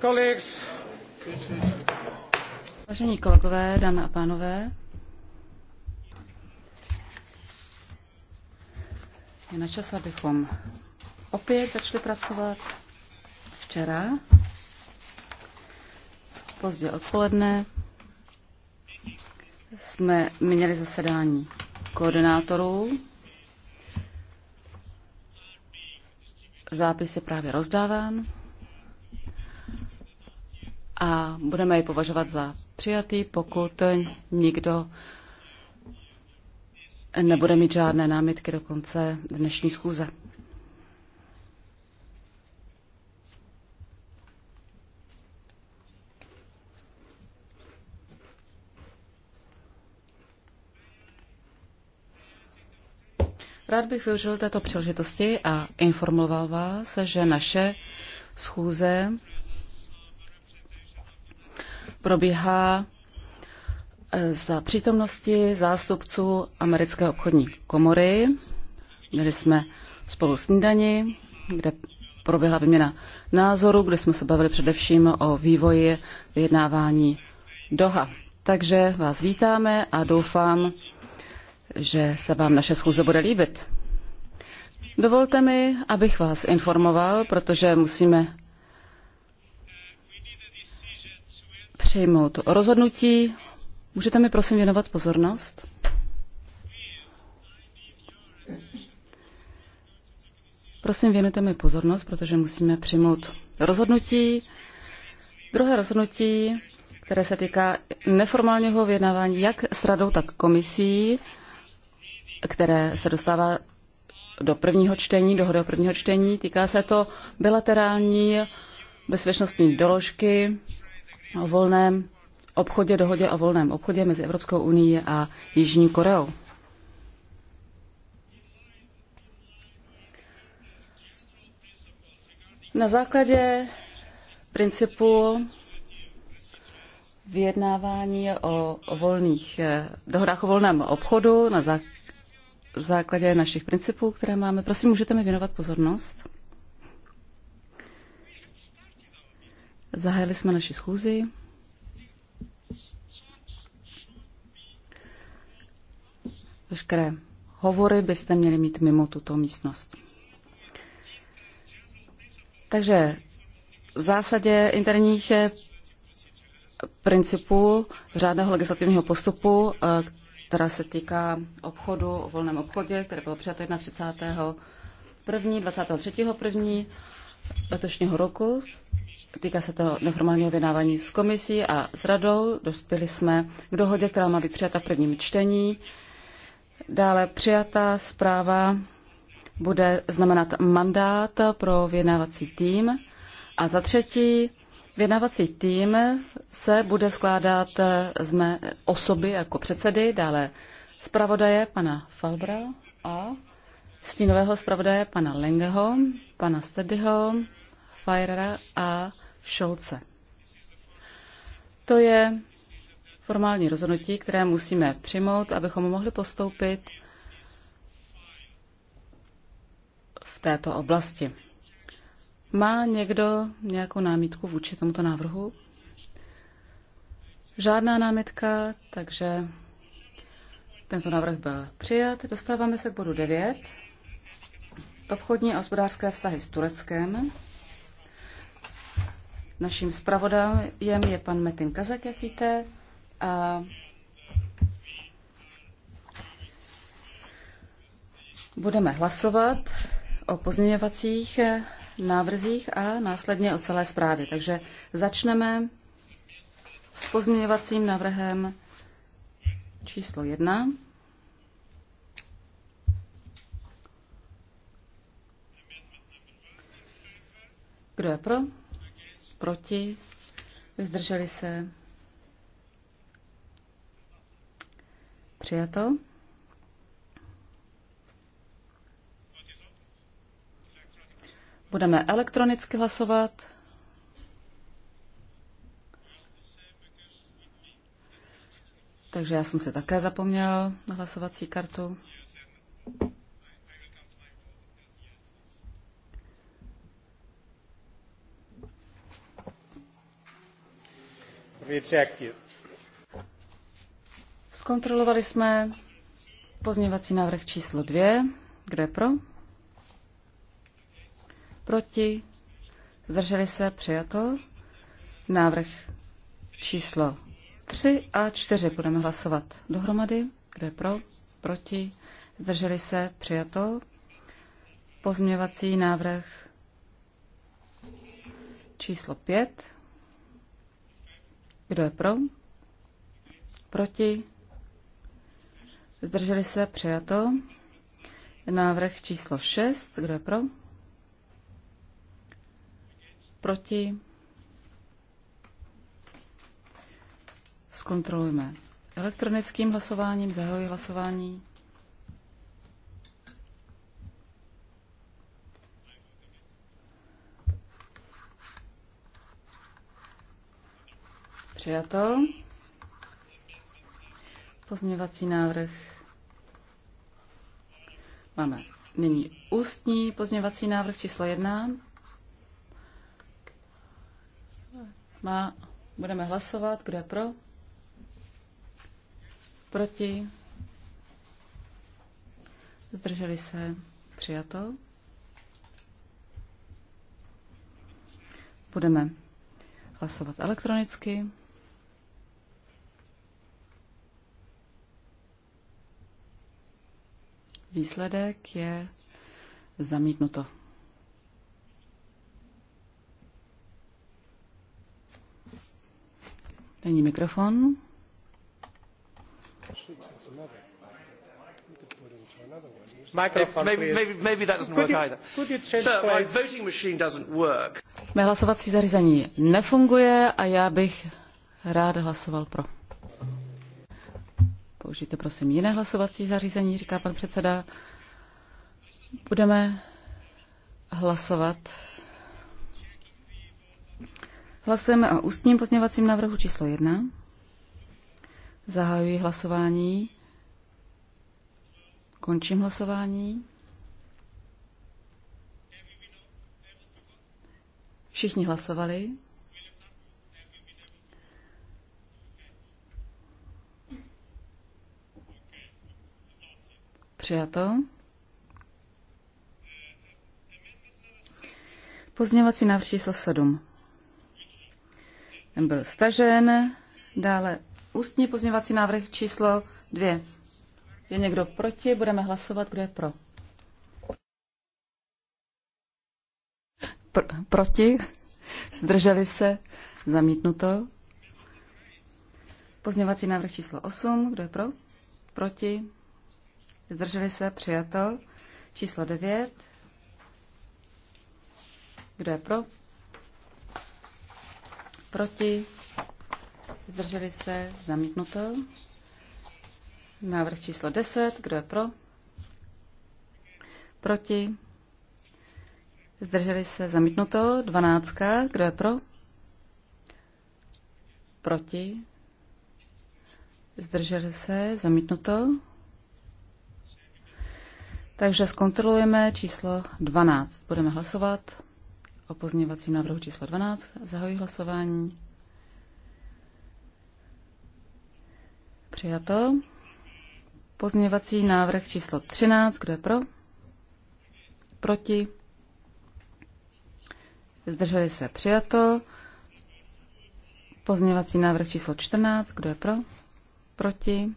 Colleagues, Vážení kolegové, dámy a pánové, je na čas, abychom opět začali pracovat. Včera, pozdě odpoledne, jsme měli zasedání koordinátorů Zápis je právě rozdáván a budeme ji považovat za přijatý, pokud nikdo nebude mít žádné námitky do konce dnešní schůze. Rád bych využil této příležitosti a informoval vás, že naše schůze probíhá e, za přítomnosti zástupců americké obchodní komory. Měli jsme spolu snídani, kde proběhla výměna názoru, kde jsme se bavili především o vývoji vyjednávání Doha. Takže vás vítáme a doufám, že se vám naše schůze bude líbit. Dovolte mi, abych vás informoval, protože musíme přijmout rozhodnutí. Můžete mi prosím věnovat pozornost? Prosím, věnujte mi pozornost, protože musíme přijmout rozhodnutí. Druhé rozhodnutí, které se týká neformálního vyjednávání jak s radou, tak komisí, které se dostává do prvního čtení, dohody o prvního čtení. Týká se to bilaterální bezpečnostní doložky o volném obchodě, dohodě o volném obchodě mezi Evropskou unii a Jižní Koreou. Na základě principu vyjednávání o, o volných dohodách o volném obchodu, na základě základě našich principů, které máme. Prosím, můžete mi věnovat pozornost? Zahájili jsme naši schůzi. Veškeré hovory byste měli mít mimo tuto místnost. Takže v zásadě interních principů řádného legislativního postupu, která se týká obchodu, o volném obchodě, které bylo přijato 31. 23. 1. letošního roku. Týká se to neformálního vyjednávání s komisí a s radou. Dospěli jsme k dohodě, která má být přijata v prvním čtení. Dále přijatá zpráva bude znamenat mandát pro vyjednávací tým. A za třetí Vědnávací tým se bude skládat z mé osoby jako předsedy, dále zpravodaje pana Falbra a stínového zpravodaje pana Lengeho, pana Stedyho, Fajera a Šolce. To je formální rozhodnutí, které musíme přijmout, abychom mohli postoupit v této oblasti. Má někdo nějakou námitku vůči tomuto návrhu? Žádná námitka, takže tento návrh byl přijat. Dostáváme se k bodu 9. Obchodní a hospodářské vztahy s Tureckem. Naším zpravodajem je pan Metin Kazek, jak víte. A budeme hlasovat o pozměňovacích návrzích a následně o celé zprávě. Takže začneme s pozměňovacím návrhem číslo 1. Kdo je pro? Proti? Zdrželi se? Přijato. Budeme elektronicky hlasovat. Takže já jsem se také zapomněl na hlasovací kartu. Zkontrolovali jsme pozměňovací návrh číslo 2. Kdo je pro? proti, zdrželi se, přijato. Návrh číslo 3 a 4 budeme hlasovat dohromady. Kde pro, proti, zdrželi se, přijato. Pozměvací návrh číslo 5. Kdo je pro? Proti? Zdrželi se, přijato. Návrh číslo 6. Kdo je pro? Proti? Zkontrolujeme. Elektronickým hlasováním zahajuji hlasování. Přijato. Pozměvací návrh. Máme nyní ústní pozměvací návrh číslo 1. Má, budeme hlasovat, kdo je pro, proti, zdrželi se, přijato. Budeme hlasovat elektronicky. Výsledek je zamítnuto. Není mikrofon. maybe, maybe, that doesn't work either. Sir, my voting machine doesn't work. Mé hlasovací zařízení nefunguje a já bych rád hlasoval pro. Použijte prosím jiné hlasovací zařízení, říká pan předseda. Budeme hlasovat Hlasujeme o ústním pozměňovacím návrhu číslo 1. Zahajuji hlasování. Končím hlasování. Všichni hlasovali. Přijato. Pozměňovací návrh číslo 7. Ten byl stažen. Dále ústní pozměvací návrh číslo 2. Je někdo proti? Budeme hlasovat, kdo je pro. Pr- proti? Zdrželi se? Zamítnuto. Pozměvací návrh číslo 8. Kdo je pro? Proti? Zdrželi se? Přijato. Číslo 9. Kdo je pro? Proti? Zdrželi se? Zamítnuto. Návrh číslo 10. Kdo je pro? Proti? Zdrželi se? Zamítnuto. 12. Kdo je pro? Proti? Zdrželi se? Zamítnuto. Takže zkontrolujeme číslo 12. Budeme hlasovat o pozměňovacím návrhu číslo 12. Zahoji hlasování. Přijato. Pozměňovací návrh číslo 13. Kdo je pro? Proti? Zdrželi se. Přijato. Pozměňovací návrh číslo 14. Kdo je pro? Proti?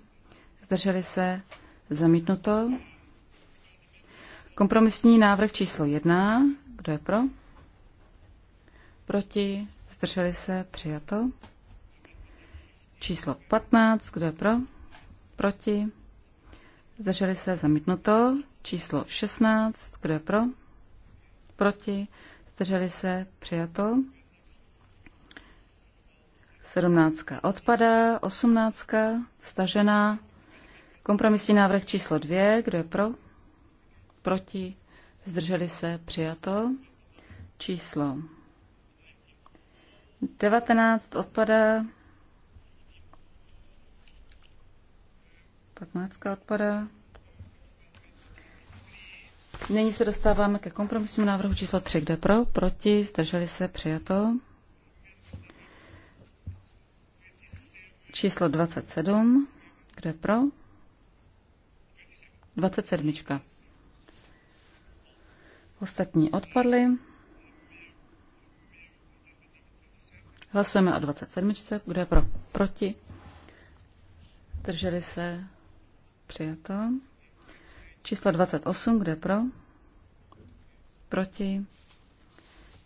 Zdrželi se. Zamítnuto. Kompromisní návrh číslo 1. Kdo je pro? Proti? Zdrželi se? Přijato. Číslo 15. Kdo je pro? Proti? Zdrželi se? Zamítnuto. Číslo 16. Kdo je pro? Proti? Zdrželi se? Přijato. 17. Odpadá. 18. Stažená. Kompromisní návrh číslo 2. Kdo je pro? Proti? Zdrželi se? Přijato. Číslo 19 odpadá. 15 odpadá. Nyní se dostáváme ke kompromisnímu návrhu číslo 3. Kde pro? Proti? Zdrželi se? Přijato. Číslo 27. Kde pro? 27. Ostatní odpadly. Hlasujeme o 27. Kdo je pro? Proti? Drželi se? Přijato. Číslo 28. Kdo je pro? Proti?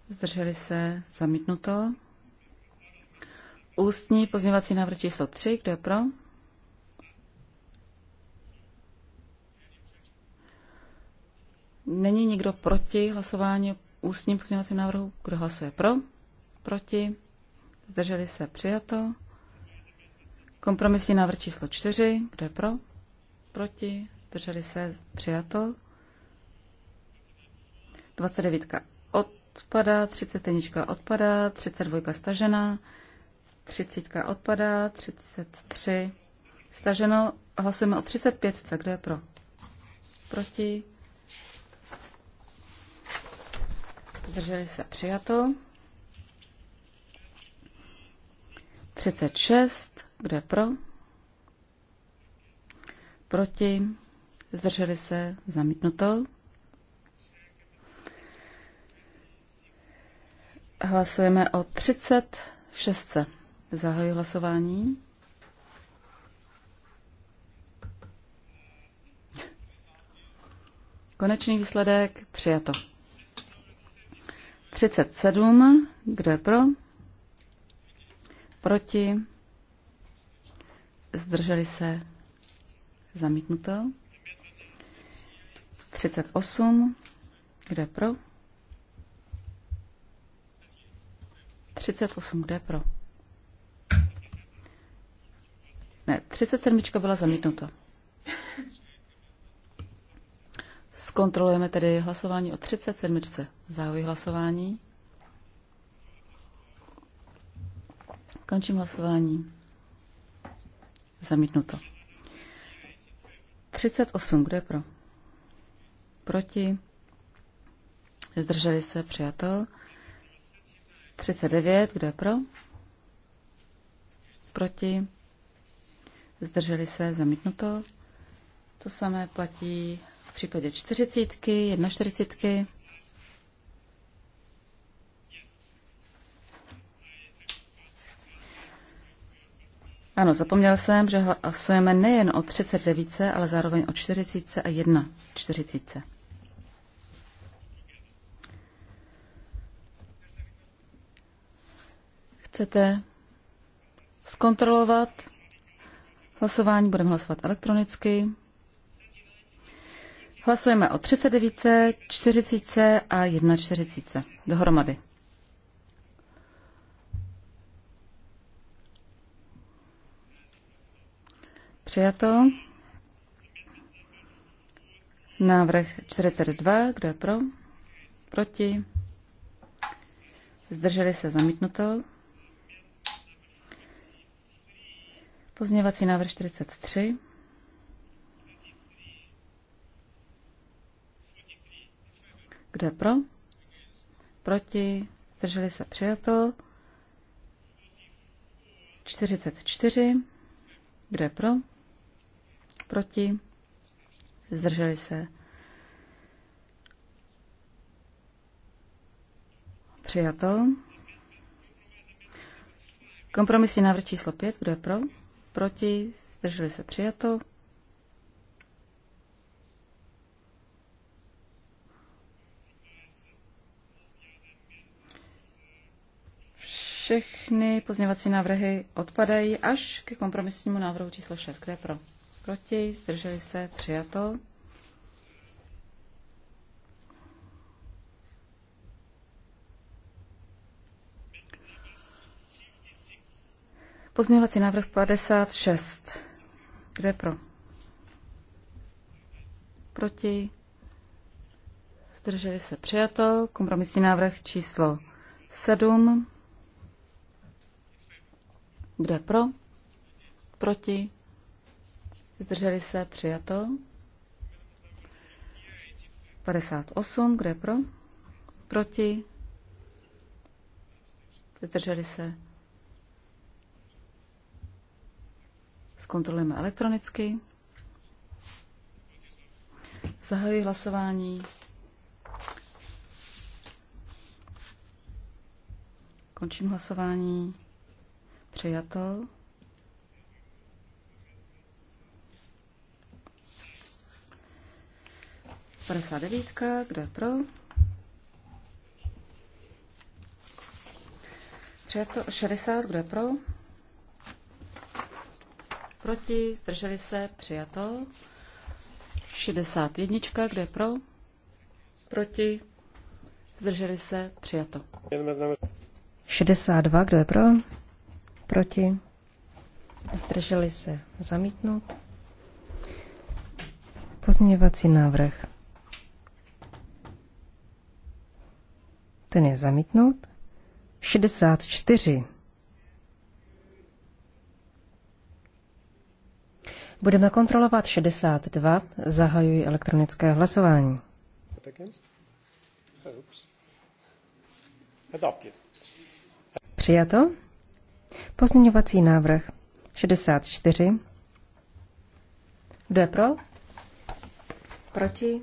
Zdrželi se? Zamítnuto. Ústní pozměvací návrh číslo 3. Kdo je pro? Není nikdo proti hlasování ústním pozměvacím návrhu? Kdo hlasuje pro? Proti? Zdrželi se přijato. Kompromisní návrh číslo 4. Kdo je pro? Proti? Zdrželi se přijato. 29 odpadá, 31 odpadá, 32 stažena, 30 odpadá, 33 staženo. Hlasujeme o 35. Kdo je pro? Proti? Zdrželi se přijato. 36, kde pro? Proti? Zdrželi se? Zamítnuto. Hlasujeme o 36. Zahajuji hlasování. Konečný výsledek přijato. 37. Kdo je pro? Proti? Zdrželi se? Zamítnuto. 38. Kde pro? 38. Kde pro? Ne, 37. byla zamítnuta. Zkontrolujeme tedy hlasování o 37. Zahajuji hlasování. Končím hlasování. Zamítnuto. 38. Kdo je pro? Proti? Zdrželi se? Přijato. 39. Kdo je pro? Proti? Zdrželi se? Zamítnuto. To samé platí v případě čtyřicítky, jedna čtyřicítky. Ano, zapomněl jsem, že hlasujeme nejen o 39, ale zároveň o 40 a 1 40. Chcete zkontrolovat hlasování? Budeme hlasovat elektronicky. Hlasujeme o 39, 40 a 1 40 dohromady. Přijato. Návrh 42, kdo je pro? Proti? Zdrželi se zamítnuto. Pozměňovací návrh 43. Kdo je pro? Proti? Zdrželi se přijato. 44. Kdo je pro? proti, zdrželi se. Přijato. Kompromisní návrh číslo 5, kdo je pro? Proti, zdrželi se přijato. Všechny pozměňovací návrhy odpadají až ke kompromisnímu návrhu číslo 6. Kde je pro? proti, zdrželi se, přijato. Pozměňovací návrh 56. Kdo je pro? Proti? Zdrželi se přijato. Kompromisní návrh číslo 7. Kdo je pro? Proti? Zdrželi se přijato. 58, kde pro? Proti. Zdrželi se. Zkontrolujeme elektronicky. Zahajuji hlasování. Končím hlasování. Přijato. 59. Kdo je pro? Přijato 60. Kdo je pro? Proti? Zdrželi se? Přijato. 61. Kdo je pro? Proti? Zdrželi se? Přijato. 62. Kdo je pro? Proti? Zdrželi se? Zamítnout. Pozměňovací návrh ten je zamítnut. 64. Budeme kontrolovat 62. Zahajuji elektronické hlasování. Přijato. Pozměňovací návrh 64. Kdo je pro? Proti?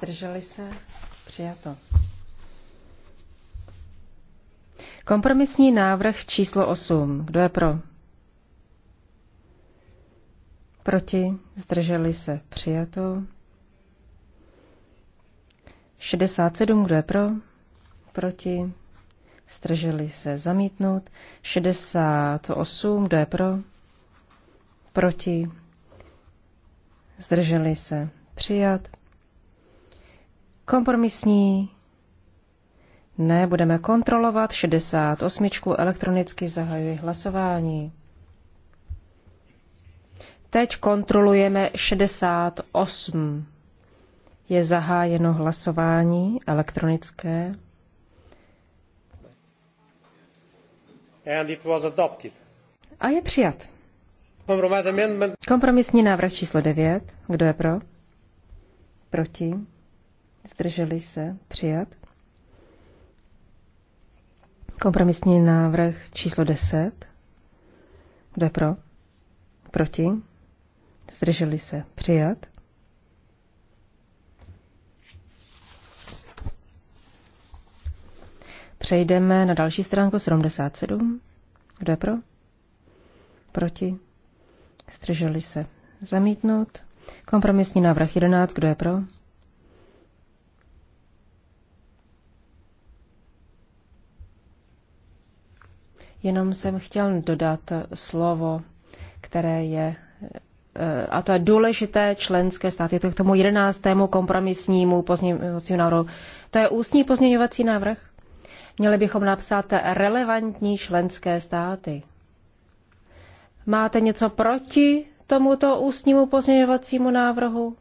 zdrželi se, přijato. Kompromisní návrh číslo 8. Kdo je pro? Proti, zdrželi se, přijato. 67, kdo je pro? Proti, zdrželi se, zamítnout. 68, kdo je pro? Proti, zdrželi se, přijat. Kompromisní ne, budeme kontrolovat 68. Elektronicky zahajuji hlasování. Teď kontrolujeme 68. Je zahájeno hlasování elektronické. And it was adopted. A je přijat. Kompromisní návrh číslo 9. Kdo je pro? Proti? zdrželi se, přijat. Kompromisní návrh číslo 10. Kdo je pro? Proti? Zdrželi se, přijat. Přejdeme na další stránku 77. Kdo je pro? Proti? Zdrželi se, zamítnout. Kompromisní návrh 11. Kdo je pro? Jenom jsem chtěl dodat slovo, které je, eh, a to je důležité členské státy, to k tomu jedenáctému kompromisnímu pozměňovacímu návrhu. To je ústní pozměňovací návrh. Měli bychom napsat relevantní členské státy. Máte něco proti tomuto ústnímu pozměňovacímu návrhu?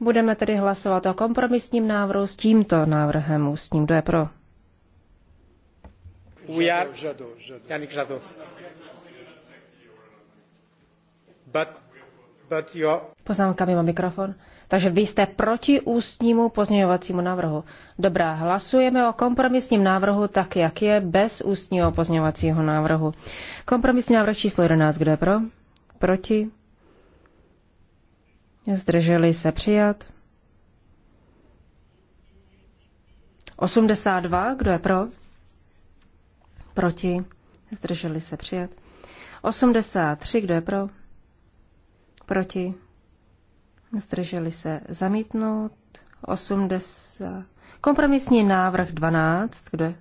Budeme tedy hlasovat o kompromisním návrhu s tímto návrhem ústním. Kdo je pro? we are Jadot, Yannick Jadot. But, but your... Poznámka mimo mikrofon. Takže vy jste proti ústnímu pozměňovacímu návrhu. Dobrá, hlasujeme o kompromisním návrhu tak, jak je, bez ústního pozměňovacího návrhu. Kompromisní návrh číslo 11, kdo je pro? Proti? Zdrželi se přijat? 82, kdo je pro? Proti? Zdrželi se přijat. 83, kdo je pro? Proti? Zdrželi se zamítnout. 80. Kompromisní návrh 12, kdo je?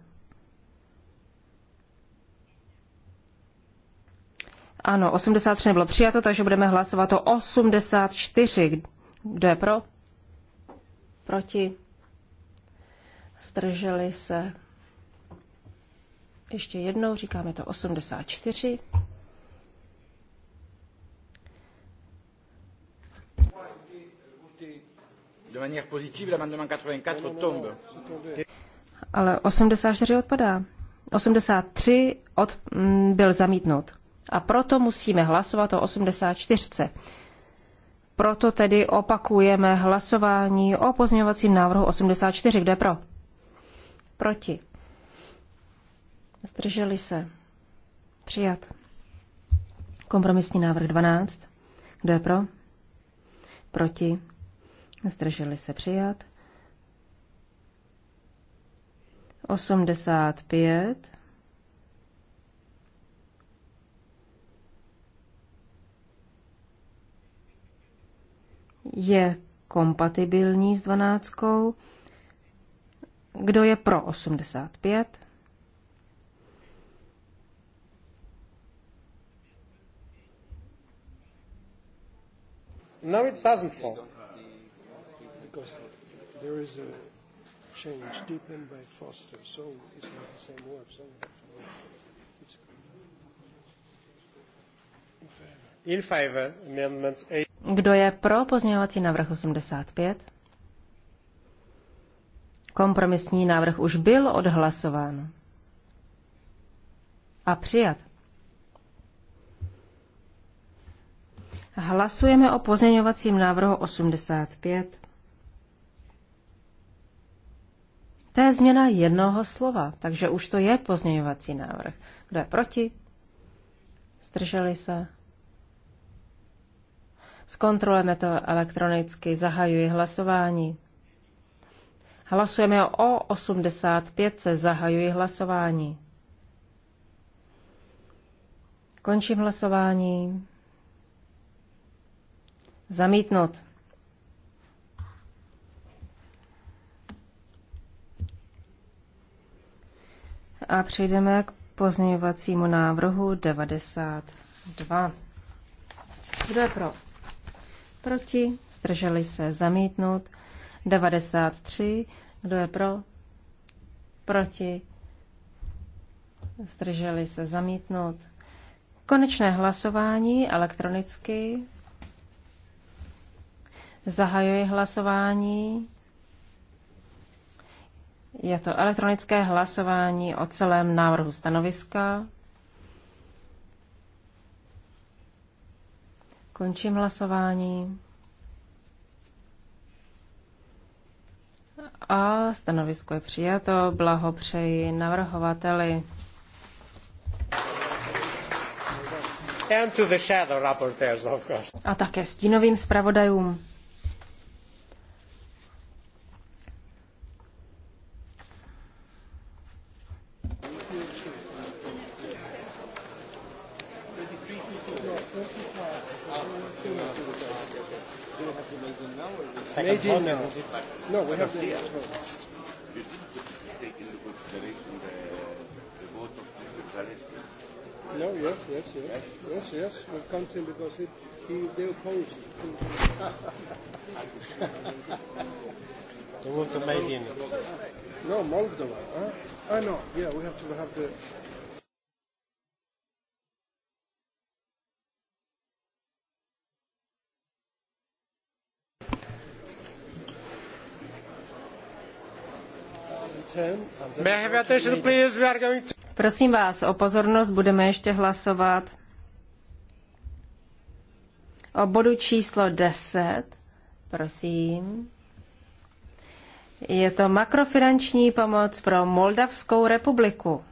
Ano, 83 nebylo přijato, takže budeme hlasovat o 84. Kdo je pro? Proti? Zdrželi se. Ještě jednou, říkáme to 84. De manière positive, l'amendement 84 tombe. Ale 84 odpadá. 83 od, m, mm, byl zamítnut. A proto musíme hlasovat o 84. Proto tedy opakujeme hlasování o pozměňovacím návrhu 84. Kde pro? Proti. Zdrželi se. Přijat. Kompromisní návrh 12. Kdo je pro? Proti. Zdrželi se. Přijat. 85. Je kompatibilní s dvanáctkou. Kdo je pro 85? No, it doesn't fall. Because there is a change deepened by Foster, so it's not the same word. So it's In favor, amendments Kdo je pro pozměňovací návrh 85? Kompromisní návrh už byl odhlasován a přijat. Hlasujeme o pozměňovacím návrhu 85. To je změna jednoho slova, takže už to je pozměňovací návrh. Kdo je proti? Zdrželi se? Zkontrolujeme to elektronicky, zahajuji hlasování. Hlasujeme o 85, se zahajuji hlasování. Končím hlasování. Zamítnut. A přejdeme k pozměňovacímu návrhu 92. Kdo je pro? Proti? Zdrželi se zamítnout. 93. Kdo je pro? Proti? Zdrželi se zamítnout. Konečné hlasování elektronicky Zahajuji hlasování. Je to elektronické hlasování o celém návrhu stanoviska. Končím hlasování. A stanovisko je přijato. Blahopřeji navrhovateli. And to the shadow of course. A také stínovým zpravodajům. second Maybe no. isn't No, we have the You didn't take into consideration the, the vote of Zaleski? No, yes, yes, yes. Yes, yes. We count him because it, he, they opposed. the vote of Medina. No, Moldova. Huh? Ah, no. Yeah, we have to have the... Prosím vás o pozornost, budeme ještě hlasovat o bodu číslo 10. Prosím. Je to makrofinanční pomoc pro Moldavskou republiku.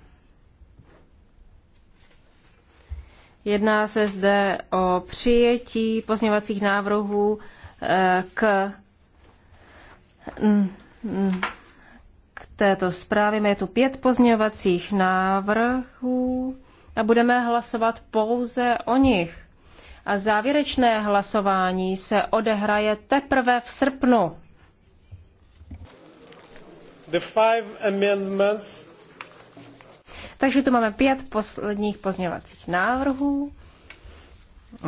Jedná se zde o přijetí pozměňovacích návrhů eh, k k této zprávě. Je tu pět pozměňovacích návrhů a budeme hlasovat pouze o nich. A závěrečné hlasování se odehraje teprve v srpnu. The five amendments. Takže tu máme pět posledních pozměňovacích návrhů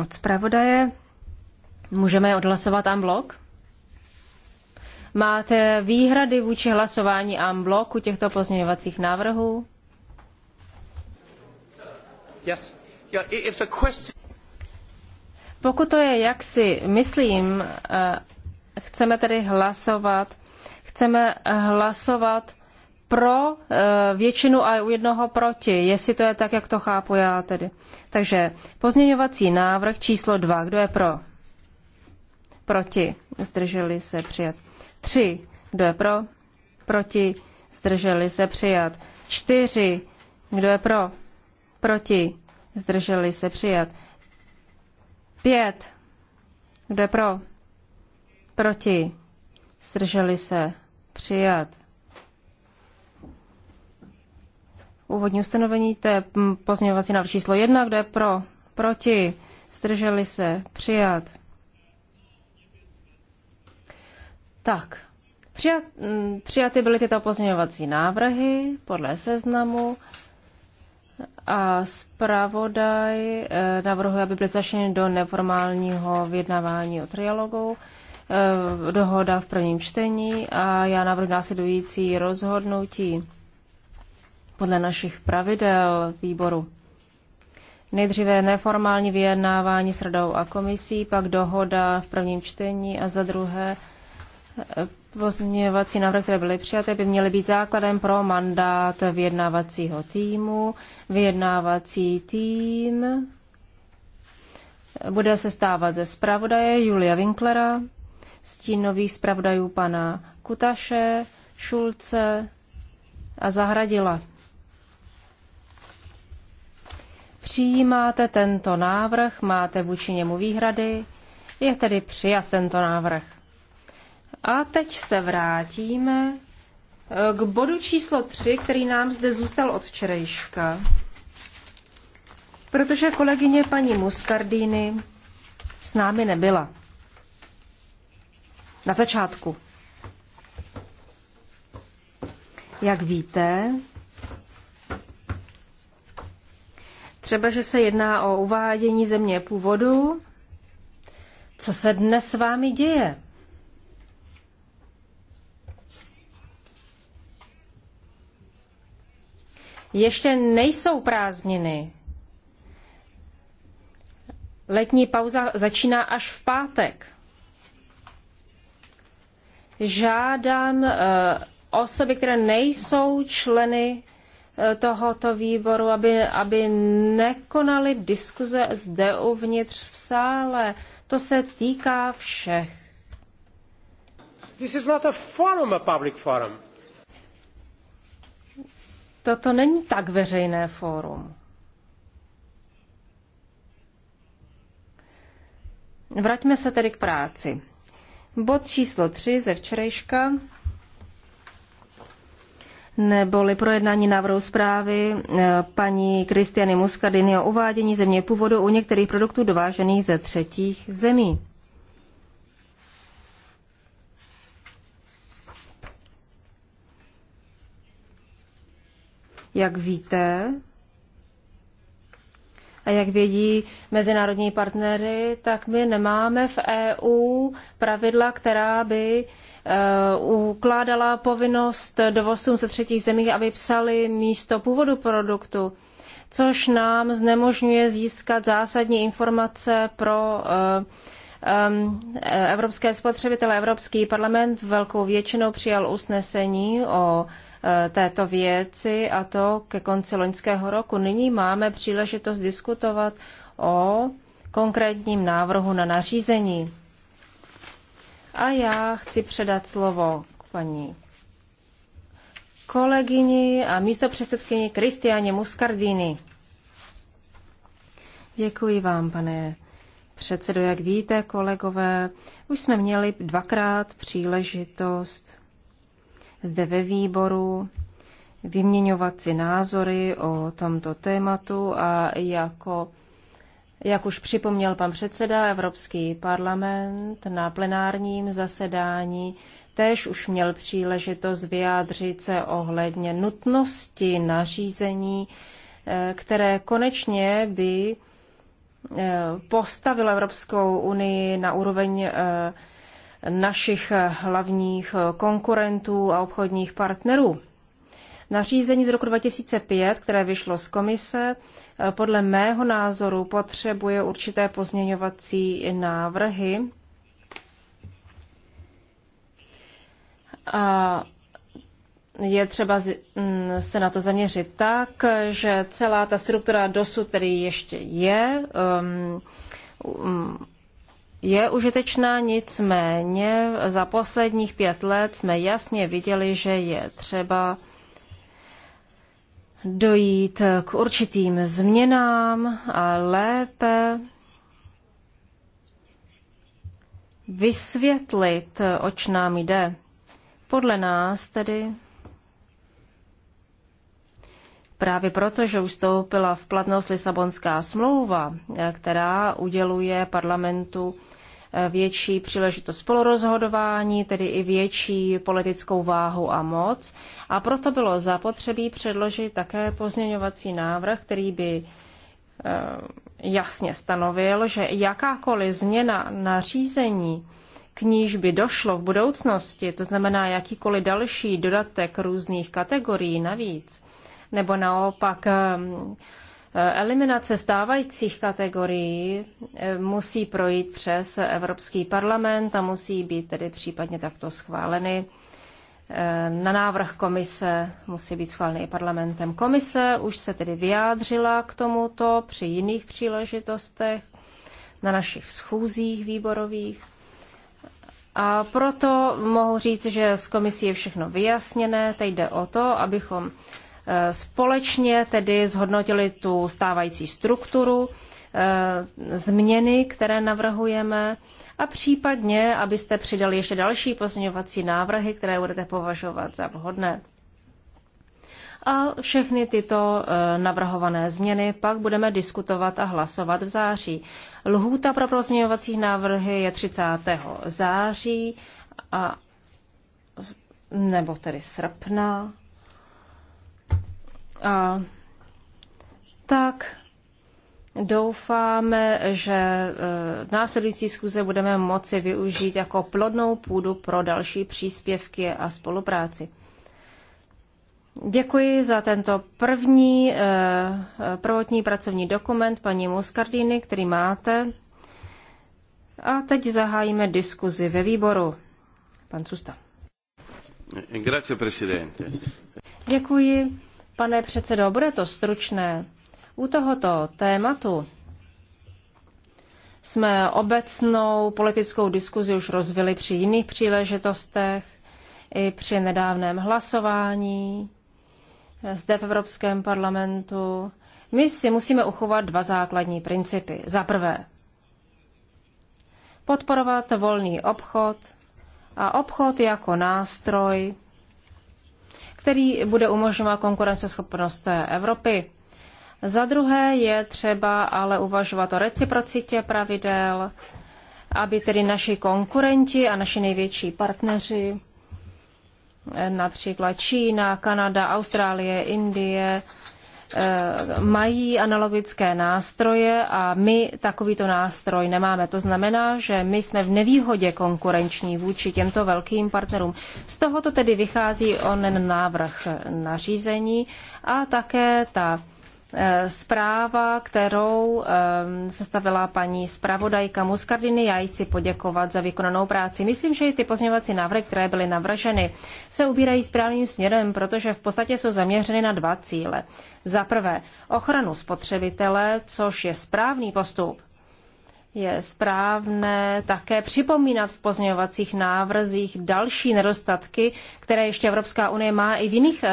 od zpravodaje. Můžeme odhlasovat en blok? Máte výhrady vůči hlasování en bloku těchto pozměňovacích návrhů? Yes. Yeah, if a question... Pokud to je, jak si myslím, eh, chceme tedy hlasovat, chceme hlasovat pro eh, většinu a u jednoho proti, jestli to je tak, jak to chápu já tedy. Takže pozměňovací návrh číslo dva, kdo je pro? Proti. Zdrželi se přijat. 3. Kdo je pro? Proti? Zdrželi se přijat. 4. Kdo je pro? Proti? Zdrželi se přijat. 5. Kdo je pro? Proti? Zdrželi se přijat. Úvodní ustanovení, to je pozměňovací návrh číslo 1, kde pro, proti, zdrželi se, přijat. Tak, přijat, mm, přijaty byly tyto pozměňovací návrhy podle seznamu a zpravodaj eh, navrhuje, aby byly začleněny do neformálního vyjednávání o trialogu eh, dohoda v prvním čtení a já navrhu následující rozhodnutí podle našich pravidel výboru. Nejdříve neformální vyjednávání s radou a komisí, pak dohoda v prvním čtení a za druhé Pozměňovací návrhy, které byly přijaté, by měly být základem pro mandát vyjednávacího týmu. Vyjednávací tým bude se stávat ze zpravodaje Julia Winklera, stínových zpravodajů pana Kutaše, Šulce a Zahradila. Přijímáte tento návrh, máte vůči němu výhrady, je tedy přijat tento návrh. A teď se vrátíme eh, k bodu číslo 3, který nám zde zůstal od včerejška. Protože kolegyně paní Muscardini s námi nebyla. Na začátku. Jak víte, třeba, že se jedná o uvádění země původu, co se dnes s vámi děje? ještě nejsou prázdniny. Letní pauza začíná až v pátek. Žádám eh, osoby, které nejsou členy eh, tohoto výboru, aby, aby nekonali diskuze zde uvnitř v sále. To se týká všech. This is not a forum, a public forum. Toto není tak veřejné fórum. Vraťme se tedy k práci. Bod číslo 3 ze včerejška neboli projednání návrhu zprávy eh, paní Kristiany Muscardini o uvádění země původu u některých produktů dovážených ze třetích zemí. Jak víte, a jak vědí mezinárodní partnery, tak my nemáme v EU pravidla, která by e, ukládala povinnost dovozcům ze třetích zemí, aby psali místo původu produktu, což nám znemožňuje získat zásadní informace pro e, e, evropské spotřebitele. Evropský parlament velkou většinou přijal usnesení o Eh, této věci a to ke konci loňského roku. Nyní máme příležitost diskutovat o konkrétním návrhu na nařízení. A já chci předat slovo k paní kolegyni a místopředsedkyni Kristianě Muscardini. Děkuji vám, pane předsedo. Jak víte, kolegové, už jsme měli dvakrát příležitost zde ve výboru vyměňovat si názory o tomto tématu a jako, jak už připomněl pan předseda, Evropský parlament na plenárním zasedání též už měl příležitost vyjádřit se ohledně nutnosti nařízení, eh, které konečně by eh, postavilo Evropskou unii na úroveň eh, našich hlavních konkurentů a obchodních partnerů. Nařízení z roku 2005, které vyšlo z komise, podle mého názoru potřebuje určité pozměňovací návrhy. A je třeba mm, se na to zaměřit tak, že celá ta struktura dosud, který ještě je, um, um, je užitečná, nicméně za posledních pět let jsme jasně viděli, že je třeba dojít k určitým změnám a lépe vysvětlit, oč nám jde. Podle nás tedy Právě proto, že už vstoupila v platnost Lisabonská smlouva, která uděluje parlamentu větší příležitost spolurozhodování, tedy i větší politickou váhu a moc. A proto bylo zapotřebí předložit také pozměňovací návrh, který by eh, jasně stanovil, že jakákoliv změna nařízení, k níž by došlo v budoucnosti, to znamená jakýkoliv další dodatek různých kategorií navíc, nebo naopak eh, Eliminace stávajících kategorií eh, musí projít přes Evropský parlament a musí být tedy případně takto schváleny. Eh, na návrh komise musí být schváleny i parlamentem. Komise už se tedy vyjádřila k tomuto při jiných příležitostech na našich schůzích výborových. A proto mohu říct, že s komisí je všechno vyjasněné. Teď jde o to, abychom Eh, společně tedy zhodnotili tu stávající strukturu, eh, změny, které navrhujeme a případně, abyste přidali ještě další pozměňovací návrhy, které budete považovat za vhodné. A všechny tyto eh, navrhované změny pak budeme diskutovat a hlasovat v září. Lhůta pro pozměňovací návrhy je 30. září a, nebo tedy srpna a tak doufáme, že eh, následující schůze budeme moci využít jako plodnou půdu pro další příspěvky a spolupráci. Děkuji za tento první eh, prvotní pracovní dokument paní Muscardini, který máte. A teď zahájíme diskuzi ve výboru. Pan Susta. Grazie, presidente. Děkuji. Pane předsedo, bude to stručné. U tohoto tématu jsme obecnou politickou diskuzi už rozvili při jiných příležitostech, i při nedávném hlasování zde v Evropském parlamentu. My si musíme uchovat dva základní principy. Za prvé, podporovat volný obchod a obchod jako nástroj který bude umožňovat konkurenceschopnost Evropy. Za druhé je třeba ale uvažovat o reciprocitě pravidel, aby tedy naši konkurenti a naši největší partneři, eh, například Čína, Kanada, Austrálie, Indie, Eh, mají analogické nástroje a my takovýto nástroj nemáme. To znamená, že my jsme v nevýhodě konkurenční vůči těmto velkým partnerům. Z tohoto tedy vychází onen návrh nařízení a také ta Eh, zpráva, kterou eh, sestavila paní zpravodajka Muscardini, já jí chci poděkovat za vykonanou práci. Myslím, že i ty pozměňovací návrhy, které byly navrženy, se ubírají správným směrem, protože v podstatě jsou zaměřeny na dva cíle. Za prvé, ochranu spotřebitele, což je správný postup. Je správné také připomínat v pozměňovacích návrzích další nedostatky, které ještě Evropská unie má i v jiných e,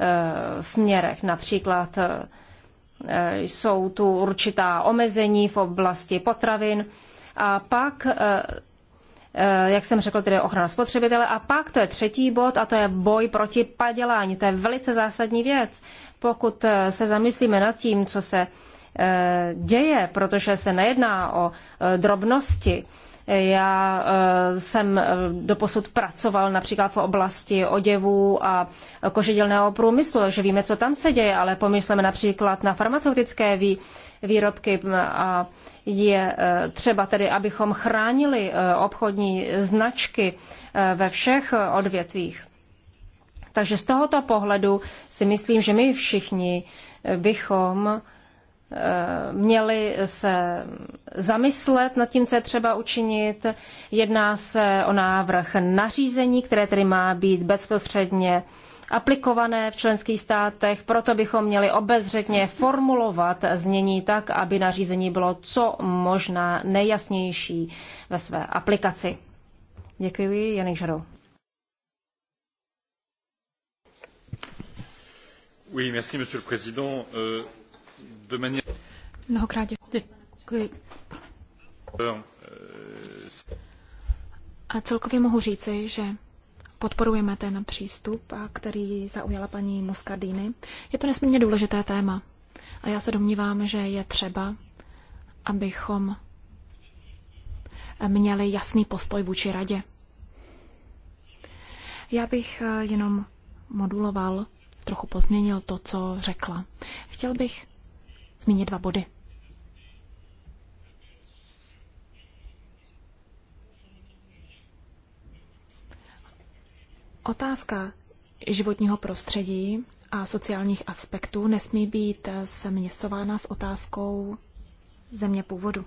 e, směrech, například e, Eh, jsou tu určitá omezení v oblasti potravin a pak eh, eh, jak jsem řekl, tedy ochrana spotřebitele. A pak to je třetí bod a to je boj proti padělání. To je velice zásadní věc. Pokud se zamyslíme nad tím, co se děje, protože se nejedná o drobnosti, já eh, jsem eh, doposud pracoval například v oblasti oděvů a kožedělného průmyslu, takže víme, co tam se děje, ale pomysleme například na farmaceutické vý, výrobky a je eh, třeba tedy, abychom chránili obchodní značky ve všech odvětvích. Takže z tohoto pohledu si myslím, že my všichni bychom Eh, měli se zamyslet nad tím, co je třeba učinit. Jedná se o návrh nařízení, které tedy má být bezprostředně aplikované v členských státech, proto bychom měli obezřetně formulovat znění tak, aby nařízení bylo co možná nejjasnější ve své aplikaci. Děkuji, Janik Žadou. Oui, merci, monsieur le président. Euh... Mnohokrát děkuji. A celkově mohu říci, že podporujeme ten přístup, který zaujala paní Muscardini. Je to nesmírně důležité téma. A já se domnívám, že je třeba, abychom měli jasný postoj vůči radě. Já bych eh, jenom moduloval, trochu pozměnil to, co řekla. Chtěl bych zmínit dva body. Otázka životního prostředí a sociálních aspektů nesmí být směsována s otázkou země původu.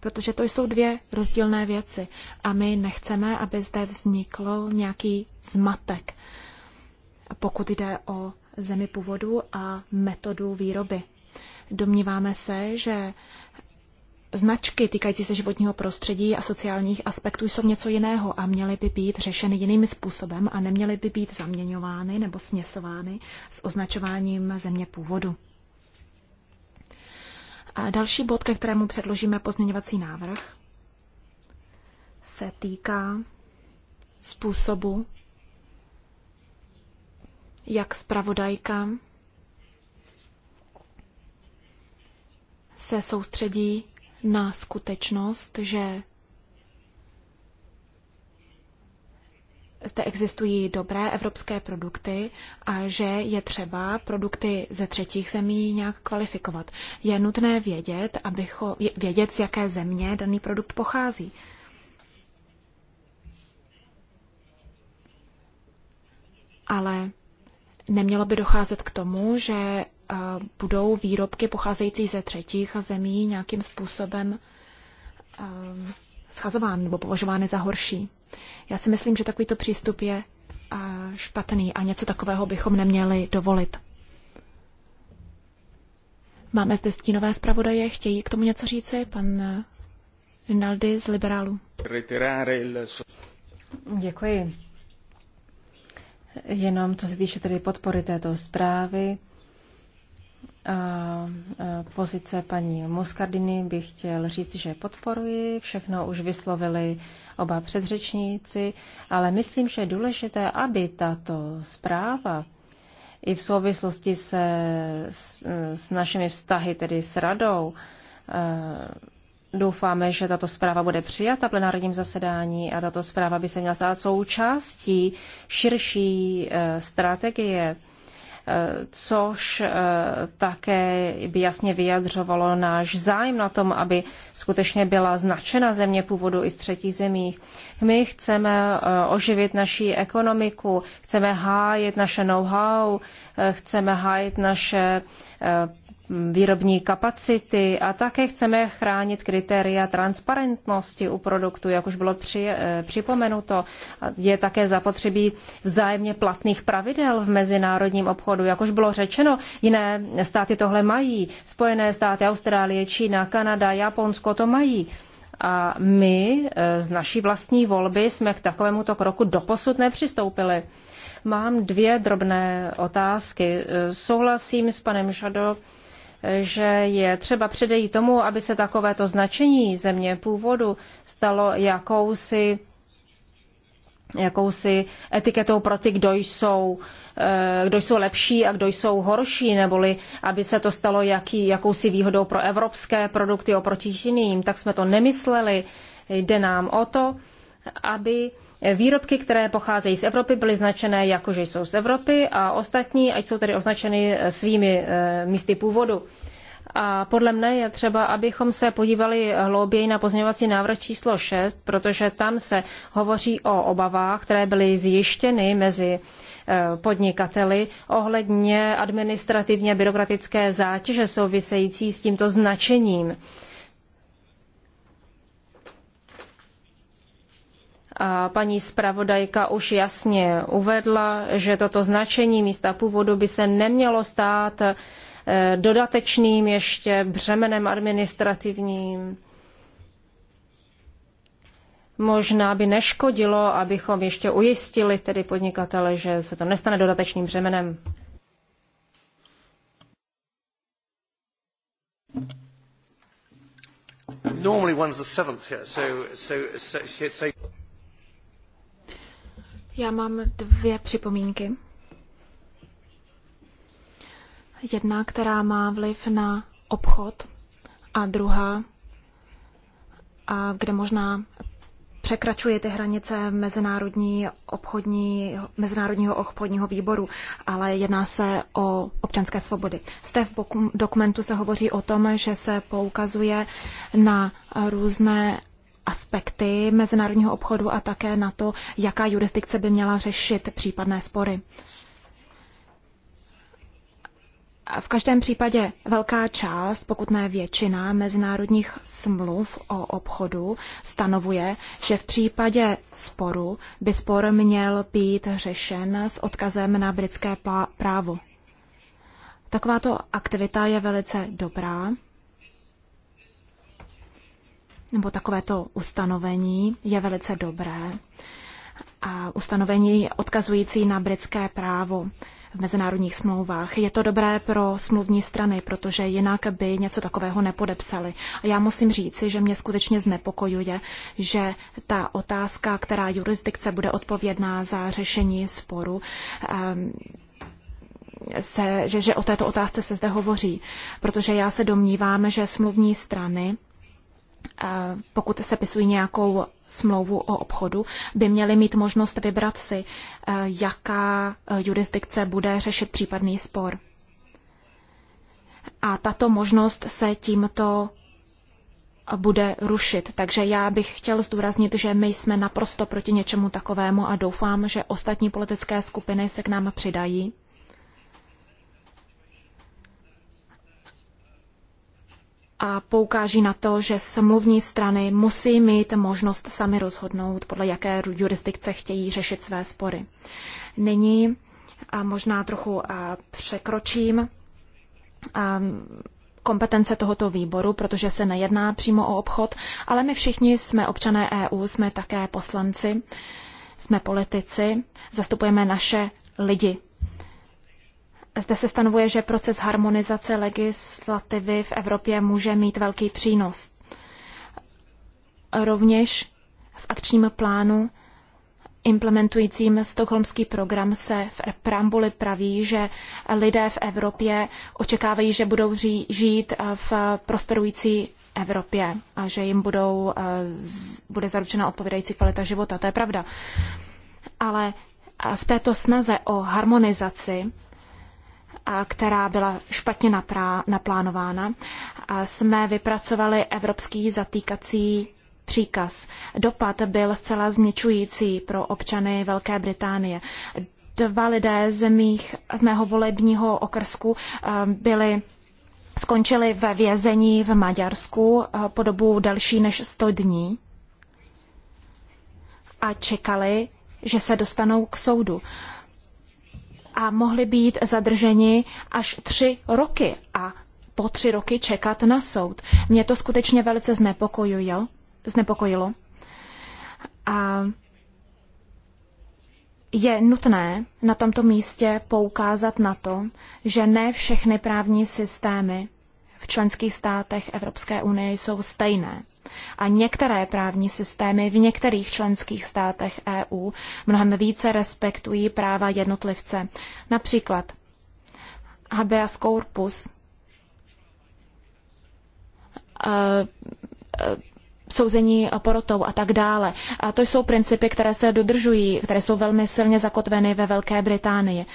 Protože to jsou dvě rozdílné věci a my nechceme, aby zde vznikl nějaký zmatek, pokud jde o zemi původu a metodu výroby. Domníváme se, že značky týkající se životního prostředí a sociálních aspektů jsou něco jiného a měly by být řešeny jiným způsobem a neměly by být zaměňovány nebo směsovány s označováním země původu. A další bod, ke kterému předložíme pozměňovací návrh, se týká způsobu, jak zpravodajka se soustředí na skutečnost, že zde existují dobré evropské produkty a že je třeba produkty ze třetích zemí nějak kvalifikovat. Je nutné vědět, abycho vědět, z jaké země daný produkt pochází. Ale Nemělo by docházet k tomu, že eh, budou výrobky pocházející ze třetích zemí nějakým způsobem ehm, schazovány nebo považovány za horší. Já si myslím, že takovýto přístup je eh, špatný a něco takového bychom neměli dovolit. Máme zde stínové zpravodaje, chtějí k tomu něco říci? Pan eh, Rinaldi z Liberálu. Děkuji. Jenom co se týče tedy podpory této zprávy, a pozice paní Muscardiny bych chtěl říct, že podporuji. Všechno už vyslovili oba předřečníci, ale myslím, že je důležité, aby tato zpráva i v souvislosti se s, s našimi vztahy, tedy s radou, Doufáme, že tato zpráva bude přijata plenárním zasedání a tato zpráva by se měla stát součástí širší eh, strategie, eh, což eh, také by jasně vyjadřovalo náš zájem na tom, aby skutečně byla značena země původu i z třetí zemí. My chceme oživit naši ekonomiku, chceme hájit naše know-how, chceme hájit naše výrobní kapacity a také chceme chránit kritéria transparentnosti u produktu, jak už bylo při, eh, připomenuto. Je také zapotřebí vzájemně platných pravidel v mezinárodním obchodu. Jak už bylo řečeno, jiné státy tohle mají. Spojené státy, Austrálie, Čína, Kanada, Japonsko to mají. A my eh, z naší vlastní volby jsme k takovémuto kroku doposud nepřistoupili. Mám dvě drobné otázky. Eh, souhlasím s panem Šadou že je třeba předejít tomu, aby se takovéto značení země původu stalo jakousi jakousi etiketou pro ty, kdo jsou, eh, kdo jsou lepší a kdo jsou horší, neboli aby se to stalo jaký, jakousi výhodou pro evropské produkty oproti jiným, tak jsme to nemysleli. Jde nám o to, aby Výrobky, které pocházejí z Evropy, byly značené jako, že jsou z Evropy a ostatní, ať jsou tedy označeny eh, svými eh, místy původu. A podle mne je třeba, abychom se podívali hlouběji na pozměňovací návrh číslo 6, protože tam se hovoří o obavách, které byly zjištěny mezi eh, podnikateli ohledně administrativně byrokratické zátěže související s tímto značením paní zpravodajka už jasně uvedla, že toto značení místa původu by se nemělo stát eh, dodatečným ještě břemenem administrativním. Možná by neškodilo, abychom ještě ujistili tedy podnikatele, že se to nestane dodatečným břemenem. normally one's the seventh here, so, so, so, so já mám dvě připomínky. Jedna, která má vliv na obchod a druhá, a kde možná překračuje ty hranice mezinárodní obchodní, Mezinárodního obchodního výboru, ale jedná se o občanské svobody. Z té v dokumentu se hovoří o tom, že se poukazuje na různé aspekty mezinárodního obchodu a také na to, jaká jurisdikce by měla řešit případné spory. V každém případě velká část, pokud ne většina, mezinárodních smluv o obchodu stanovuje, že v případě sporu by spor měl být řešen s odkazem na britské právo. Takováto aktivita je velice dobrá nebo takovéto ustanovení je velice dobré. A ustanovení odkazující na britské právo v mezinárodních smlouvách. Je to dobré pro smluvní strany, protože jinak by něco takového nepodepsali. A já musím říci, že mě skutečně znepokojuje, že ta otázka, která jurisdikce bude odpovědná za řešení sporu, um, se, že, že o této otázce se zde hovoří, protože já se domnívám, že smluvní strany pokud se pisují nějakou smlouvu o obchodu, by měli mít možnost vybrat si, e, jaká e, jurisdikce bude řešit případný spor. A tato možnost se tímto bude rušit. Takže já bych chtěl zdůraznit, že my jsme naprosto proti něčemu takovému a doufám, že ostatní politické skupiny se k nám přidají a poukáží na to, že smluvní strany musí mít možnost sami rozhodnout, podle jaké jurisdikce chtějí řešit své spory. Nyní a možná trochu a překročím a kompetence tohoto výboru, protože se nejedná přímo o obchod, ale my všichni jsme občané EU, jsme také poslanci, jsme politici, zastupujeme naše lidi zde se stanovuje, že proces harmonizace legislativy v Evropě může mít velký přínos. Rovněž v akčním plánu implementujícím stokholmský program se v preambuli praví, že lidé v Evropě očekávají, že budou žít v prosperující Evropě a že jim budou, eh, bude zaručena odpovídající kvalita života. To je pravda. Ale v této snaze o harmonizaci která byla špatně naprá, naplánována, jsme vypracovali evropský zatýkací příkaz. Dopad byl zcela zničující pro občany Velké Británie. Dva lidé z, mých, z mého volebního okrsku eh, byli skončili ve vězení v Maďarsku eh, po dobu delší než 100 dní a čekali, že se dostanou k soudu a mohli být zadrženi až tři roky a po tři roky čekat na soud. Mě to skutečně velice znepokojilo. A je nutné na tomto místě poukázat na to, že ne všechny právní systémy v členských státech Evropské unie jsou stejné. A některé právní systémy v některých členských státech EU mnohem více respektují práva jednotlivce. Například habeas corpus eh, eh, souzení porotou a tak dále. A to jsou principy, které se dodržují, které jsou velmi silně zakotveny ve Velké Británii.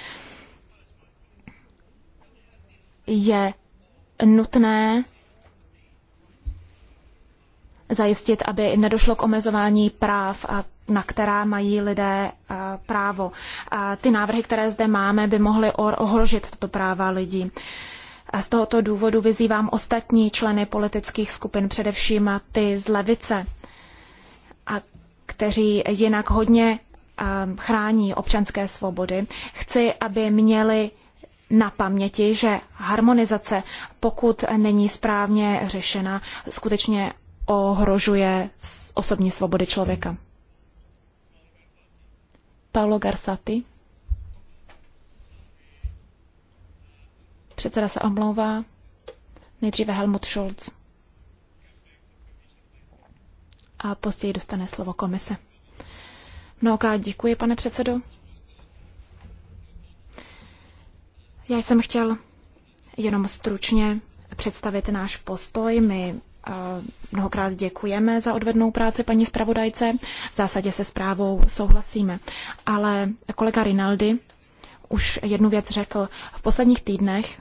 Je nutné zajistit, aby nedošlo k omezování práv a na která mají lidé právo. A ty návrhy, které zde máme, by mohly ohrožit tato práva lidí. A z tohoto důvodu vyzývám ostatní členy politických skupin, především ty z levice, a kteří jinak hodně chrání občanské svobody. Chci, aby měli na paměti, že harmonizace, pokud není správně řešena, skutečně ohrožuje osobní svobody člověka. Paolo Garsati. Předseda se omlouvá. Nejdříve Helmut Schulz. A později dostane slovo komise. Mnohokrát děkuji, pane předsedo. Já jsem chtěl jenom stručně představit náš postoj. My Mnohokrát děkujeme za odvednou práci paní zpravodajce. V zásadě se zprávou souhlasíme. Ale kolega Rinaldi už jednu věc řekl. V posledních týdnech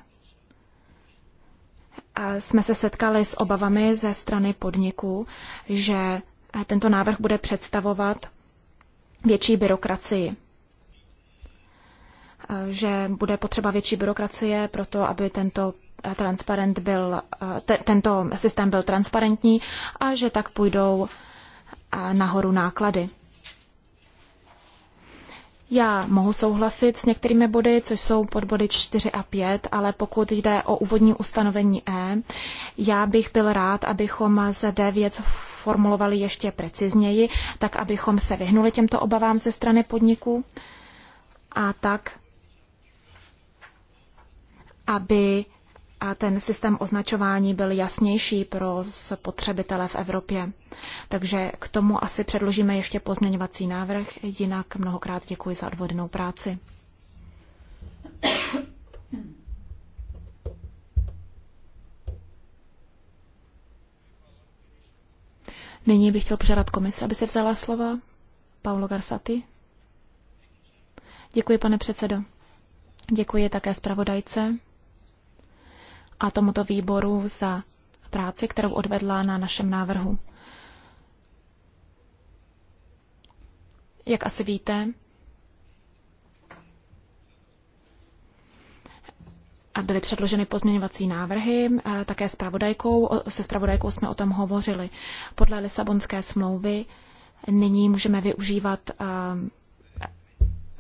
jsme se setkali s obavami ze strany podniků, že tento návrh bude představovat větší byrokracii. Že bude potřeba větší byrokracie pro to, aby tento transparent byl, tento systém byl transparentní a že tak půjdou nahoru náklady. Já mohu souhlasit s některými body, což jsou podbody 4 a 5, ale pokud jde o úvodní ustanovení E, já bych byl rád, abychom D věc formulovali ještě precizněji, tak abychom se vyhnuli těmto obavám ze strany podniků a tak, aby a ten systém označování byl jasnější pro spotřebitele v Evropě. Takže k tomu asi předložíme ještě pozměňovací návrh, jinak mnohokrát děkuji za odvodenou práci. Nyní bych chtěl požádat komise, aby se vzala slova. Paolo Garsati. Děkuji, pane předsedo. Děkuji také zpravodajce a tomuto výboru za práci, kterou odvedla na našem návrhu. Jak asi víte, a byly předloženy pozměňovací návrhy, eh, také zpravodajkou, se zpravodajkou jsme o tom hovořili. Podle Lisabonské smlouvy nyní můžeme využívat eh,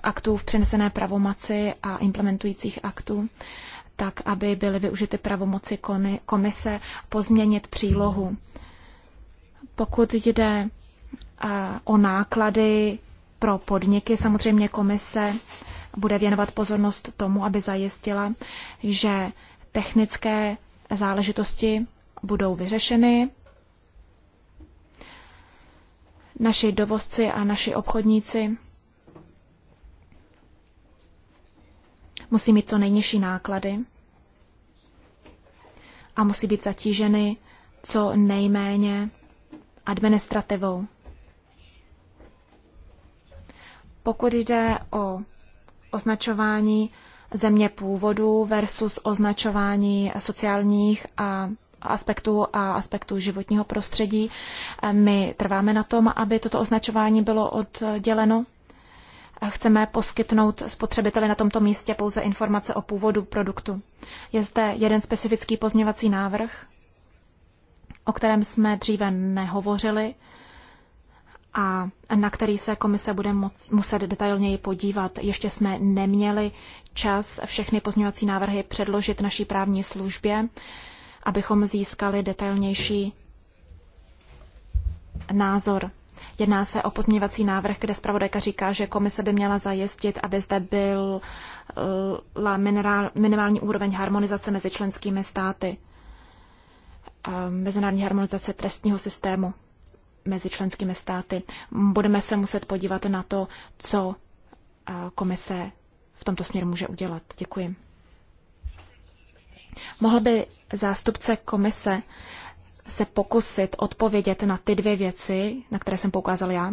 aktů v přenesené pravomaci a implementujících aktů tak aby byly využity pravomoci komise pozměnit přílohu. Pokud jde eh, o náklady pro podniky, samozřejmě komise bude věnovat pozornost tomu, aby zajistila, že technické záležitosti budou vyřešeny. Naši dovozci a naši obchodníci musí mít co nejnižší náklady a musí být zatíženy co nejméně administrativou. Pokud jde o označování země původu versus označování sociálních a aspektů a aspektů životního prostředí. Eh, my trváme na tom, aby toto označování bylo odděleno chceme poskytnout spotřebiteli na tomto místě pouze informace o původu produktu. Je zde jeden specifický pozměňovací návrh, o kterém jsme dříve nehovořili a na který se komise bude moc, muset detailněji podívat. Ještě jsme neměli čas všechny pozměňovací návrhy předložit naší právní službě, abychom získali detailnější názor Jedná se o pozměňovací návrh, kde zpravodajka říká, že komise by měla zajistit, aby zde byla eh, minimální úroveň harmonizace mezi členskými státy, eh, mezinárodní harmonizace trestního systému mezi členskými státy. Budeme se muset podívat na to, co eh, komise v tomto směru může udělat. Děkuji. Mohl by zástupce komise se pokusit odpovědět na ty dvě věci, na které jsem poukázal já.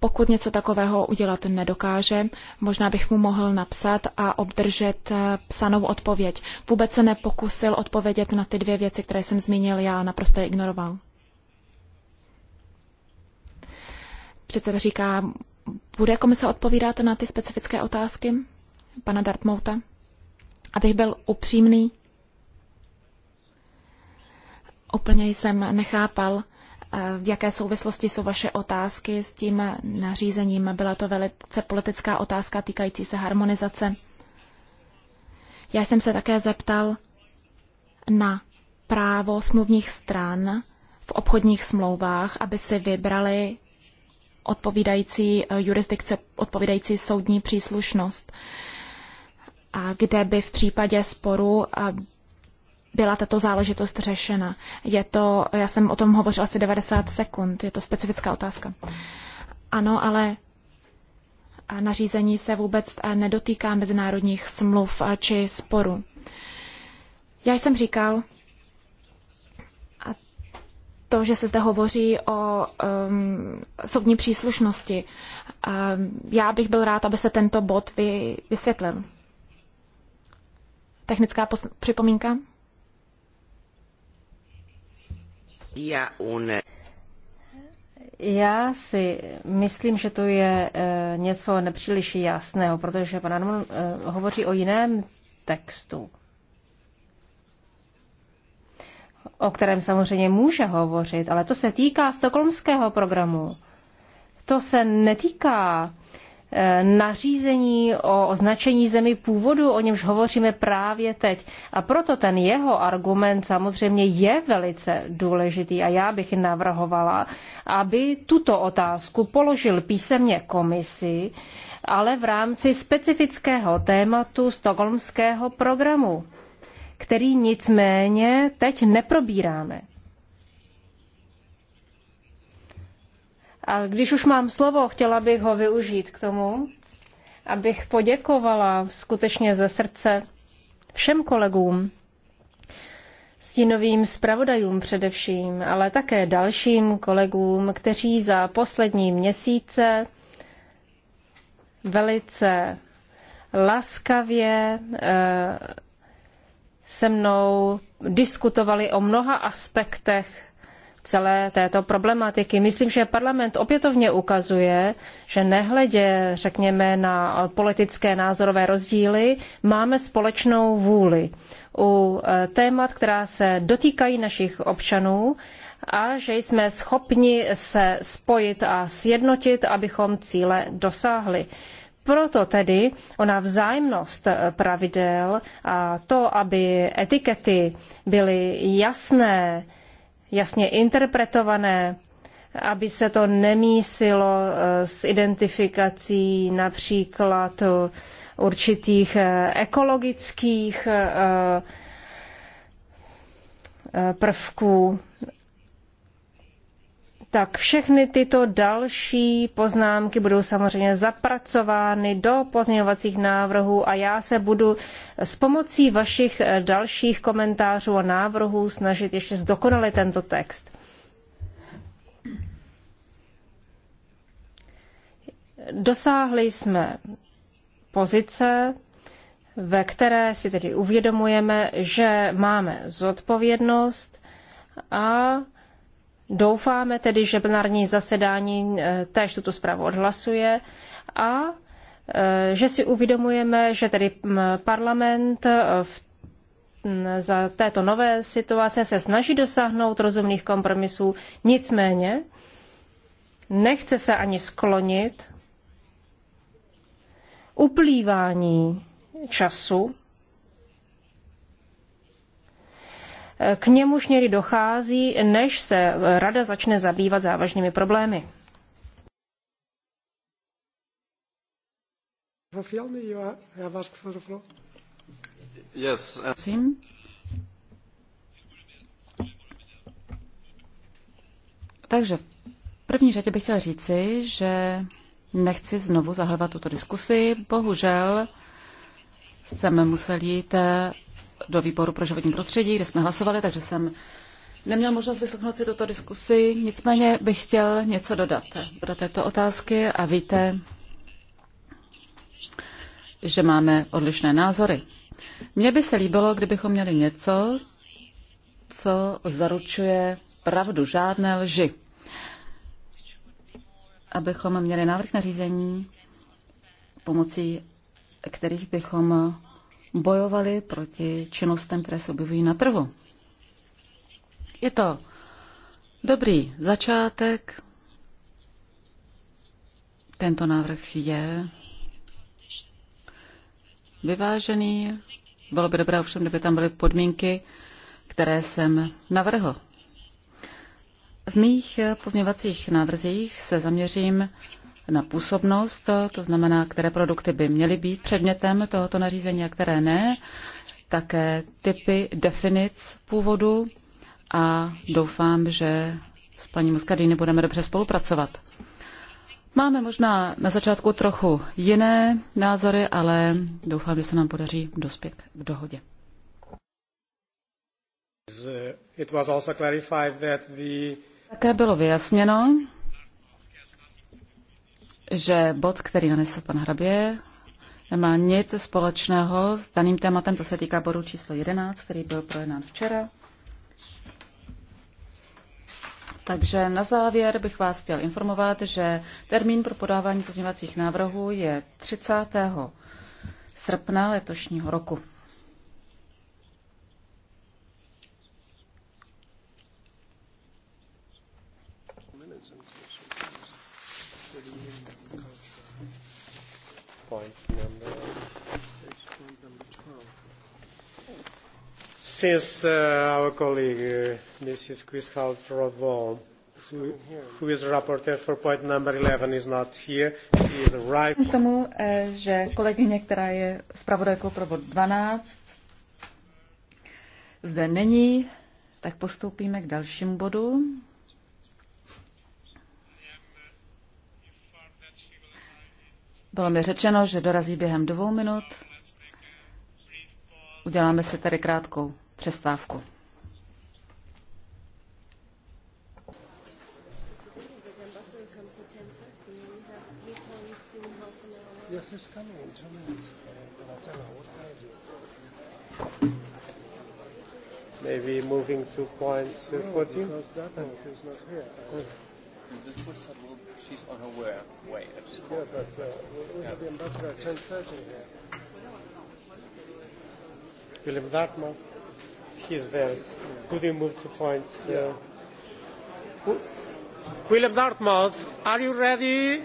Pokud něco takového udělat nedokáže, možná bych mu mohl napsat a obdržet eh, psanou odpověď. Vůbec se nepokusil odpovědět na ty dvě věci, které jsem zmínil já, naprosto je ignoroval. Předseda říká, bude komise odpovídat na ty specifické otázky pana Dartmouta? Abych byl upřímný, Úplně jsem nechápal, eh, v jaké souvislosti jsou vaše otázky s tím nařízením. Byla to velice politická otázka týkající se harmonizace. Já jsem se také zeptal na právo smluvních stran v obchodních smlouvách, aby si vybrali odpovídající eh, jurisdikce, odpovídající soudní příslušnost, a kde by v případě sporu byla tato záležitost řešena. Je to, já jsem o tom hovořila asi 90 sekund, je to specifická otázka. Ano, ale nařízení se vůbec nedotýká mezinárodních smluv či sporů. Já jsem říkal, a to, že se zde hovoří o um, soudní příslušnosti, a um, já bych byl rád, aby se tento bod vy, vysvětlil. Technická připomínka? Já si myslím, že to je eh, něco nepříliš jasného, protože pan Armon eh, hovoří o jiném textu, o kterém samozřejmě může hovořit, ale to se týká stokholmského programu. To se netýká Eh, nařízení o označení zemi původu, o němž hovoříme právě teď. A proto ten jeho argument samozřejmě je velice důležitý a já bych navrhovala, aby tuto otázku položil písemně komisi, ale v rámci specifického tématu stokholmského programu, který nicméně teď neprobíráme. A když už mám slovo, chtěla bych ho využít k tomu, abych poděkovala skutečně ze srdce všem kolegům, stínovým zpravodajům především, ale také dalším kolegům, kteří za poslední měsíce velice laskavě eh, se mnou diskutovali o mnoha aspektech celé této problematiky. Myslím, že parlament opětovně ukazuje, že nehledě, řekněme, na politické názorové rozdíly, máme společnou vůli u e, témat, která se dotýkají našich občanů a že jsme schopni se spojit a sjednotit, abychom cíle dosáhli. Proto tedy ona vzájemnost pravidel a to, aby etikety byly jasné, jasně interpretované, aby se to nemísilo eh, s identifikací například eh, určitých eh, ekologických prvků tak všechny tyto další poznámky budou samozřejmě zapracovány do pozměňovacích návrhů a já se budu s pomocí vašich eh, dalších komentářů a návrhů snažit ještě zdokonalit tento text. Dosáhli jsme pozice, ve které si tedy uvědomujeme, že máme zodpovědnost a Doufáme tedy, že plenární zasedání eh, též tuto zprávu odhlasuje a eh, že si uvědomujeme, že tedy mm, parlament eh, v mm, za této nové situace se snaží dosáhnout rozumných kompromisů, nicméně nechce se ani sklonit uplývání času k němuž někdy dochází, než se rada začne zabývat závažnými problémy. Yes. Prosím. Takže v první řadě bych chtěl říci, že nechci znovu zahlevat tuto diskusi. Bohužel jsem musel jít eh, do výboru pro životní prostředí, kde jsme hlasovali, takže jsem neměl možnost vyslechnout si tuto diskusi. Nicméně bych chtěl něco dodat do této otázky a víte, že máme odlišné názory. Mně by se líbilo, kdybychom měli něco, co zaručuje pravdu, žádné lži. Abychom měli návrh na řízení, pomocí kterých bychom bojovali proti činnostem, které se objevují na trhu. Je to dobrý začátek. Tento návrh je vyvážený. Bylo by dobré ovšem, kdyby tam byly podmínky, které jsem navrhl. V mých pozměvacích návrzích se zaměřím na působnost, to znamená, které produkty by měly být předmětem tohoto nařízení a které ne, také typy definic původu a doufám, že s paní Muscadini budeme dobře spolupracovat. Máme možná na začátku trochu jiné názory, ale doufám, že se nám podaří dospět k dohodě. Také bylo vyjasněno, že bod, který nanesl pan Hrabě, nemá nic společného s daným tématem. To se týká bodu číslo 11, který byl projednán včera. Takže na závěr bych vás chtěl informovat, že termín pro podávání pozměňovacích návrhů je 30. srpna letošního roku. Since uh, our colleague, uh, Mrs. who, who is for point number 11, is not here, she is arrived. tomu, uh, že kolegyně, která je zpravodajkou pro bod 12, zde není, tak postoupíme k dalšímu bodu. Bylo mi řečeno, že dorazí během dvou minut. Uděláme si tady krátkou přestávku. Maybe moving to point no, 14? because that one, she's not here. Uh, Mrs. Bussard will, she's on her way, way I just Yeah, but uh, we, we yeah. have the ambassador at 10.30 here. William Dartmouth he's there. Could you move to point? Yeah. William Dartmouth, are you ready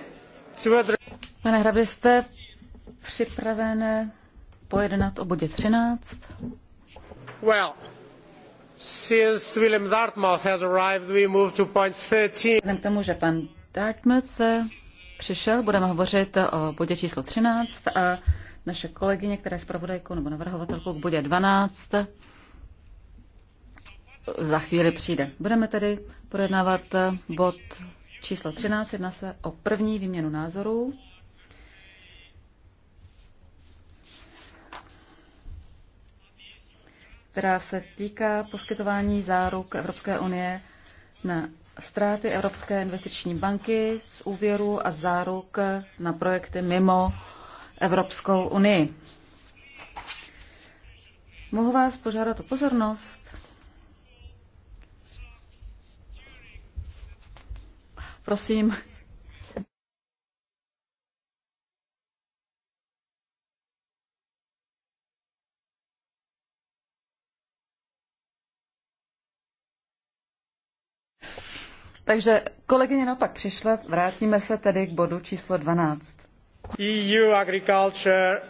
to address... Pane Hrabe, jste připraven pojednat o bodě 13? Well, since William Dartmouth has arrived, we move to point 13. Vzhledem k tomu, že pan Dartmouth eh, přišel, budeme hovořit o bodě číslo 13 a naše kolegyně, která je zpravodajkou nebo navrhovatelkou k bodě 12, za chvíli přijde. Budeme tedy projednávat bod číslo 13. Jedná se o první výměnu názorů. která se týká poskytování záruk Evropské unie na ztráty Evropské investiční banky z úvěru a záruk na projekty mimo Evropskou unii. Mohu vás požádat o pozornost? Prosím. Takže kolegyně naopak přišla, vrátíme se tedy k bodu číslo 12. EU agriculture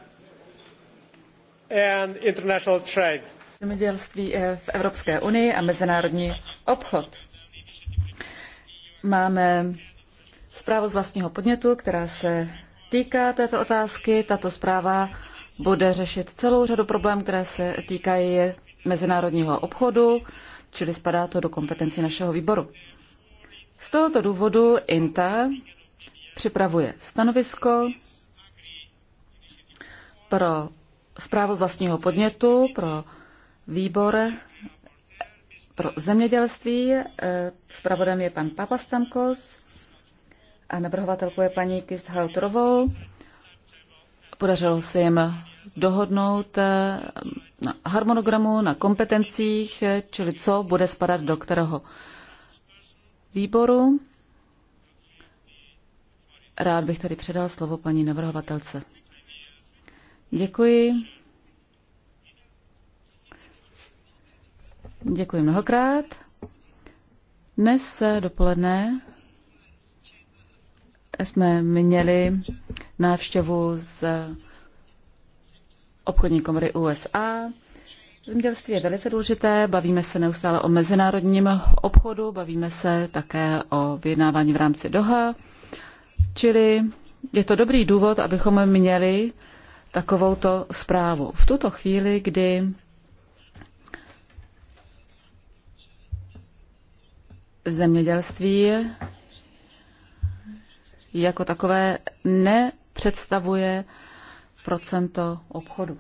and international trade. Zemědělství v Evropské unii a mezinárodní obchod máme zprávu z vlastního podnětu, která se týká této otázky. Tato zpráva bude řešit celou řadu problémů, které se týkají mezinárodního obchodu, čili spadá to do kompetencí našeho výboru. Z tohoto důvodu INTA připravuje stanovisko pro zprávu z vlastního podnětu, pro výbor pro zemědělství. Spravodem eh, je pan Papastamkos a navrhovatelkou je paní Kisthaut Rovol. Podařilo se jim dohodnout eh, na harmonogramu, na kompetencích, eh, čili co bude spadat do kterého výboru. Rád bych tady předal slovo paní navrhovatelce. Děkuji. Děkuji mnohokrát. Dnes dopoledne jsme měli návštěvu z obchodní komory USA. Zemědělství je velice důležité, bavíme se neustále o mezinárodním obchodu, bavíme se také o vyjednávání v rámci Doha, čili je to dobrý důvod, abychom měli takovouto zprávu. V tuto chvíli, kdy zemědělství jako takové nepředstavuje procento obchodu.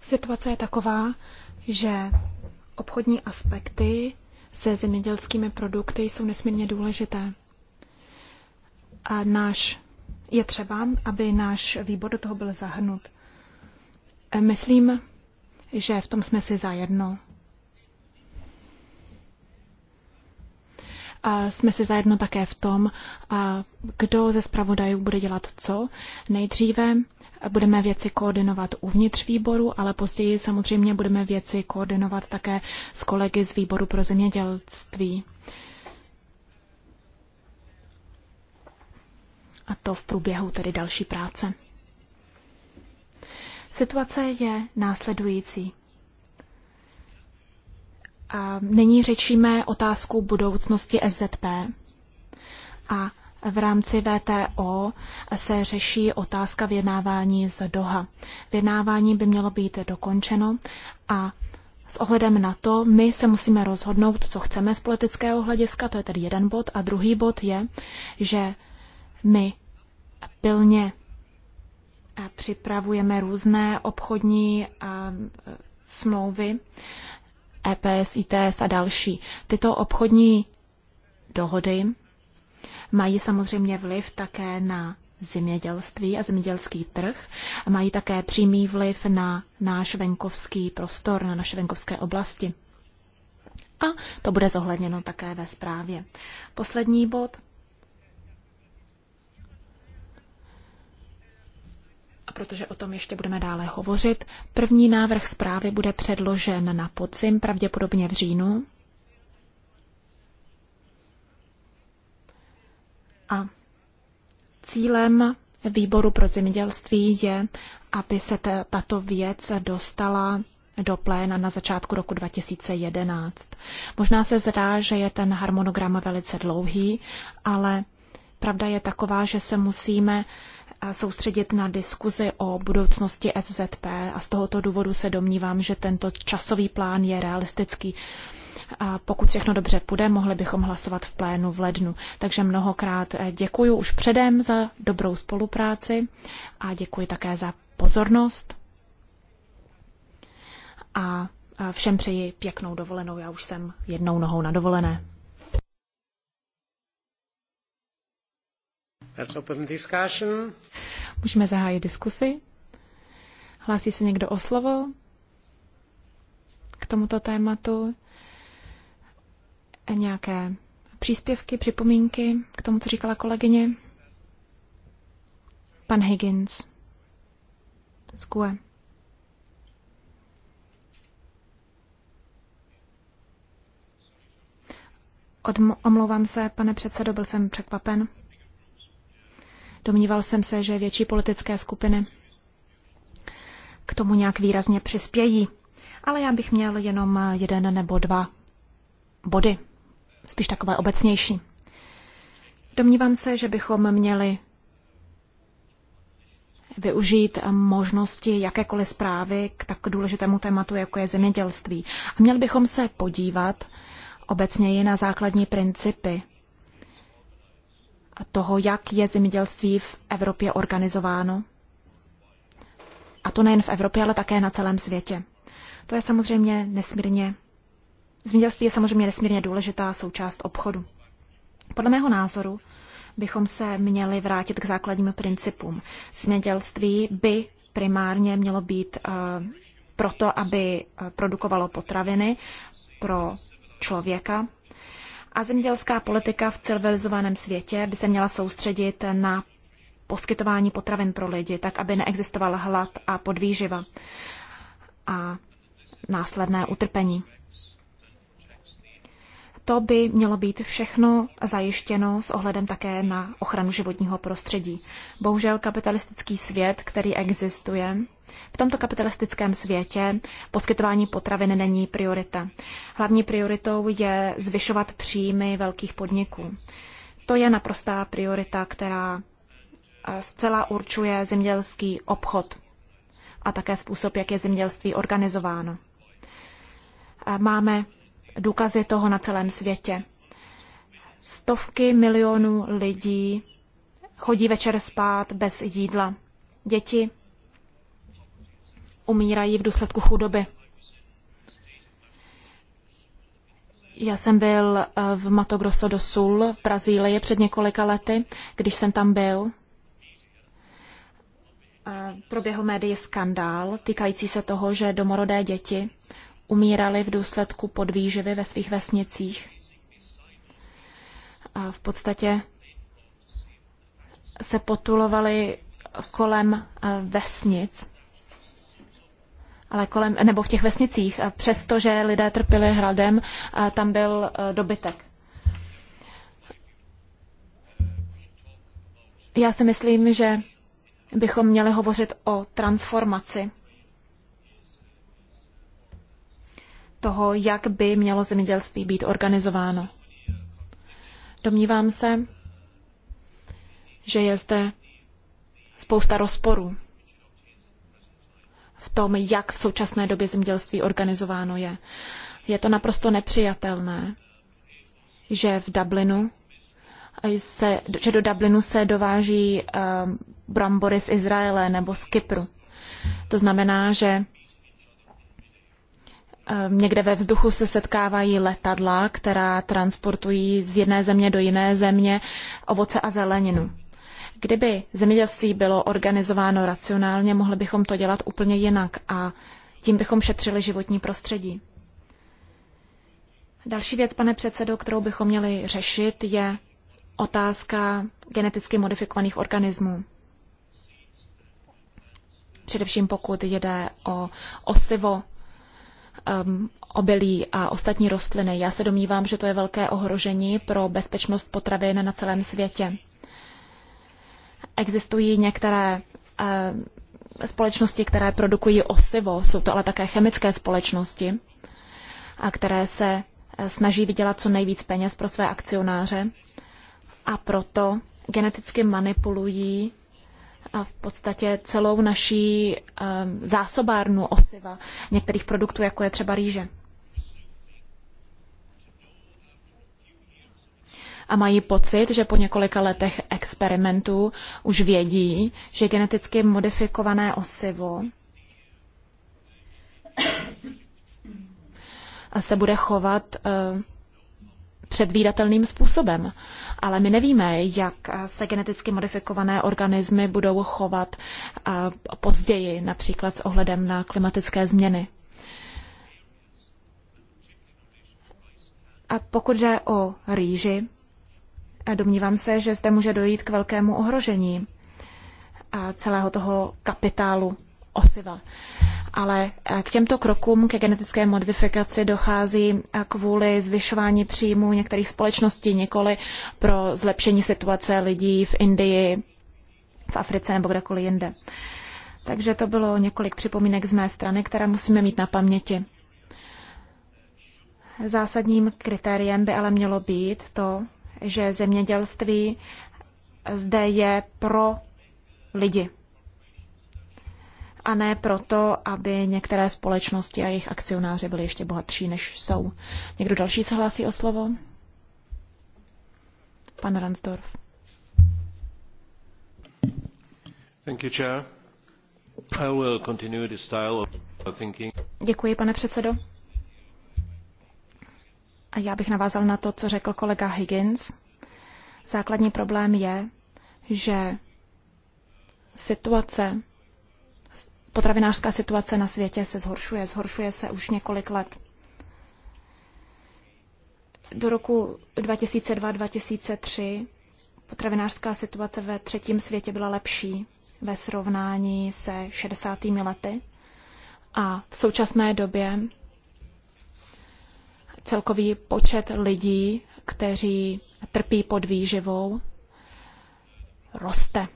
Situace je taková, že obchodní aspekty se zemědělskými produkty jsou nesmírně důležité. A náš, je třeba, aby náš výbor do toho byl zahrnut. Myslím, že v tom jsme si zajedno. jsme si zajedno také v tom, kdo ze zpravodajů bude dělat co. Nejdříve budeme věci koordinovat uvnitř výboru, ale později samozřejmě budeme věci koordinovat také s kolegy z výboru pro zemědělství. A to v průběhu tedy další práce. Situace je následující nyní řečíme otázku budoucnosti SZP. A v rámci VTO se řeší otázka vyjednávání z Doha. Vyjednávání by mělo být dokončeno a s ohledem na to my se musíme rozhodnout, co chceme z politického hlediska, to je tedy jeden bod. A druhý bod je, že my pilně eh, připravujeme různé obchodní eh, smlouvy EPS, ITS a další. Tyto obchodní dohody mají samozřejmě vliv také na zemědělství a zemědělský trh. Mají také přímý vliv na náš venkovský prostor, na naše venkovské oblasti. A to bude zohledněno také ve zprávě. Poslední bod. protože o tom ještě budeme dále hovořit. První návrh zprávy bude předložen na podzim, pravděpodobně v říjnu. A cílem výboru pro zemědělství je, aby se tato věc dostala do pléna na začátku roku 2011. Možná se zdá, že je ten harmonogram velice dlouhý, ale pravda je taková, že se musíme soustředit na diskuzi o budoucnosti SZP a z tohoto důvodu se domnívám, že tento časový plán je realistický. A pokud všechno dobře půjde, mohli bychom hlasovat v plénu v lednu. Takže mnohokrát eh, děkuji už předem za dobrou spolupráci a děkuji také za pozornost. A všem přeji pěknou dovolenou. Já už jsem jednou nohou na dovolené. Let's open discussion. Můžeme zahájit diskusi. Hlásí se někdo o slovo k tomuto tématu? Nějaké příspěvky, připomínky k tomu, co říkala kolegyně? Pan Higgins z GUE. Odm- omlouvám se, pane předsedo, byl jsem překvapen. Domníval jsem se, že větší politické skupiny k tomu nějak výrazně přispějí. Ale já bych měl jenom jeden nebo dva body, spíš takové obecnější. Domnívám se, že bychom měli využít možnosti jakékoliv zprávy k tak důležitému tématu, jako je zemědělství. A měli bychom se podívat obecněji na základní principy toho, jak je zemědělství v Evropě organizováno. A to nejen v Evropě, ale také na celém světě. To je samozřejmě nesmírně. Zemědělství je samozřejmě nesmírně důležitá součást obchodu. Podle mého názoru bychom se měli vrátit k základním principům. Zemědělství by primárně mělo být eh, proto, aby eh, produkovalo potraviny pro člověka, a zemědělská politika v civilizovaném světě by se měla soustředit na poskytování potravin pro lidi, tak aby neexistoval hlad a podvýživa a následné utrpení. To by mělo být všechno zajištěno s ohledem také na ochranu životního prostředí. Bohužel kapitalistický svět, který existuje, v tomto kapitalistickém světě poskytování potravin není priorita. Hlavní prioritou je zvyšovat příjmy velkých podniků. To je naprostá priorita, která eh, zcela určuje zemědělský obchod a také způsob, jak je zemědělství organizováno. Eh, máme důkazy toho na celém světě. Stovky milionů lidí chodí večer spát bez jídla. Děti umírají v důsledku chudoby. Já jsem byl eh, v Mato Grosso do Sul v Brazílii před několika lety, když jsem tam byl. Proběhl médií skandál týkající se toho, že domorodé děti umírali v důsledku podvýživy ve svých vesnicích. A v podstatě se potulovali kolem eh, vesnic, ale kolem, nebo v těch vesnicích, eh, přestože lidé trpěli hradem, eh, tam byl dobytek. Já si myslím, že bychom měli hovořit o transformaci toho, jak by mělo zemědělství být organizováno. Domnívám se, že je zde spousta rozporů v tom, jak v současné době zemědělství organizováno je. Je to naprosto nepřijatelné, že v Dublinu se, že do Dublinu se dováží um, brambory z Izraele nebo z Kypru. To znamená, že Ehm, někde ve vzduchu se setkávají letadla, která transportují z jedné země do jiné země ovoce a zeleninu. Kdyby zemědělství bylo organizováno racionálně, mohli bychom to dělat úplně jinak a tím bychom šetřili životní prostředí. Další věc, pane předsedo, kterou bychom měli řešit, je otázka geneticky modifikovaných organismů. Především pokud jde o osivo um, obilí a ostatní rostliny. Já se domnívám, že to je velké ohrožení pro bezpečnost potravin na celém světě. Existují některé uh, společnosti, které produkují osivo, jsou to ale také chemické společnosti, a které se eh, snaží vydělat co nejvíc peněz pro své akcionáře a proto geneticky manipulují v podstatě celou naší ehm, zásobárnu osiva některých produktů, jako je třeba rýže. a mají pocit, že po několika letech experimentů už vědí, že geneticky modifikované osivo se bude chovat ehm, předvídatelným způsobem ale my nevíme, jak se geneticky modifikované organismy budou chovat eh, později, například s ohledem na klimatické změny. A pokud jde o rýži, eh, domnívám se, že zde může dojít k velkému ohrožení eh, celého toho kapitálu osiva ale eh, k těmto krokům ke genetické modifikaci dochází eh, kvůli zvyšování příjmů některých společností, nikoli pro zlepšení situace lidí v Indii, v Africe nebo kdekoliv jinde. Takže to bylo několik připomínek z mé strany, které musíme mít na paměti. Zásadním kritériem by ale mělo být to, že zemědělství zde je pro lidi a ne proto, aby některé společnosti a jejich akcionáři byli ještě bohatší, než jsou. Někdo další se hlásí o slovo? Pan Ransdorf. Thank you, Chair. I will continue style of thinking. Děkuji, pane předsedo. A já bych navázal na to, co řekl kolega Higgins. Základní problém je, že situace potravinářská situace na světě se zhoršuje. Zhoršuje se už několik let. Do roku 2002-2003 potravinářská situace ve třetím světě byla lepší ve srovnání se 60. lety. A v současné době celkový počet lidí, kteří trpí pod výživou, roste.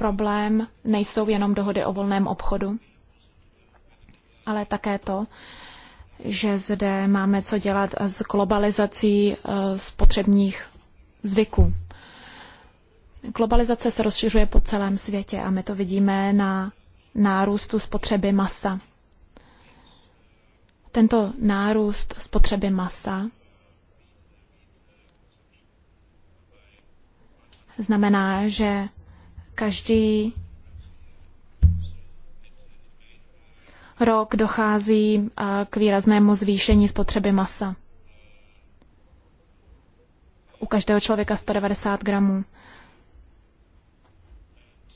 Problém nejsou jenom dohody o volném obchodu, ale také to, že zde máme co dělat s globalizací eh, spotřebních zvyků. Globalizace se rozšiřuje po celém světě a my to vidíme na nárůstu spotřeby masa. Tento nárůst spotřeby masa znamená, že Každý rok dochází eh, k výraznému zvýšení spotřeby masa. U každého člověka 190 gramů.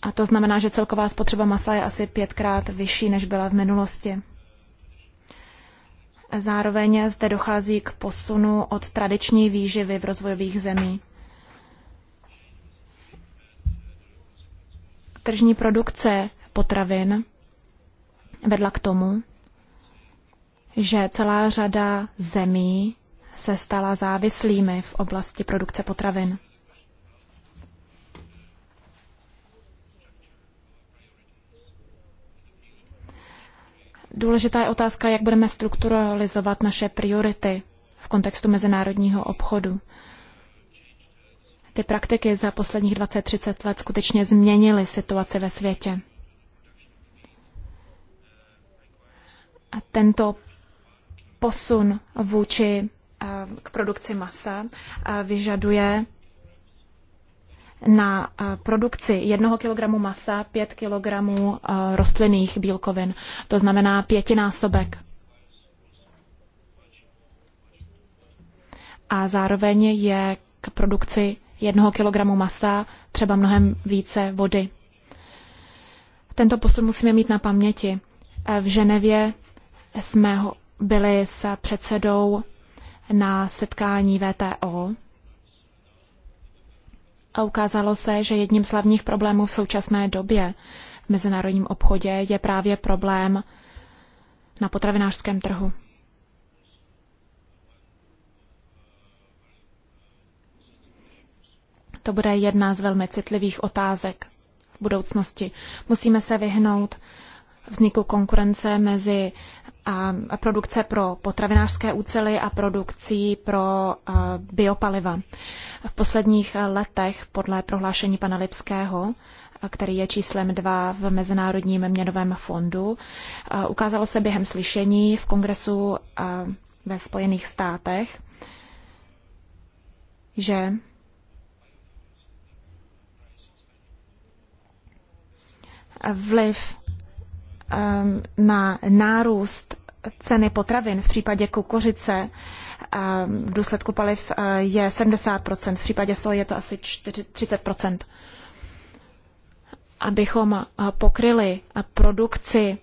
A to znamená, že celková spotřeba masa je asi pětkrát vyšší, než byla v minulosti. Zároveň zde dochází k posunu od tradiční výživy v rozvojových zemích. tržní produkce potravin vedla k tomu, že celá řada zemí se stala závislými v oblasti produkce potravin. Důležitá je otázka, jak budeme strukturalizovat naše priority v kontextu mezinárodního obchodu. Ty praktiky za posledních 20-30 let skutečně změnily situaci ve světě. A tento posun vůči eh, k produkci masa eh, vyžaduje na eh, produkci jednoho kilogramu masa pět kilogramů rostlinných bílkovin. To znamená pětinásobek. A zároveň je k produkci jednoho kilogramu masa třeba mnohem více vody. Tento posun musíme mít na paměti. V Ženevě jsme byli s předsedou na setkání VTO a ukázalo se, že jedním z hlavních problémů v současné době v mezinárodním obchodě je právě problém na potravinářském trhu. To bude jedna z velmi citlivých otázek v budoucnosti. Musíme se vyhnout vzniku konkurence mezi a produkce pro potravinářské úcely a produkcí pro biopaliva. V posledních letech, podle prohlášení pana Lipského, který je číslem dva v Mezinárodním měnovém fondu, ukázalo se během slyšení v kongresu ve Spojených státech, že vliv ehm, na nárůst ceny potravin v případě kukuřice ehm, v důsledku paliv eh, je 70%, v případě sóje je to asi 30%. Abychom eh, pokryli eh, produkci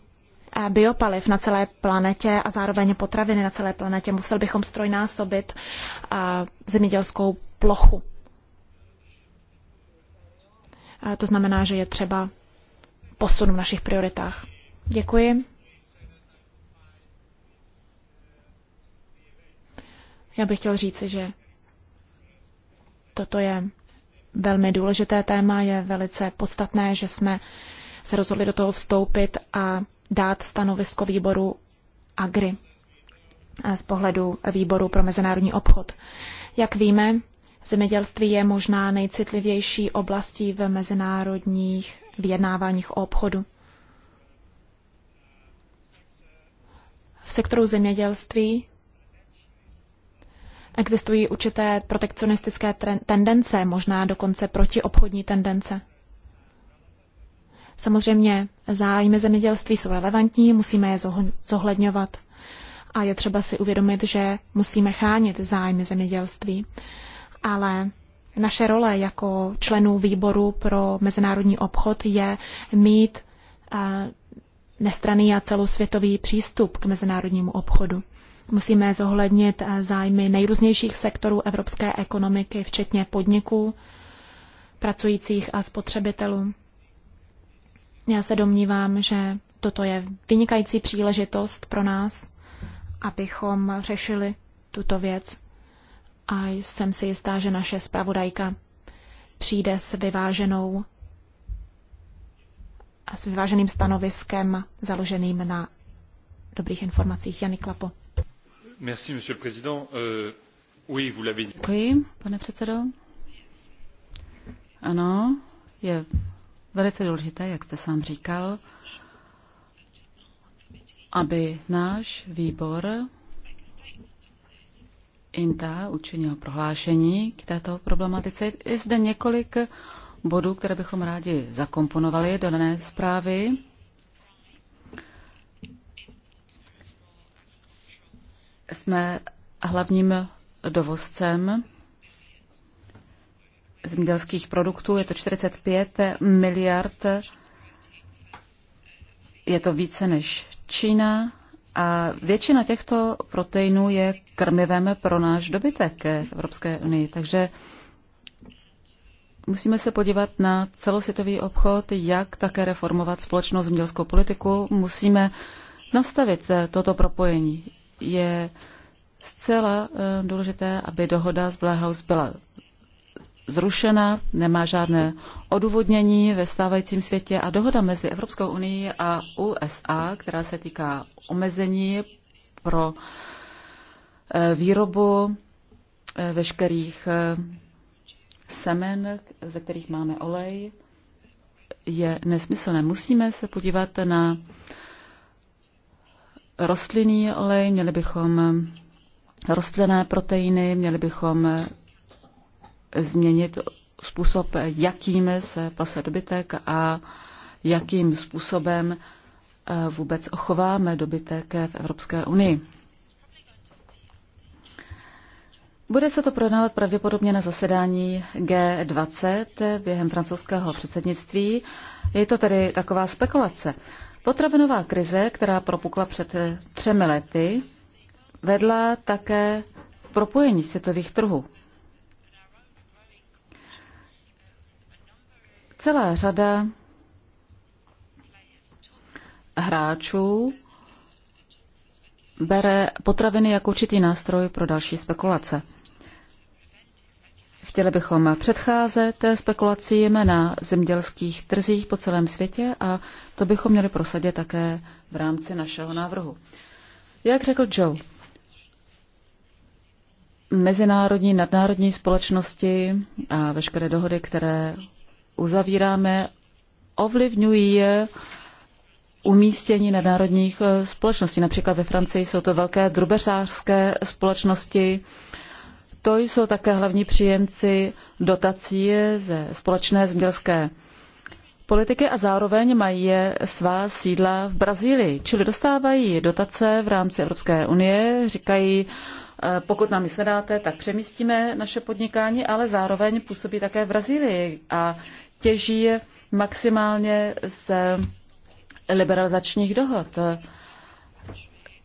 biopaliv na celé planetě a zároveň potraviny na celé planetě, musel bychom strojnásobit zemědělskou plochu. To znamená, že je třeba posun v našich prioritách. Děkuji. Já bych chtěl říci, že toto je velmi důležité téma, je velice podstatné, že jsme se rozhodli do toho vstoupit a dát stanovisko výboru AGRI z pohledu výboru pro mezinárodní obchod. Jak víme, zemědělství je možná nejcitlivější oblastí v mezinárodních vyjednáváních o obchodu. V sektoru zemědělství existují určité protekcionistické tendence, možná dokonce protiobchodní tendence. Samozřejmě zájmy zemědělství jsou relevantní, musíme je zohledňovat. A je třeba si uvědomit, že musíme chránit zájmy zemědělství. Ale naše role jako členů výboru pro mezinárodní obchod je mít nestraný a celosvětový přístup k mezinárodnímu obchodu. Musíme zohlednit zájmy nejrůznějších sektorů evropské ekonomiky, včetně podniků, pracujících a spotřebitelů. Já se domnívám, že toto je vynikající příležitost pro nás, abychom řešili tuto věc a jsem si jistá, že naše zpravodajka přijde s vyváženou a s vyváženým stanoviskem založeným na dobrých informacích. Jany Klapo. Merci, monsieur le président. Uh, oui, vous l'avez dit. Děkuji, pane předsedo. Ano, je velice důležité, jak jste sám říkal, aby náš výbor INTA učinil prohlášení k této problematice. Je zde několik bodů, které bychom rádi zakomponovali do dané zprávy. Jsme hlavním dovozcem zemědělských produktů. Je to 45 miliard. Je to více než Čína. A většina těchto proteinů je krmivem pro náš dobytek v Evropské unii. Takže musíme se podívat na celosvětový obchod, jak také reformovat společnou zemědělskou politiku. Musíme nastavit eh, toto propojení. Je zcela eh, důležité, aby dohoda z Blair House byla zrušena, nemá žádné odůvodnění ve stávajícím světě a dohoda mezi Evropskou unii a USA, která se týká omezení pro eh, výrobu eh, veškerých eh, semen, ze kterých máme olej, je nesmyslné. Musíme se podívat na rostlinný olej, měli bychom rostlinné proteiny, měli bychom změnit způsob, jakým se pase dobytek a jakým způsobem eh, vůbec ochováme dobytek v Evropské unii. Bude se to projednávat pravděpodobně na zasedání G20 během francouzského předsednictví. Je to tedy taková spekulace. Potravinová krize, která propukla před třemi lety, vedla také propojení světových trhů. Celá řada hráčů bere potraviny jako určitý nástroj pro další spekulace. Chtěli bychom předcházet spekulacím na zemědělských trzích po celém světě a to bychom měli prosadit také v rámci našeho návrhu. Jak řekl Joe, mezinárodní, nadnárodní společnosti a veškeré dohody, které uzavíráme, ovlivňují je umístění nadnárodních eh, společností. Například ve Francii jsou to velké drubeřářské společnosti. To jsou také hlavní příjemci dotací ze společné zemědělské politiky a zároveň mají svá sídla v Brazílii, čili dostávají dotace v rámci Evropské unie, říkají, pokud nám nic nedáte, tak přemístíme naše podnikání, ale zároveň působí také v Brazílii a těží maximálně z liberalizačních dohod.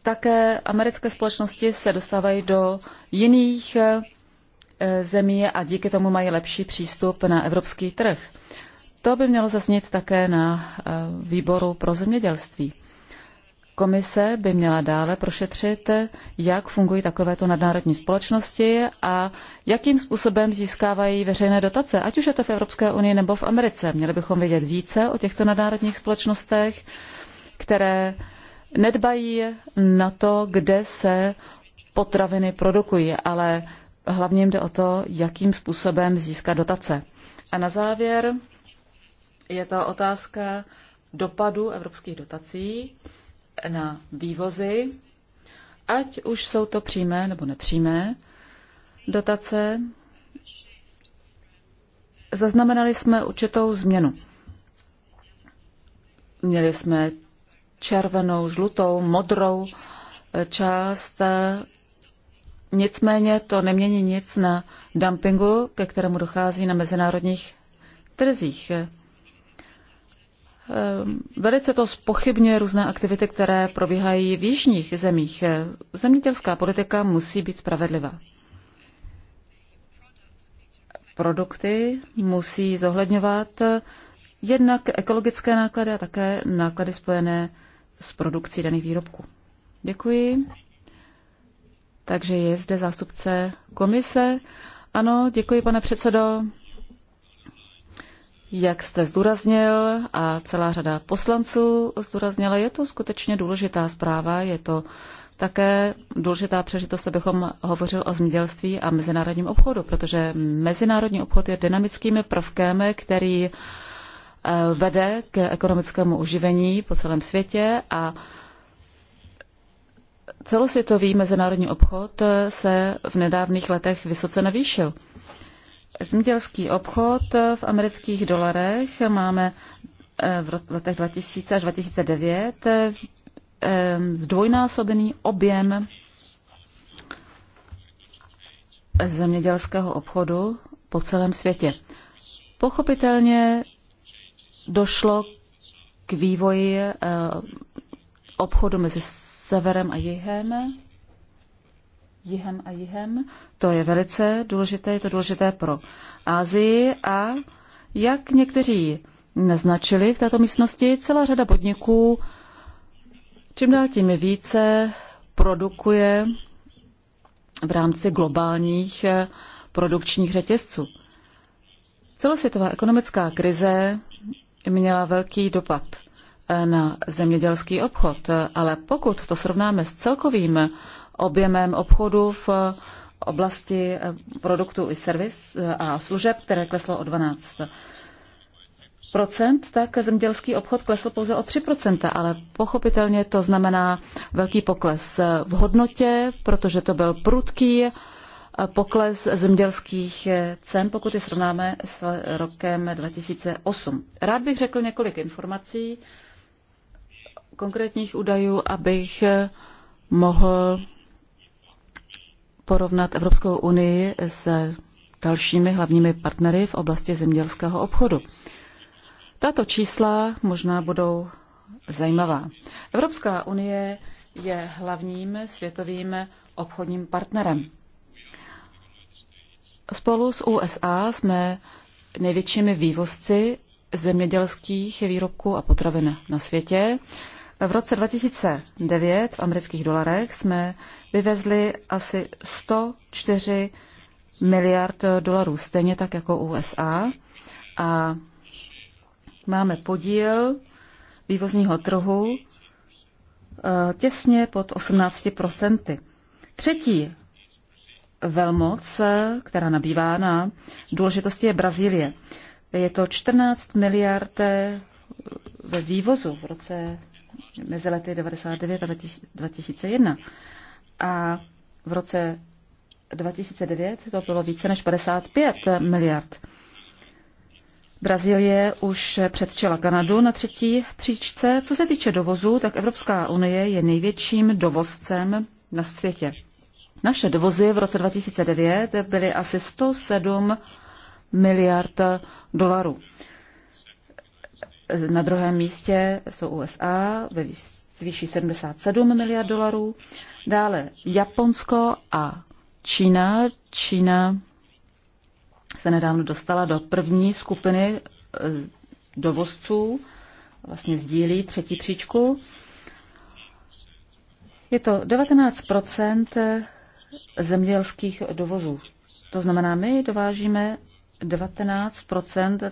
Také americké společnosti se dostávají do jiných eh, zemí a díky tomu mají lepší přístup na evropský trh. To by mělo zaznít také na eh, výboru pro zemědělství. Komise by měla dále prošetřit, jak fungují takovéto nadnárodní společnosti a jakým způsobem získávají veřejné dotace, ať už je to v Evropské unii nebo v Americe. Měli bychom vědět více o těchto nadnárodních společnostech, které nedbají na to, kde se potraviny produkují, ale hlavně jde o to, jakým způsobem získat dotace. A na závěr je to otázka dopadu evropských dotací na vývozy, ať už jsou to přímé nebo nepřímé dotace. Zaznamenali jsme určitou změnu. Měli jsme červenou, žlutou, modrou eh, část. Eh, nicméně to nemění nic na dumpingu, ke kterému dochází na mezinárodních trzích. Ehm, velice to spochybňuje různé aktivity, které probíhají v jižních zemích. Zemědělská politika musí být spravedlivá. Produkty musí zohledňovat jednak ekologické náklady a také náklady spojené s produkcí daných výrobků. Děkuji. Takže je zde zástupce komise. Ano, děkuji, pane předsedo. Jak jste zdůraznil a celá řada poslanců zdůraznila, je to skutečně důležitá zpráva, je to také důležitá přežitost, abychom hovořil o zemědělství a mezinárodním obchodu, protože mezinárodní obchod je dynamickým prvkem, který eh, vede k ekonomickému uživení po celém světě a celosvětový mezinárodní obchod se v nedávných letech vysoce navýšil zemědělský obchod v amerických dolarech máme eh, v letech 2000 až 2009 eh, eh, zdvojnásobený objem zemědělského obchodu po celém světě. Pochopitelně došlo k vývoji obchodu mezi severem a jihem jihem a jihem. To je velice důležité, je to důležité pro Asii a jak někteří naznačili v této místnosti, celá řada podniků čím dál tím více produkuje v rámci globálních eh, produkčních řetězců. Celosvětová ekonomická krize měla velký dopad eh, na zemědělský obchod, eh, ale pokud to srovnáme s celkovým objemem obchodu v oblasti eh, produktů i servis eh, a služeb, které kleslo o 12 tak zemědělský obchod klesl pouze o 3 ale pochopitelně to znamená velký pokles eh, v hodnotě, protože to byl prudký pokles zemědělských cen, pokud je srovnáme s rokem 2008. Rád bych řekl několik informací, konkrétních údajů, abych mohl porovnat Evropskou unii s dalšími hlavními partnery v oblasti zemědělského obchodu. Tato čísla možná budou zajímavá. Evropská unie je hlavním světovým obchodním partnerem. Spolu s USA jsme největšími vývozci zemědělských výrobků a potravin na světě. V roce 2009 v amerických dolarech jsme vyvezli asi 104 miliard dolarů, stejně tak jako USA. A máme podíl vývozního trhu eh, těsně pod 18 Třetí velmoc, eh, která nabývá na důležitosti, je Brazílie. Je to 14 miliard eh, ve vývozu v roce mezi lety 99 a 2001. A v roce 2009 to bylo více než 55 miliard. Brazílie už předčela Kanadu na třetí příčce. Co se týče dovozu, tak Evropská unie je největším dovozcem na světě. Naše dovozy v roce 2009 byly asi 107 miliard dolarů. Na druhém místě jsou USA ve výši 77 miliard dolarů. Dále Japonsko a Čína. Čína se nedávno dostala do první skupiny e, dovozců, vlastně sdílí třetí příčku. Je to 19 zemědělských dovozů. To znamená, my dovážíme 19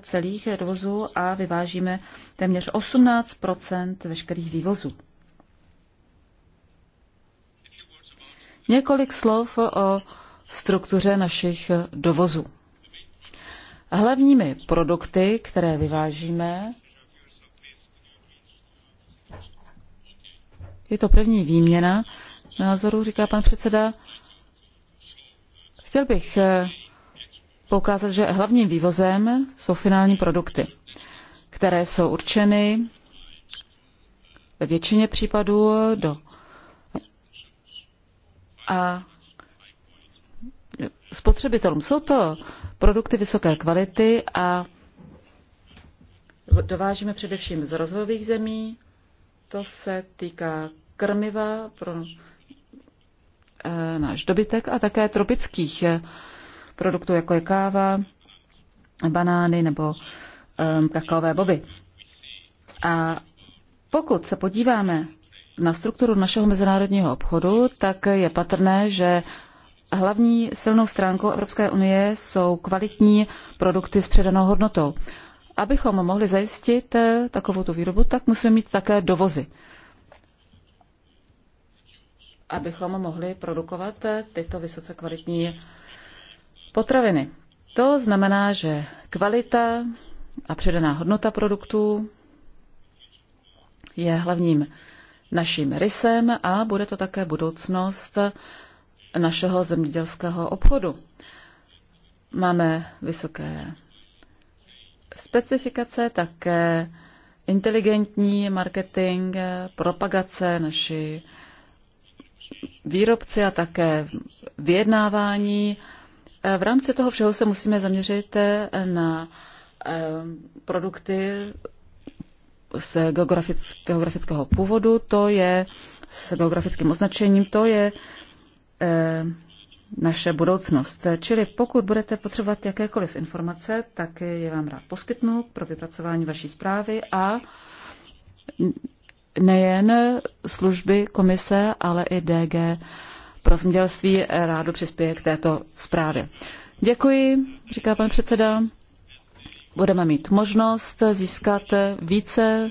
celých dovozů a vyvážíme téměř 18 veškerých vývozů. Několik slov o struktuře našich dovozů. Hlavními produkty, které vyvážíme, je to první výměna názoru, říká pan předseda. Chtěl bych poukázat, že hlavním vývozem jsou finální produkty, které jsou určeny ve většině případů do a spotřebitelům. Jsou to produkty vysoké kvality a dovážíme především z rozvojových zemí. To se týká krmiva pro eh, náš dobytek a také tropických eh, produktů, jako je káva, banány nebo um, kakaové boby. A pokud se podíváme na strukturu našeho mezinárodního obchodu, tak je patrné, že hlavní silnou stránkou Evropské unie jsou kvalitní produkty s předanou hodnotou. Abychom mohli zajistit eh, takovou tu výrobu, tak musíme mít také dovozy. Abychom mohli produkovat eh, tyto vysoce kvalitní potraviny. To znamená, že kvalita a přidaná hodnota produktů je hlavním naším rysem a bude to také budoucnost našeho zemědělského obchodu. Máme vysoké specifikace, také inteligentní marketing, propagace naši výrobci a také vyjednávání v rámci toho všeho se musíme zaměřit eh, na eh, produkty z geografického původu, to je s geografickým označením, to je eh, naše budoucnost. Čili pokud budete potřebovat jakékoliv informace, tak je vám rád poskytnu pro vypracování vaší zprávy a nejen služby komise, ale i DG pro zemědělství rádo přispěje k této zprávě. Děkuji, říká pan předseda. Budeme mít možnost získat více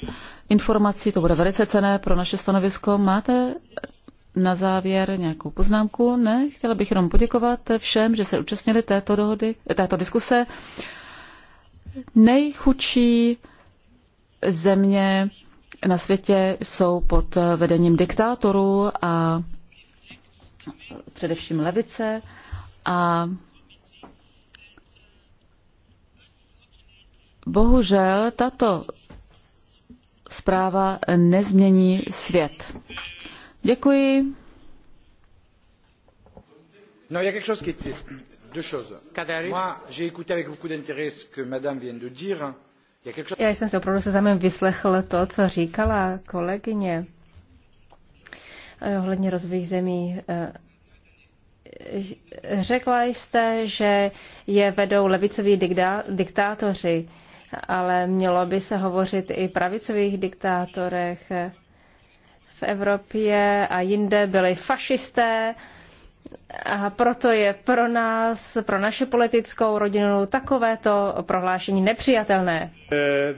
informací, to bude velice cené pro naše stanovisko. Máte na závěr nějakou poznámku? Ne, chtěla bych jenom poděkovat všem, že se účastnili této, dohody, této diskuse. Nejchudší země na světě jsou pod vedením diktátorů a především levice a bohužel tato zpráva nezmění svět. Děkuji. No, il y a quelque chose qui était deux choses. Moi, j'ai écouté avec beaucoup d'intérêt ce que madame vient de dire. Já jsem si opravdu se zájmem vyslechl to, co říkala kolegyně. Eh, ohledně rozvojových zemí. Eh, řekla jste, že je vedou levicoví diktátoři, ale mělo by se hovořit i pravicových diktátorech. V Evropě a jinde byli fašisté, a proto je pro nás, pro naše politickou rodinu takovéto prohlášení nepřijatelné. Eh,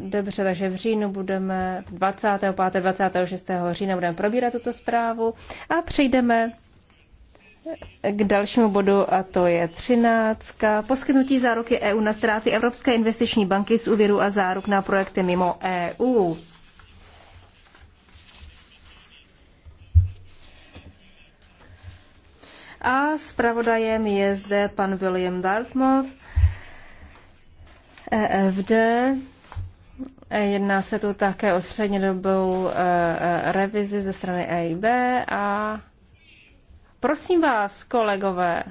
Dobře, takže v říjnu budeme 25. 26. října budeme probírat tuto zprávu a přejdeme k dalšímu bodu a to je 13. Poskytnutí záruky EU na ztráty Evropské investiční banky z úvěru a záruk na projekty mimo EU. A zpravodajem je zde pan William Dartmouth, EFD. Jedná se tu také o střednědobou eh, eh, revizi ze strany EIB a prosím vás, kolegové,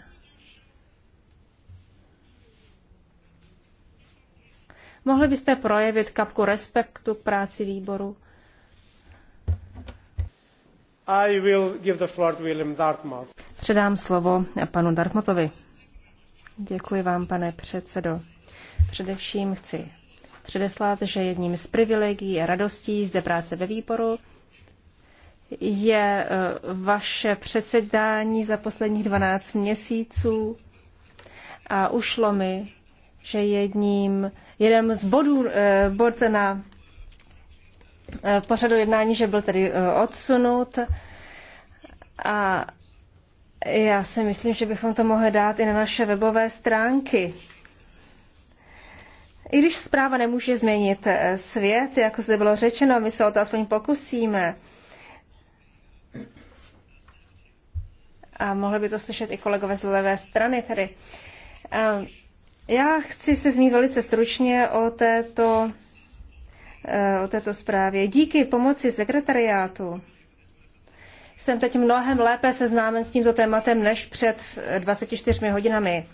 mohli byste projevit kapku respektu k práci výboru? I will give the floor to William Dartmouth. Předám slovo panu Dartmouthovi. Děkuji vám, pane předsedo. Především chci předeslat, že jedním z privilegií a radostí zde práce ve výboru je eh, vaše předsedání za posledních 12 měsíců a ušlo mi, že jedním, jeden z bodů, eh, bod na eh, pořadu jednání, že byl tedy odsunut a já si myslím, že bychom to mohli dát i na naše webové stránky. I když zpráva nemůže změnit eh, svět, jako zde bylo řečeno, my se o to aspoň pokusíme. A mohli by to slyšet i kolegové z levé strany tedy. Eh, já chci se zmínit velice stručně o této, eh, o této zprávě. Díky pomoci sekretariátu jsem teď mnohem lépe seznámen s tímto tématem než před 24 hodinami.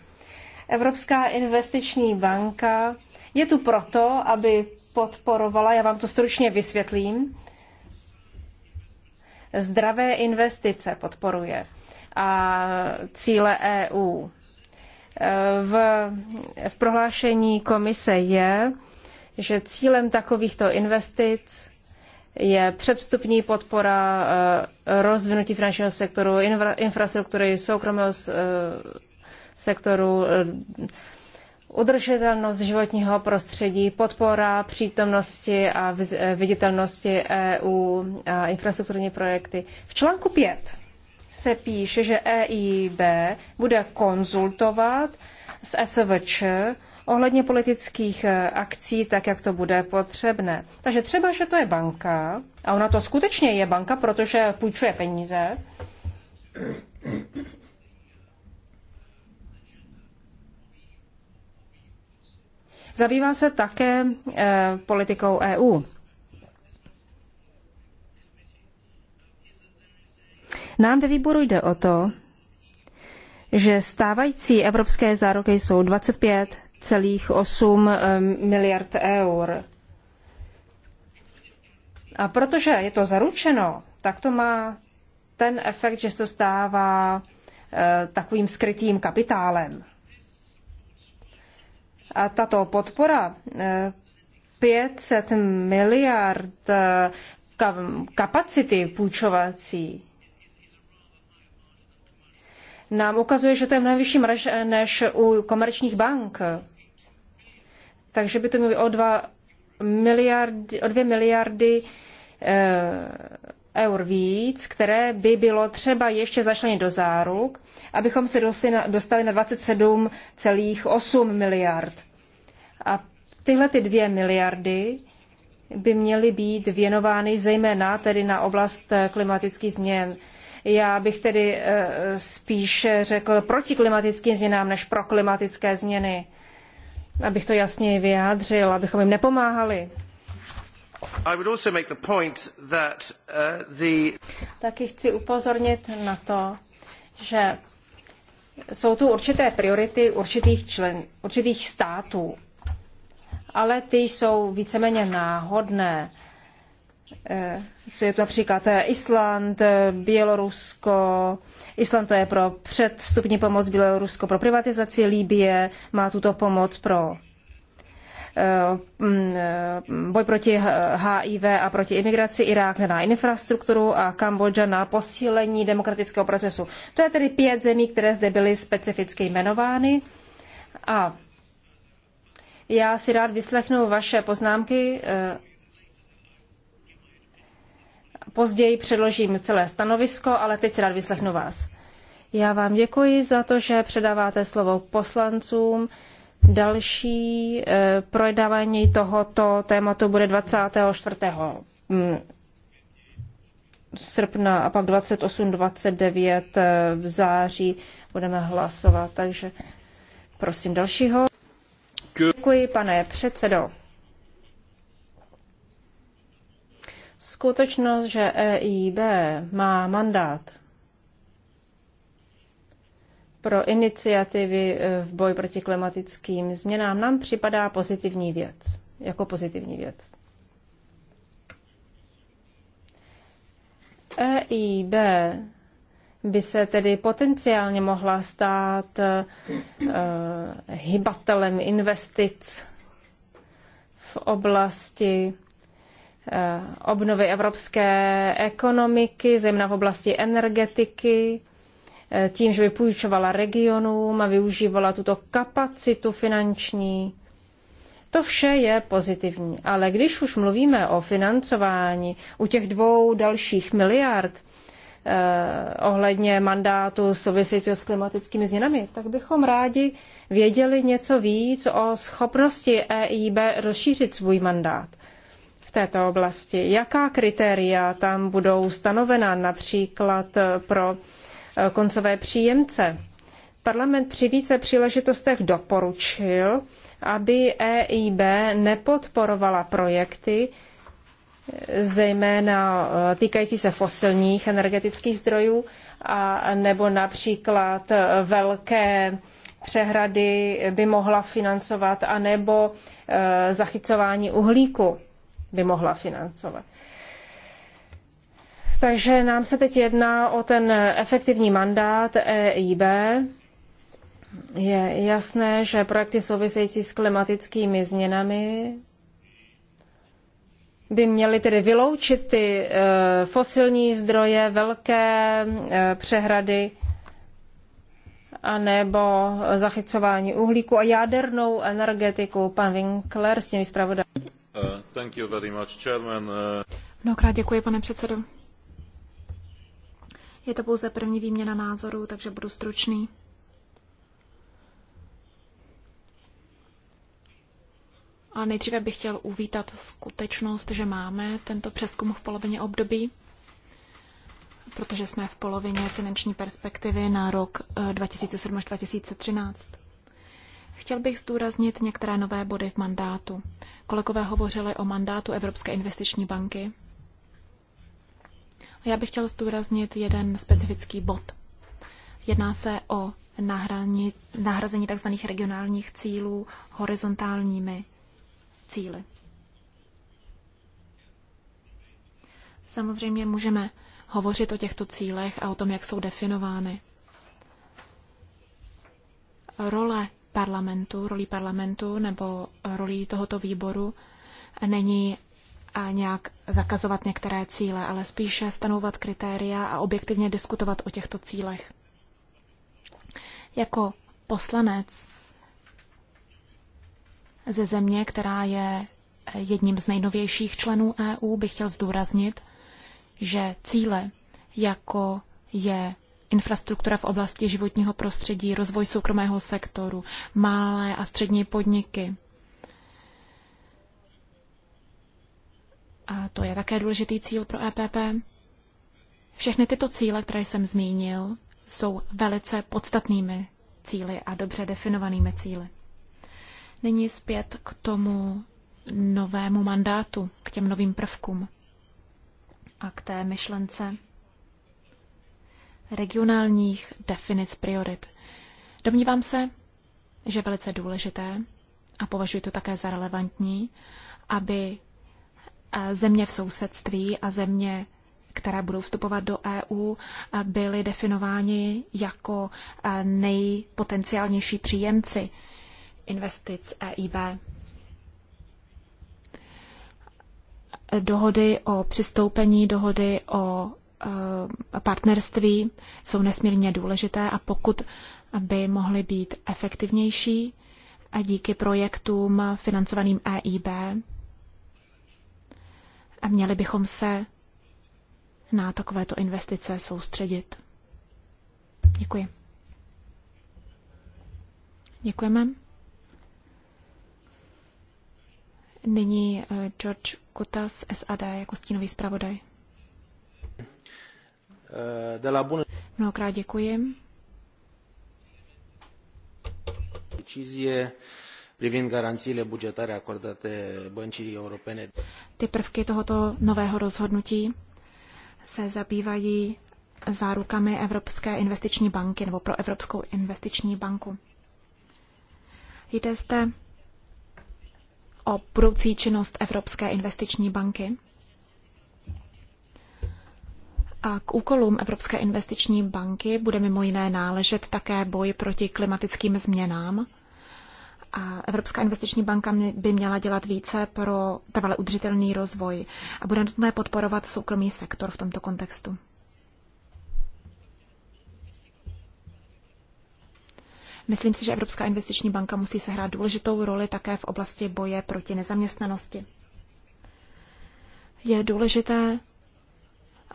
Evropská investiční banka je tu proto, aby podporovala, já vám to stručně vysvětlím, zdravé investice podporuje a cíle EU. V, v prohlášení komise je, že cílem takovýchto investic je předstupní podpora eh, rozvinutí finančního sektoru, infrastruktury, soukromého eh, sektoru, eh, udržitelnost životního prostředí, podpora přítomnosti a eh, viditelnosti EU a infrastrukturní projekty. V článku 5 se píše, že EIB bude konzultovat s SVČ ohledně politických eh, akcí, tak jak to bude potřebné. Takže třeba, že to je banka, a ona to skutečně je banka, protože půjčuje peníze, Zabývá se také eh, politikou EU. Nám ve výboru jde o to, že stávající evropské zároky jsou 25,8 eh, miliard eur. A protože je to zaručeno, tak to má ten efekt, že se to stává eh, takovým skrytým kapitálem. A tato podpora 500 eh, miliard eh, kapacity půjčovací nám ukazuje, že to je mnohem vyšší mraž eh, než u komerčních bank. Takže by to mělo o, 2 miliardy, o dvě miliardy e, eur víc, které by bylo třeba ještě začlenit do záruk, abychom se dostali na, dostali na 27,8 miliard. A tyhle ty dvě miliardy by měly být věnovány zejména tedy na oblast eh, klimatických změn. Já bych tedy eh, spíše řekl proti klimatickým změnám než pro klimatické změny. Abych to jasněji vyjádřil, abychom jim nepomáhali. That, uh, the... Taky chci upozornit na to, že jsou tu určité priority určitých, člen, určitých států ale ty jsou víceméně náhodné. Co eh, je to například eh, Island, eh, Bělorusko. Island to je pro předvstupní pomoc, Bělorusko pro privatizaci Líbie, má tuto pomoc pro mm, boj proti HIV a proti imigraci, Irák na infrastrukturu a Kambodža na posílení demokratického procesu. To je tedy pět zemí, které zde byly specificky jmenovány. A já si rád vyslechnu vaše poznámky. Eh, později předložím celé stanovisko, ale teď si rád vyslechnu vás. Já vám děkuji za to, že předáváte slovo poslancům. Další eh, projednávání tohoto tématu bude 24. Mm, srpna a pak 28-29 eh, v září budeme hlasovat. Takže prosím dalšího. Děkuji, pane předsedo. Skutečnost, že EIB má mandát pro iniciativy e, v boji proti klimatickým změnám, nám připadá pozitivní věc. Jako pozitivní věc. EIB by se tedy potenciálně mohla stát uh, hybatelem investic v oblasti uh, obnovy evropské ekonomiky, zejména v oblasti energetiky, uh, tím, že by půjčovala regionům a využívala tuto kapacitu finanční. To vše je pozitivní, ale když už mluvíme o financování u těch dvou dalších miliard, Eh, ohledně mandátu souvisejícího s klimatickými změnami, tak bychom rádi věděli něco víc o schopnosti EIB rozšířit svůj mandát v této oblasti. Jaká kritéria tam budou stanovena například pro eh, koncové příjemce? Parlament při více příležitostech doporučil, aby EIB nepodporovala projekty, zejména eh, týkající se fosilních energetických zdrojů, a nebo například eh, velké přehrady by mohla financovat, anebo eh, zachycování uhlíku by mohla financovat. Takže nám se teď jedná o ten efektivní mandát EIB. Je jasné, že projekty související s klimatickými změnami by měly tedy vyloučit ty eh, fosilní zdroje, velké eh, přehrady anebo zachycování uhlíku a jadernou energetiku. Pan Winkler s těmi zpravodaj. Uh, uh, Mnohokrát děkuji, pane předsedo. Je to pouze první výměna názorů, takže budu stručný. Ale nejdříve bych chtěl uvítat skutečnost, že máme tento přeskum v polovině období, protože jsme v polovině finanční perspektivy na rok 2007 eh, až 2013. Chtěl bych zdůraznit některé nové body v mandátu. Kolegové hovořili o mandátu Evropské investiční banky. A já bych chtěl zdůraznit jeden specifický bod. Jedná se o nahrazení tzv. regionálních cílů horizontálními cíly. Samozřejmě můžeme hovořit o těchto cílech a o tom, jak jsou definovány. Role parlamentu, roli parlamentu nebo roli tohoto výboru není a nějak zakazovat některé cíle, ale spíše stanovat kritéria a objektivně diskutovat o těchto cílech. Jako poslanec ze země, která je eh, jedním z nejnovějších členů EU, bych chtěl zdůraznit, že cíle, jako je infrastruktura v oblasti životního prostředí, rozvoj soukromého sektoru, malé a střední podniky, a to je také důležitý cíl pro EPP. Všechny tyto cíle, které jsem zmínil, jsou velice podstatnými cíly a dobře definovanými cíly. Nyní zpět k tomu novému mandátu, k těm novým prvkům a k té myšlence regionálních definic priorit. Domnívám se, že je velice důležité a považuji to také za relevantní, aby eh, země v sousedství a země, které budou vstupovat do EU, eh, byly definováni jako eh, nejpotenciálnější příjemci investic EIB. Dohody o přistoupení, dohody o eh, partnerství jsou nesmírně důležité a pokud by mohly být efektivnější a díky projektům financovaným EIB, a měli bychom se na takovéto investice soustředit. Děkuji. Děkujeme. Nyní eh, George Kuta z SAD jako stínový zpravodaj. Eh, Mnohokrát děkuji. Decizie privind garanțiile bugetare acordate băncii europene. Ty prvky tohoto nového rozhodnutí se zabývají zárukami Evropské investiční banky nebo pro Evropskou investiční banku. Jde zde o budoucí činnost Evropské investiční banky. A k úkolům Evropské investiční banky bude mimo jiné náležet také boj proti klimatickým změnám. A Evropská investiční banka by měla dělat více pro trvale udržitelný rozvoj a bude nutné podporovat soukromý sektor v tomto kontextu. Myslím si, že Evropská investiční banka musí sehrát důležitou roli také v oblasti boje proti nezaměstnanosti. Je důležité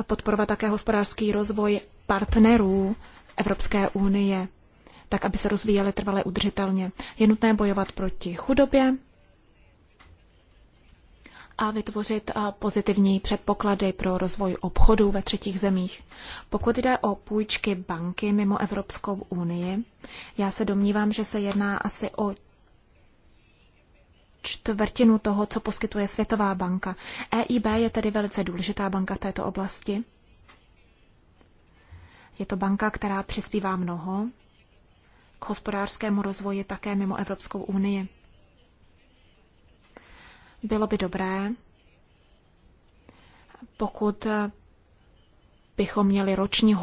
podporovat také hospodářský rozvoj partnerů Evropské unie, tak aby se rozvíjely trvale udržitelně. Je nutné bojovat proti chudobě, a vytvořit pozitivní předpoklady pro rozvoj obchodu ve třetích zemích. Pokud jde o půjčky banky mimo Evropskou unii, já se domnívám, že se jedná asi o čtvrtinu toho, co poskytuje Světová banka. EIB je tedy velice důležitá banka v této oblasti. Je to banka, která přispívá mnoho k hospodářskému rozvoji také mimo Evropskou unii. Bylo by dobré, pokud bychom měli roční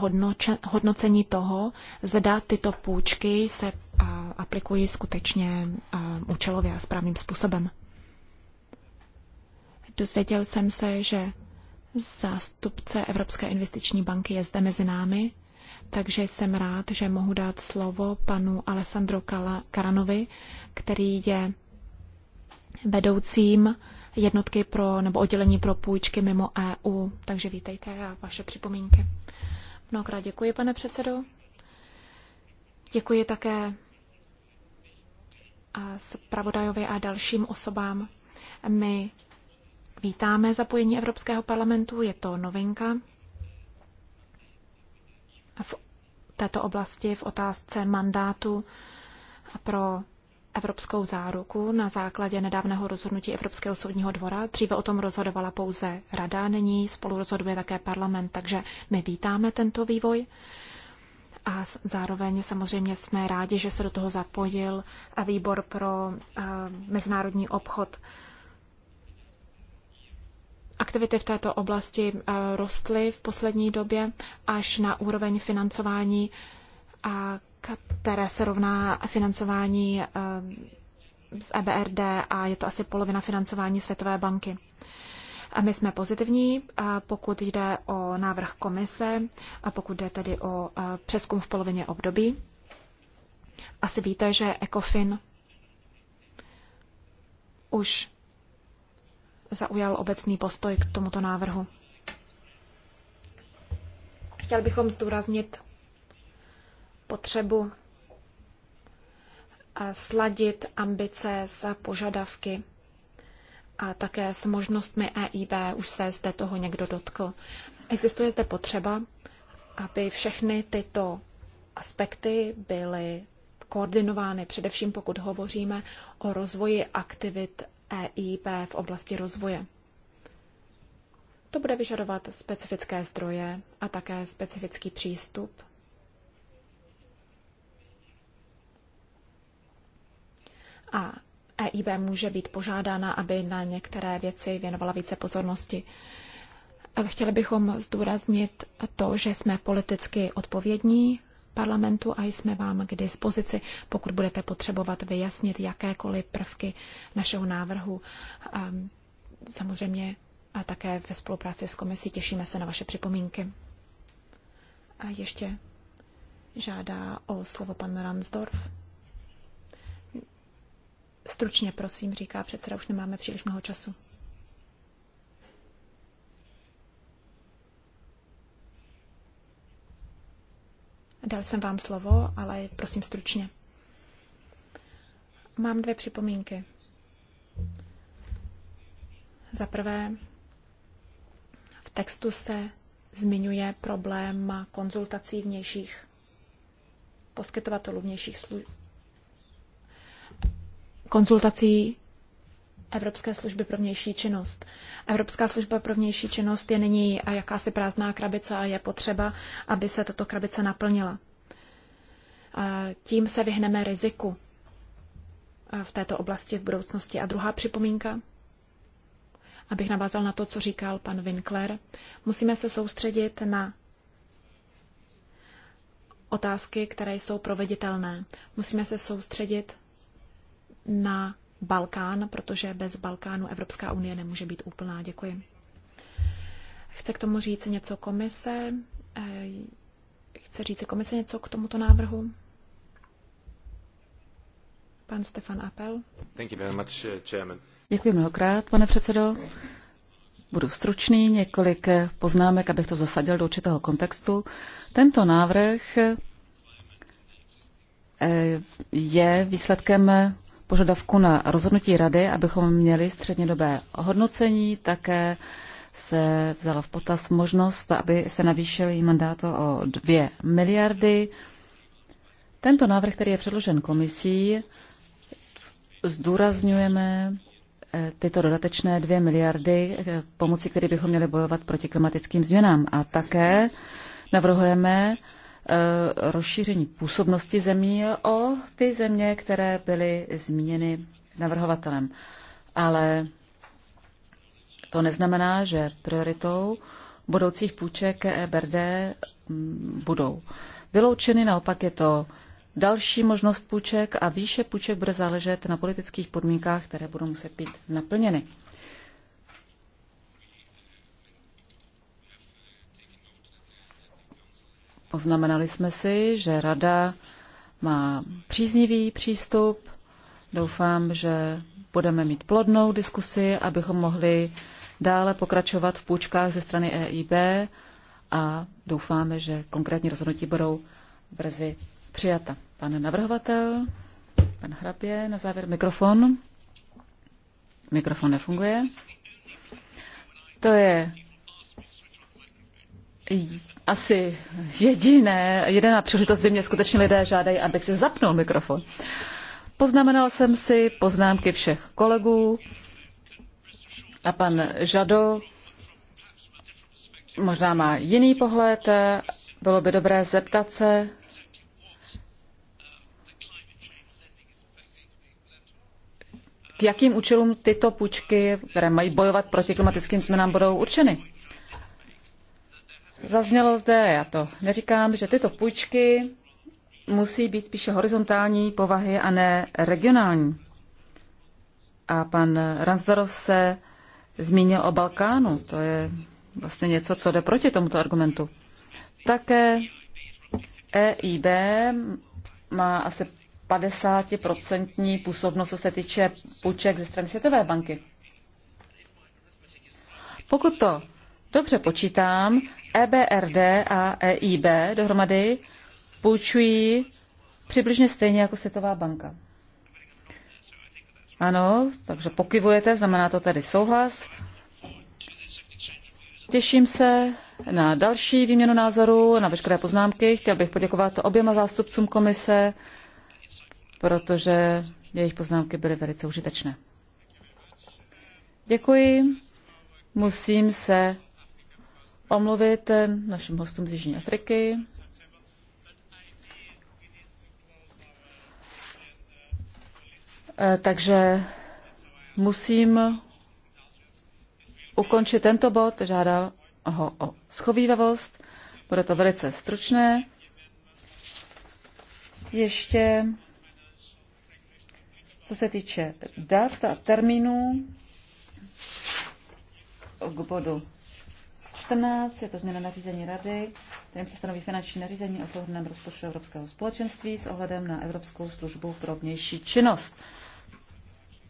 hodnocení toho, zda tyto půjčky se aplikují skutečně účelově a správným způsobem. Dozvěděl jsem se, že zástupce Evropské investiční banky je zde mezi námi, takže jsem rád, že mohu dát slovo panu Alessandro Karanovi, který je vedoucím jednotky pro, nebo oddělení pro půjčky mimo EU. Takže vítejte a vaše připomínky. Mnohokrát děkuji, pane předsedo. Děkuji také a zpravodajovi a dalším osobám. My vítáme zapojení Evropského parlamentu, je to novinka v této oblasti v otázce mandátu pro evropskou záruku na základě nedávného rozhodnutí Evropského soudního dvora. Dříve o tom rozhodovala pouze rada, nyní spolu rozhoduje také parlament, takže my vítáme tento vývoj. A zároveň samozřejmě jsme rádi, že se do toho zapojil a výbor pro eh, mezinárodní obchod. Aktivity v této oblasti eh, rostly v poslední době až na úroveň financování, a které se rovná financování eh, z EBRD a je to asi polovina financování Světové banky. A my jsme pozitivní, eh, pokud jde o návrh komise a pokud jde tedy o eh, přeskum v polovině období. Asi víte, že ECOFIN už zaujal obecný postoj k tomuto návrhu. Chtěl bychom zdůraznit potřebu eh, sladit ambice s požadavky a také s možnostmi EIB, už se zde toho někdo dotkl. Existuje zde potřeba, aby všechny tyto aspekty byly koordinovány, především pokud hovoříme o rozvoji aktivit EIB v oblasti rozvoje. To bude vyžadovat specifické zdroje a také specifický přístup A EIB může být požádána, aby na některé věci věnovala více pozornosti. Chtěli bychom zdůraznit to, že jsme politicky odpovědní parlamentu a jsme vám k dispozici, pokud budete potřebovat vyjasnit jakékoliv prvky našeho návrhu. Samozřejmě a také ve spolupráci s komisí těšíme se na vaše připomínky. A ještě žádá o slovo pan Ransdorf. Stručně, prosím, říká předseda, už nemáme příliš mnoho času. Dal jsem vám slovo, ale prosím stručně. Mám dvě připomínky. Za prvé, v textu se zmiňuje problém konzultací vnějších poskytovatelů vnějších slu- konzultací Evropské služby pro vnější činnost. Evropská služba pro vnější činnost je nyní jakási prázdná krabice a je potřeba, aby se tato krabice naplnila. A tím se vyhneme riziku v této oblasti v budoucnosti. A druhá připomínka, abych navázal na to, co říkal pan Winkler, musíme se soustředit na otázky, které jsou proveditelné. Musíme se soustředit na Balkán, protože bez Balkánu Evropská unie nemůže být úplná. Děkuji. Chce k tomu říct něco komise? Eh, chce říct komise něco k tomuto návrhu? Pan Stefan Apel. Thank you very much, eh, chairman. Děkuji mnohokrát, pane předsedo. Budu stručný, několik poznámek, abych to zasadil do určitého kontextu. Tento návrh eh, je výsledkem požadavku na rozhodnutí rady, abychom měli střednědobé hodnocení, také se vzala v potaz možnost, aby se navýšil její mandát o 2 miliardy. Tento návrh, který je předložen komisí, zdůrazňujeme eh, tyto dodatečné 2 miliardy eh, pomocí, které bychom měli bojovat proti klimatickým změnám. A také navrhujeme Eh, rozšíření působnosti zemí o ty země, které byly zmíněny navrhovatelem. Ale to neznamená, že prioritou budoucích půjček EBRD mm, budou vyloučeny. Naopak je to další možnost půjček a výše půjček bude záležet na politických podmínkách, které budou muset být naplněny. Poznamenali jsme si, že rada má příznivý přístup. Doufám, že budeme mít plodnou diskusi, abychom mohli dále pokračovat v půjčkách ze strany EIB a doufáme, že konkrétní rozhodnutí budou brzy přijata. Pan navrhovatel, pan Hrabě, na závěr mikrofon. Mikrofon nefunguje. To je asi jediné, jediná příležitost, kdy mě skutečně lidé žádají, abych si zapnul mikrofon. Poznamenal jsem si poznámky všech kolegů a pan Žado možná má jiný pohled. Bylo by dobré zeptat se, k jakým účelům tyto půjčky, které mají bojovat proti klimatickým změnám, budou určeny. Zaznělo zde, já to neříkám, že tyto půjčky musí být spíše horizontální povahy a ne regionální. A pan Ransdorov se zmínil o Balkánu. To je vlastně něco, co jde proti tomuto argumentu. Také EIB má asi 50% působnost, co se týče půjček ze strany Světové banky. Pokud to dobře počítám, EBRD a EIB dohromady půjčují přibližně stejně jako Světová banka. Ano, takže pokyvujete, znamená to tedy souhlas. Těším se na další výměnu názorů, na veškeré poznámky. Chtěl bych poděkovat oběma zástupcům komise, protože jejich poznámky byly velice užitečné. Děkuji. Musím se omluvit našim hostům z Jižní Afriky. Eh, takže musím ukončit tento bod, žádá ho o schovývavost. Bude to velice stručné. Ještě co se týče dat a termínů k bodu 14 je to změna nařízení Rady, kterým se stanoví finanční nařízení o souhrném rozpočtu Evropského společenství s ohledem na Evropskou službu pro vnější činnost.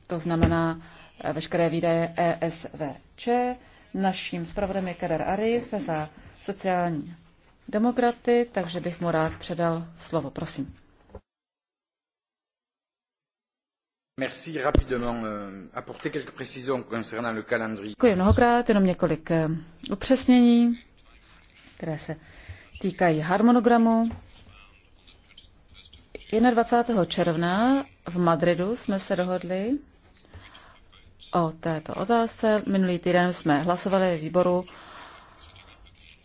To znamená eh, veškeré výdaje ESVČ. Naším zpravodem je Kader Arif za sociální demokraty, takže bych mu rád předal slovo. Prosím. Euh, Děkuji mnohokrát, jenom několik eh, upřesnění, které se týkají harmonogramu. 21. června v Madridu jsme se dohodli o této otázce. Minulý týden jsme hlasovali výboru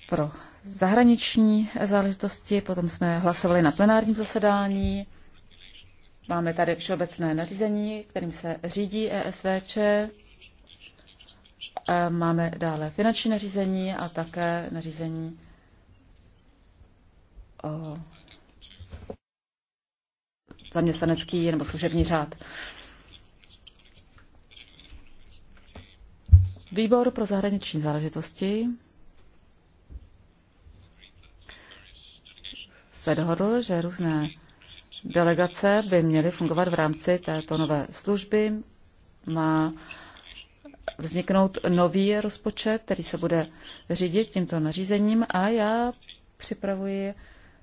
pro zahraniční záležitosti, potom jsme hlasovali na plenárním zasedání. Máme tady všeobecné nařízení, kterým se řídí ESVČ. Máme dále finanční nařízení a také nařízení o zaměstnanecký nebo služební řád. Výbor pro zahraniční záležitosti se dohodl, že různé delegace by měly fungovat v rámci této nové služby. Má vzniknout nový rozpočet, který se bude řídit tímto nařízením a já připravuji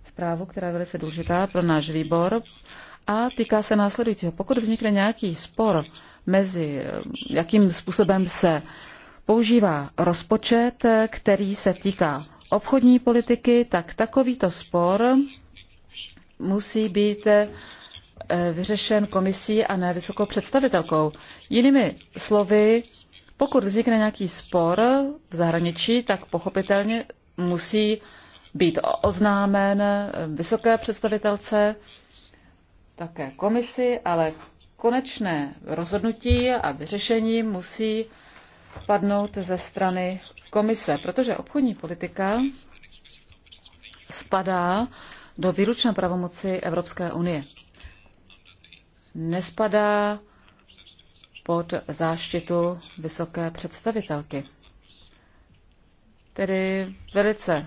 zprávu, která je velice důležitá pro náš výbor a týká se následujícího. Pokud vznikne nějaký spor mezi, jakým způsobem se používá rozpočet, který se týká obchodní politiky, tak takovýto spor musí být eh, vyřešen komisí a ne vysokou představitelkou. Jinými slovy, pokud vznikne nějaký spor v zahraničí, tak pochopitelně musí být oznámen eh, vysoké představitelce, také komisi, ale konečné rozhodnutí a vyřešení musí padnout ze strany komise, protože obchodní politika spadá do výlučné pravomoci Evropské unie. Nespadá pod záštitu vysoké představitelky. Tedy velice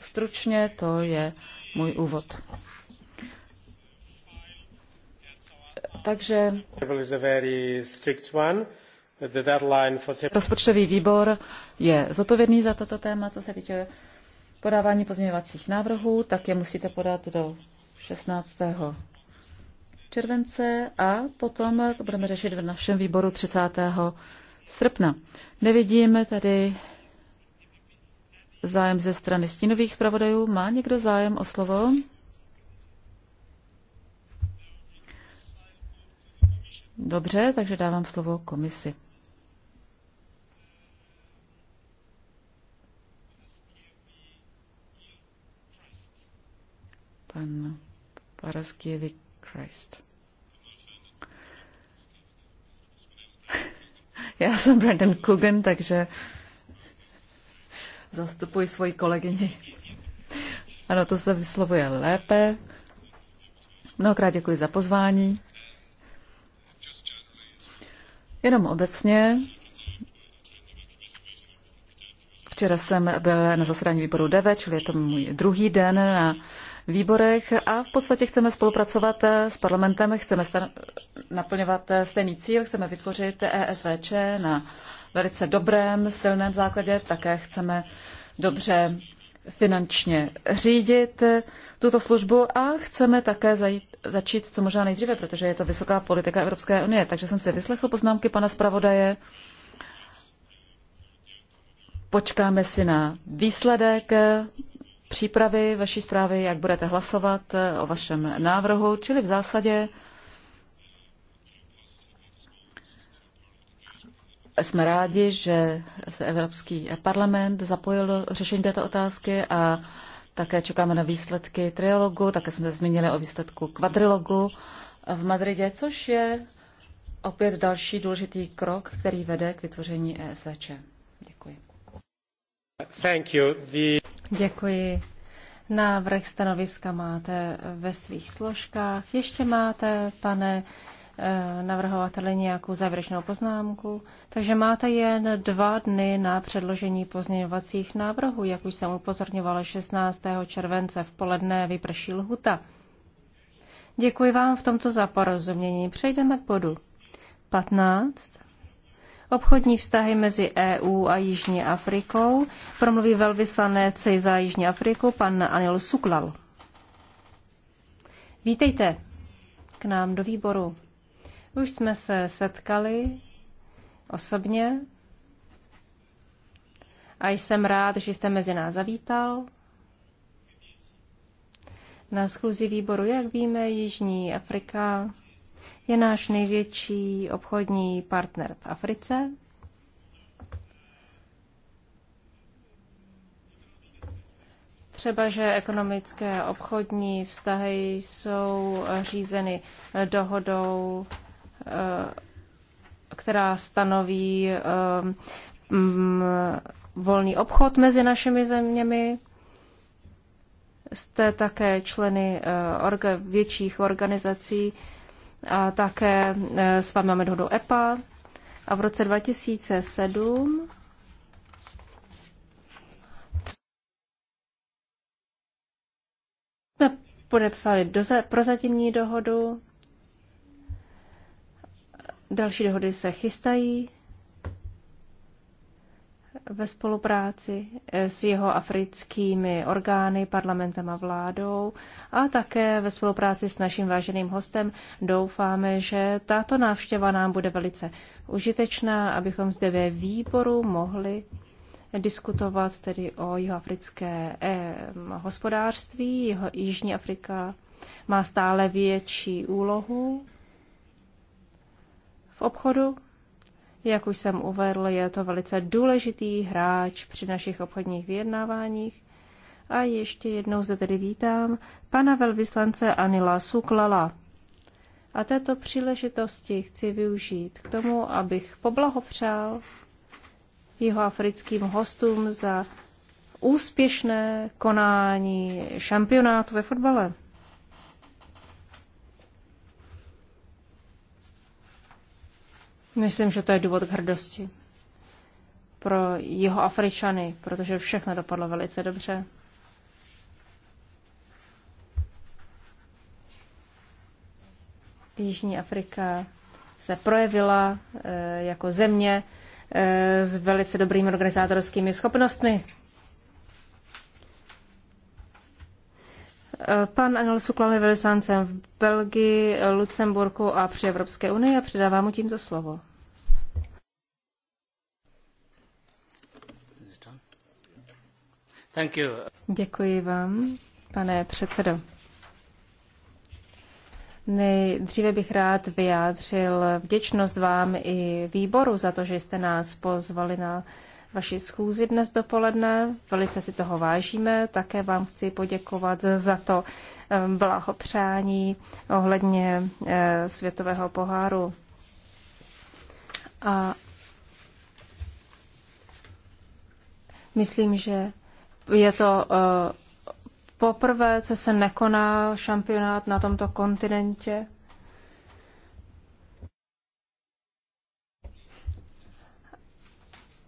stručně to je můj úvod. Takže rozpočtový výbor je zodpovědný za toto téma, co se týče podávání pozměňovacích návrhů, tak je musíte podat do 16. července a potom to budeme řešit v našem výboru 30. srpna. Nevidím tady zájem ze strany stínových zpravodajů. Má někdo zájem o slovo? Dobře, takže dávám slovo komisi. pan Paraskevi Christ. Já jsem Brandon Coogan, takže zastupuji svoji kolegyni. Ano, to se vyslovuje lépe. Mnohokrát děkuji za pozvání. Jenom obecně. Včera jsem byl na zasedání výboru DEVE, čili je to můj druhý den na výborech a v podstatě chceme spolupracovat s parlamentem, chceme naplňovat stejný cíl, chceme vytvořit ESVČ na velice dobrém, silném základě, také chceme dobře finančně řídit tuto službu a chceme také zajít, začít co možná nejdříve, protože je to vysoká politika Evropské unie. Takže jsem si vyslechl poznámky pana zpravodaje. Počkáme si na výsledek přípravy vaší zprávy, jak budete hlasovat eh, o vašem návrhu, čili v zásadě jsme rádi, že se Evropský parlament zapojil do řešení této otázky a také čekáme na výsledky trialogu, také jsme zmínili o výsledku kvadrilogu v Madridě, což je opět další důležitý krok, který vede k vytvoření ESVČ. Děkuji. Děkuji. Návrh stanoviska máte ve svých složkách. Ještě máte, pane eh, navrhovateli, nějakou závěrečnou poznámku. Takže máte jen dva dny na předložení pozměňovacích návrhů. Jak už jsem upozorňovala, 16. července v poledne vyprší lhuta. Děkuji vám v tomto za porozumění. Přejdeme k bodu 15 obchodní vztahy mezi EU a Jižní Afrikou. Promluví velvyslanec za Jižní Afriku, pan Anil Suklal. Vítejte k nám do výboru. Už jsme se setkali osobně a jsem rád, že jste mezi nás zavítal. Na schůzi výboru, jak víme, Jižní Afrika je náš největší obchodní partner v Africe. Třeba, že ekonomické obchodní vztahy jsou řízeny dohodou, eh, která stanoví eh, mm, volný obchod mezi našimi zeměmi. Jste také členy eh, větších organizací, a také e, s vámi máme dohodu EPA. A v roce 2007 jsme podepsali doze, prozatímní dohodu. Další dohody se chystají ve spolupráci eh, s jeho africkými orgány, parlamentem a vládou a také ve spolupráci s naším váženým hostem. Doufáme, že tato návštěva nám bude velice užitečná, abychom zde ve výboru mohli diskutovat tedy o jihoafrické eh, hospodářství. Jeho, Jižní Afrika má stále větší úlohu v obchodu jak už jsem uvedl, je to velice důležitý hráč při našich obchodních vyjednáváních. A ještě jednou zde tedy vítám pana velvyslance Anila Suklala. A této příležitosti chci využít k tomu, abych poblahopřál jeho africkým hostům za úspěšné konání šampionátu ve fotbale. Myslím, že to je důvod k hrdosti pro jeho Afričany, protože všechno dopadlo velice dobře. Jižní Afrika se projevila e, jako země e, s velice dobrými organizátorskými schopnostmi. Eh, pan Anil Suklan je velvyslancem v Belgii, Lucemburku a při Evropské unii a předávám mu tímto slovo. Thank you. Děkuji vám, pane předsedo. Nejdříve bych rád vyjádřil vděčnost vám i výboru za to, že jste nás pozvali na vaši schůzi dnes dopoledne. Velice si toho vážíme. Také vám chci poděkovat za to um, blahopřání ohledně eh, světového poháru. A myslím, že je to eh, poprvé, co se nekoná šampionát na tomto kontinentě.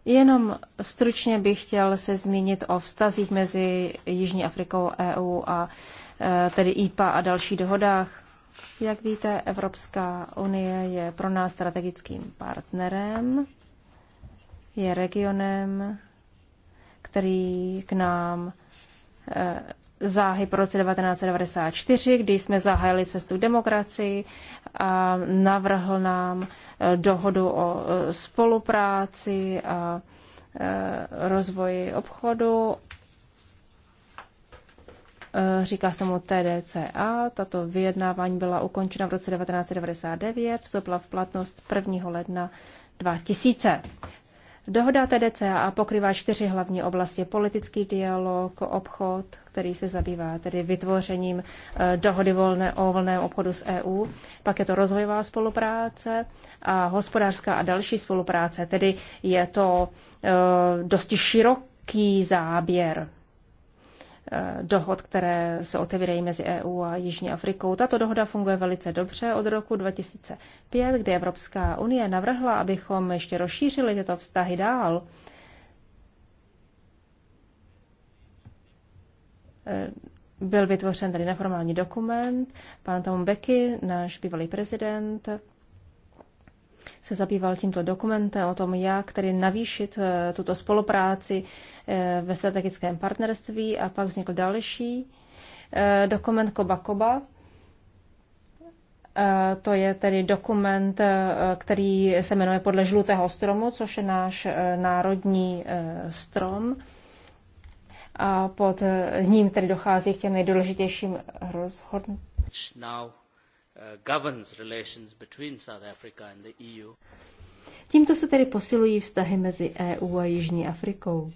Jenom stručně bych chtěl se zmínit o vztazích mezi Jižní Afrikou, EU a eh, tedy IPA a další dohodách. Jak víte, Evropská unie je pro nás strategickým partnerem, je regionem, který k nám eh, záhy po roce 1994, kdy jsme zahájili cestu k demokracii a navrhl nám eh, dohodu o eh, spolupráci a rozvoji obchodu. Říká se mu TDCA. Tato vyjednávání byla ukončena v roce 1999, vstoupila v platnost 1. ledna 2000. Dohoda TDCA pokrývá čtyři hlavní oblasti. Politický dialog, obchod, který se zabývá tedy vytvořením eh, dohody volné, o volném obchodu s EU. Pak je to rozvojová spolupráce a hospodářská a další spolupráce. Tedy je to eh, dosti široký záběr Eh, dohod, které se otevírají mezi EU a Jižní Afrikou. Tato dohoda funguje velice dobře od roku 2005, kdy Evropská unie navrhla, abychom ještě rozšířili tyto vztahy dál. Eh, byl vytvořen tady neformální dokument. Pan Tom Becky, náš bývalý prezident, se zabýval tímto dokumentem o tom, jak tedy navýšit eh, tuto spolupráci eh, ve strategickém partnerství a pak vznikl další eh, dokument Koba Koba. To je tedy dokument, který se jmenuje podle žlutého stromu, což je náš národní strom a pod ním tedy dochází k těm nejdůležitějším rozhodnutím. Uh, governs relations between South Africa and the EU. Tímto se tedy posilují vztahy mezi EU a Jižní Afrikou.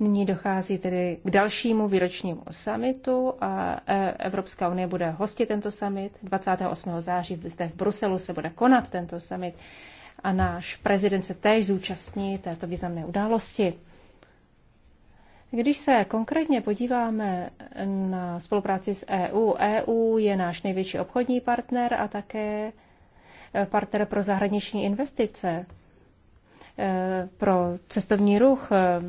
Nyní dochází tedy k dalšímu výročnímu summitu a e, Evropská unie bude hostit tento summit. 28. září zde v Bruselu se bude konat tento summit a náš prezident se též zúčastní této významné události. Když se konkrétně podíváme na spolupráci s EU, EU je náš největší obchodní partner a také partner pro zahraniční investice. Eh, pro cestovní ruch. Eh,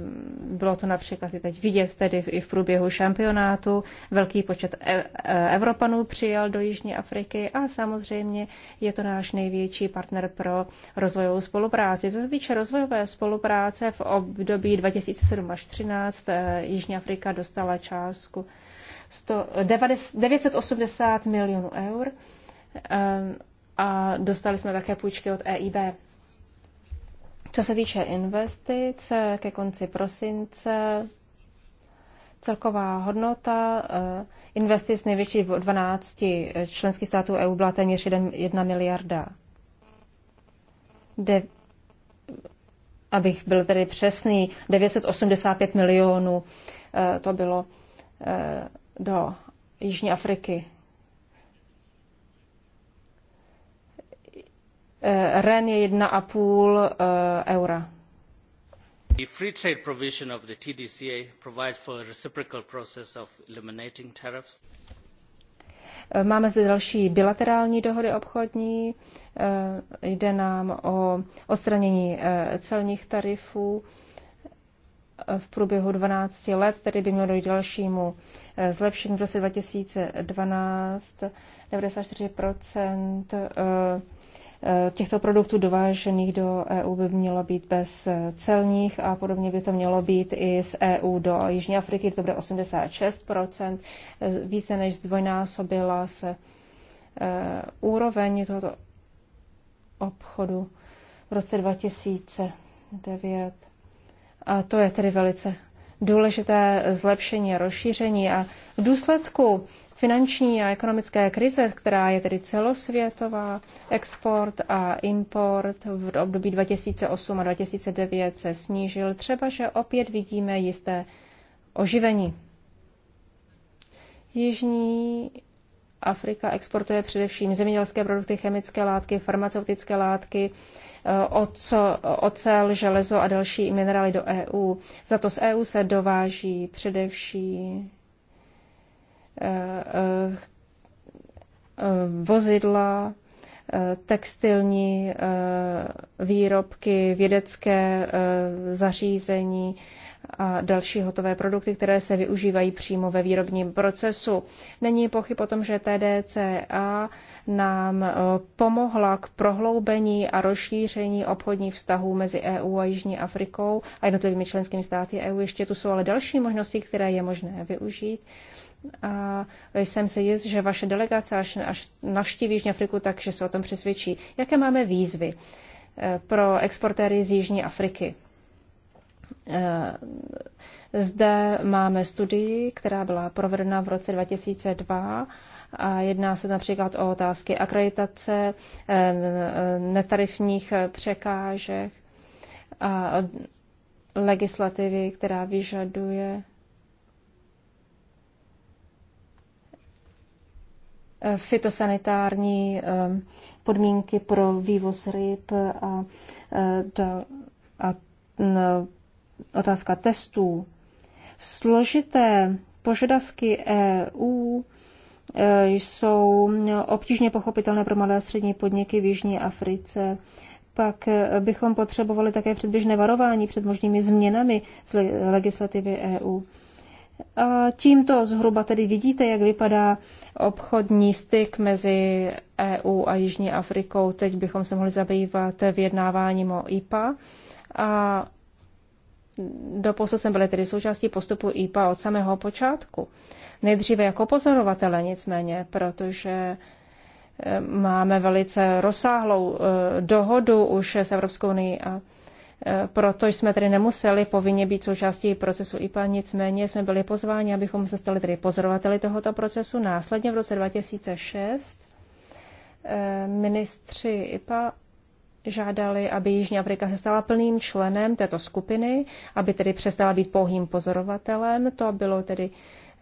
bylo to například i teď vidět tedy i v průběhu šampionátu. Velký počet e, eh, Evropanů přijal do Jižní Afriky a samozřejmě je to náš největší partner pro rozvojovou spolupráci. Co se týče rozvojové spolupráce v období 2007 až 2013 Jižní Afrika dostala částku 980 milionů eur a dostali jsme také půjčky od EIB. Co se týče investic, ke konci prosince celková hodnota eh, investic v 12 členských států EU byla téměř 1 miliarda. De, abych byl tedy přesný, 985 milionů eh, to bylo eh, do Jižní Afriky. Eh, REN je 1,5 eh, eura. The free trade provision of the TDCA provides for a reciprocal process of eliminating tariffs. Eh, máme zde další bilaterální dohody obchodní. Jde nám o odstranění celních tarifů v průběhu 12 let, tedy by mělo dojít dalšímu zlepšení. V roce 2012 94 Eh, těchto produktů dovážených do EU by mělo být bez eh, celních a podobně by to mělo být i z EU do Jižní Afriky, to bude 86%, eh, více než zdvojnásobila se úroveň tohoto obchodu v roce 2009. A to je tedy velice důležité zlepšení a rozšíření. A v důsledku finanční a ekonomické krize, která je tedy celosvětová, export a import v období 2008 a 2009 se snížil, třeba že opět vidíme jisté oživení. Jižní Afrika exportuje především zemědělské produkty, chemické látky, farmaceutické látky, eh, oco, ocel, železo a další minerály do EU. Za to z EU se dováží především Eh, eh, vozidla, eh, textilní výrobky, vědecké zařízení a další hotové produkty, které se využívají přímo ve výrobním procesu. Není pochyb o tom, že TDCA nám pomohla k prohloubení a rozšíření obchodních vztahů mezi EU a Jižní Afrikou a jednotlivými členskými státy EU. Ještě tu jsou ale další možnosti, které je možné využít a jsem se jist, že vaše delegace, až, až navštíví Jižní Afriku, takže se o tom přesvědčí. Jaké máme výzvy eh, pro exportéry z Jižní Afriky? Eh, zde máme studii, která byla provedena v roce 2002 a jedná se například o otázky akreditace, eh, netarifních překážek a legislativy, která vyžaduje Eh, fitosanitární eh, podmínky pro vývoz ryb a, eh, a, a otázka testů. Složité požadavky EU jsou obtížně pochopitelné pro malé a střední podniky v Jižní Africe. Pak bychom potřebovali také předběžné varování před možnými změnami v legislativě EU tímto zhruba tedy vidíte, jak vypadá obchodní styk mezi EU a Jižní Afrikou. Teď bychom se mohli zabývat vyjednáváním o IPA. A doposud jsem byly tedy součástí postupu IPA od samého počátku. Nejdříve jako pozorovatele nicméně, protože eh, máme velice rozsáhlou eh, dohodu už s Evropskou unii a proto jsme tedy nemuseli povinně být součástí procesu IPA, nicméně jsme byli pozváni, abychom se stali tedy pozorovateli tohoto procesu. Následně v roce 2006 eh, ministři IPA žádali, aby Jižní Afrika se stala plným členem této skupiny, aby tedy přestala být pouhým pozorovatelem. To bylo tedy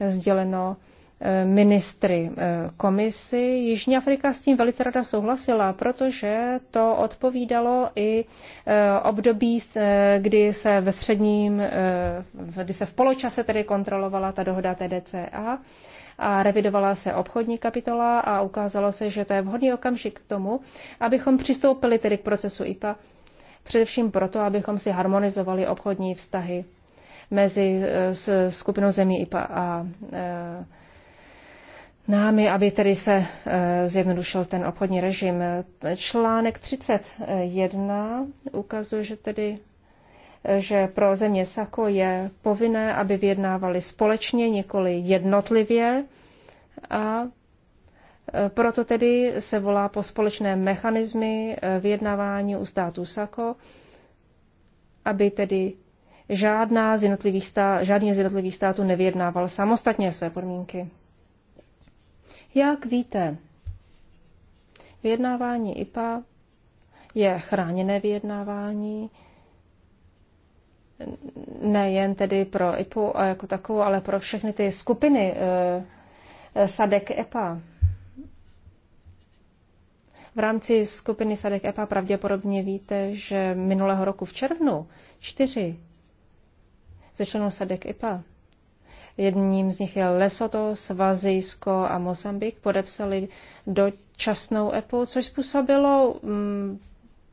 sděleno Eh, ministry eh, komisy. Jižní Afrika s tím velice rada souhlasila, protože to odpovídalo i eh, období, kdy se ve středním, kdy se v poločase tedy kontrolovala ta dohoda TDCA a revidovala se obchodní kapitola a ukázalo se, že to je vhodný okamžik k tomu, abychom přistoupili tedy k procesu IPA, především proto, abychom si harmonizovali obchodní vztahy mezi skupinou zemí IPA a námi, aby tedy se eh, zjednodušil ten obchodní režim. Článek 31 ukazuje, že tedy eh, že pro země SAKO je povinné, aby vyjednávali společně, nikoli jednotlivě. A eh, proto tedy se volá po společné mechanizmy vyjednávání u států SAKO, aby tedy žádná z jednotlivých stá, žádný z jednotlivých států nevyjednával samostatně své podmínky. Jak víte, vyjednávání IPA je chráněné vyjednávání, nejen tedy pro IPU jako takovou, ale pro všechny ty skupiny eh, eh, SADEK EPA. V rámci skupiny SADEK EPA pravděpodobně víte, že minulého roku v červnu čtyři ze členů SADEK EPA Jedním z nich je Lesoto, Svazijsko a Mozambik Podepsali dočasnou EPO, což způsobilo mm,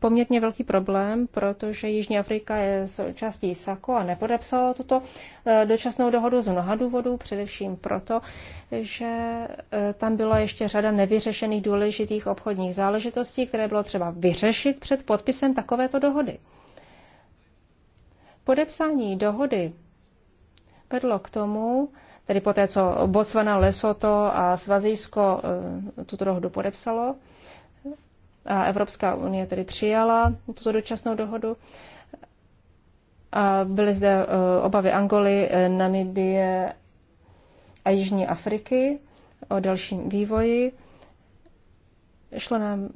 poměrně velký problém, protože Jižní Afrika je součástí SAKO a nepodepsala tuto e, dočasnou dohodu z mnoha důvodů, především proto, že e, tam byla ještě řada nevyřešených důležitých obchodních záležitostí, které bylo třeba vyřešit před podpisem takovéto dohody. Podepsání dohody vedlo k tomu, tedy poté, co Botswana, Lesoto a Svazijsko eh, tuto dohodu podepsalo a Evropská unie tedy přijala tuto dočasnou dohodu, a byly zde eh, obavy Angoly, eh, Namibie a Jižní Afriky o dalším vývoji. Šlo nám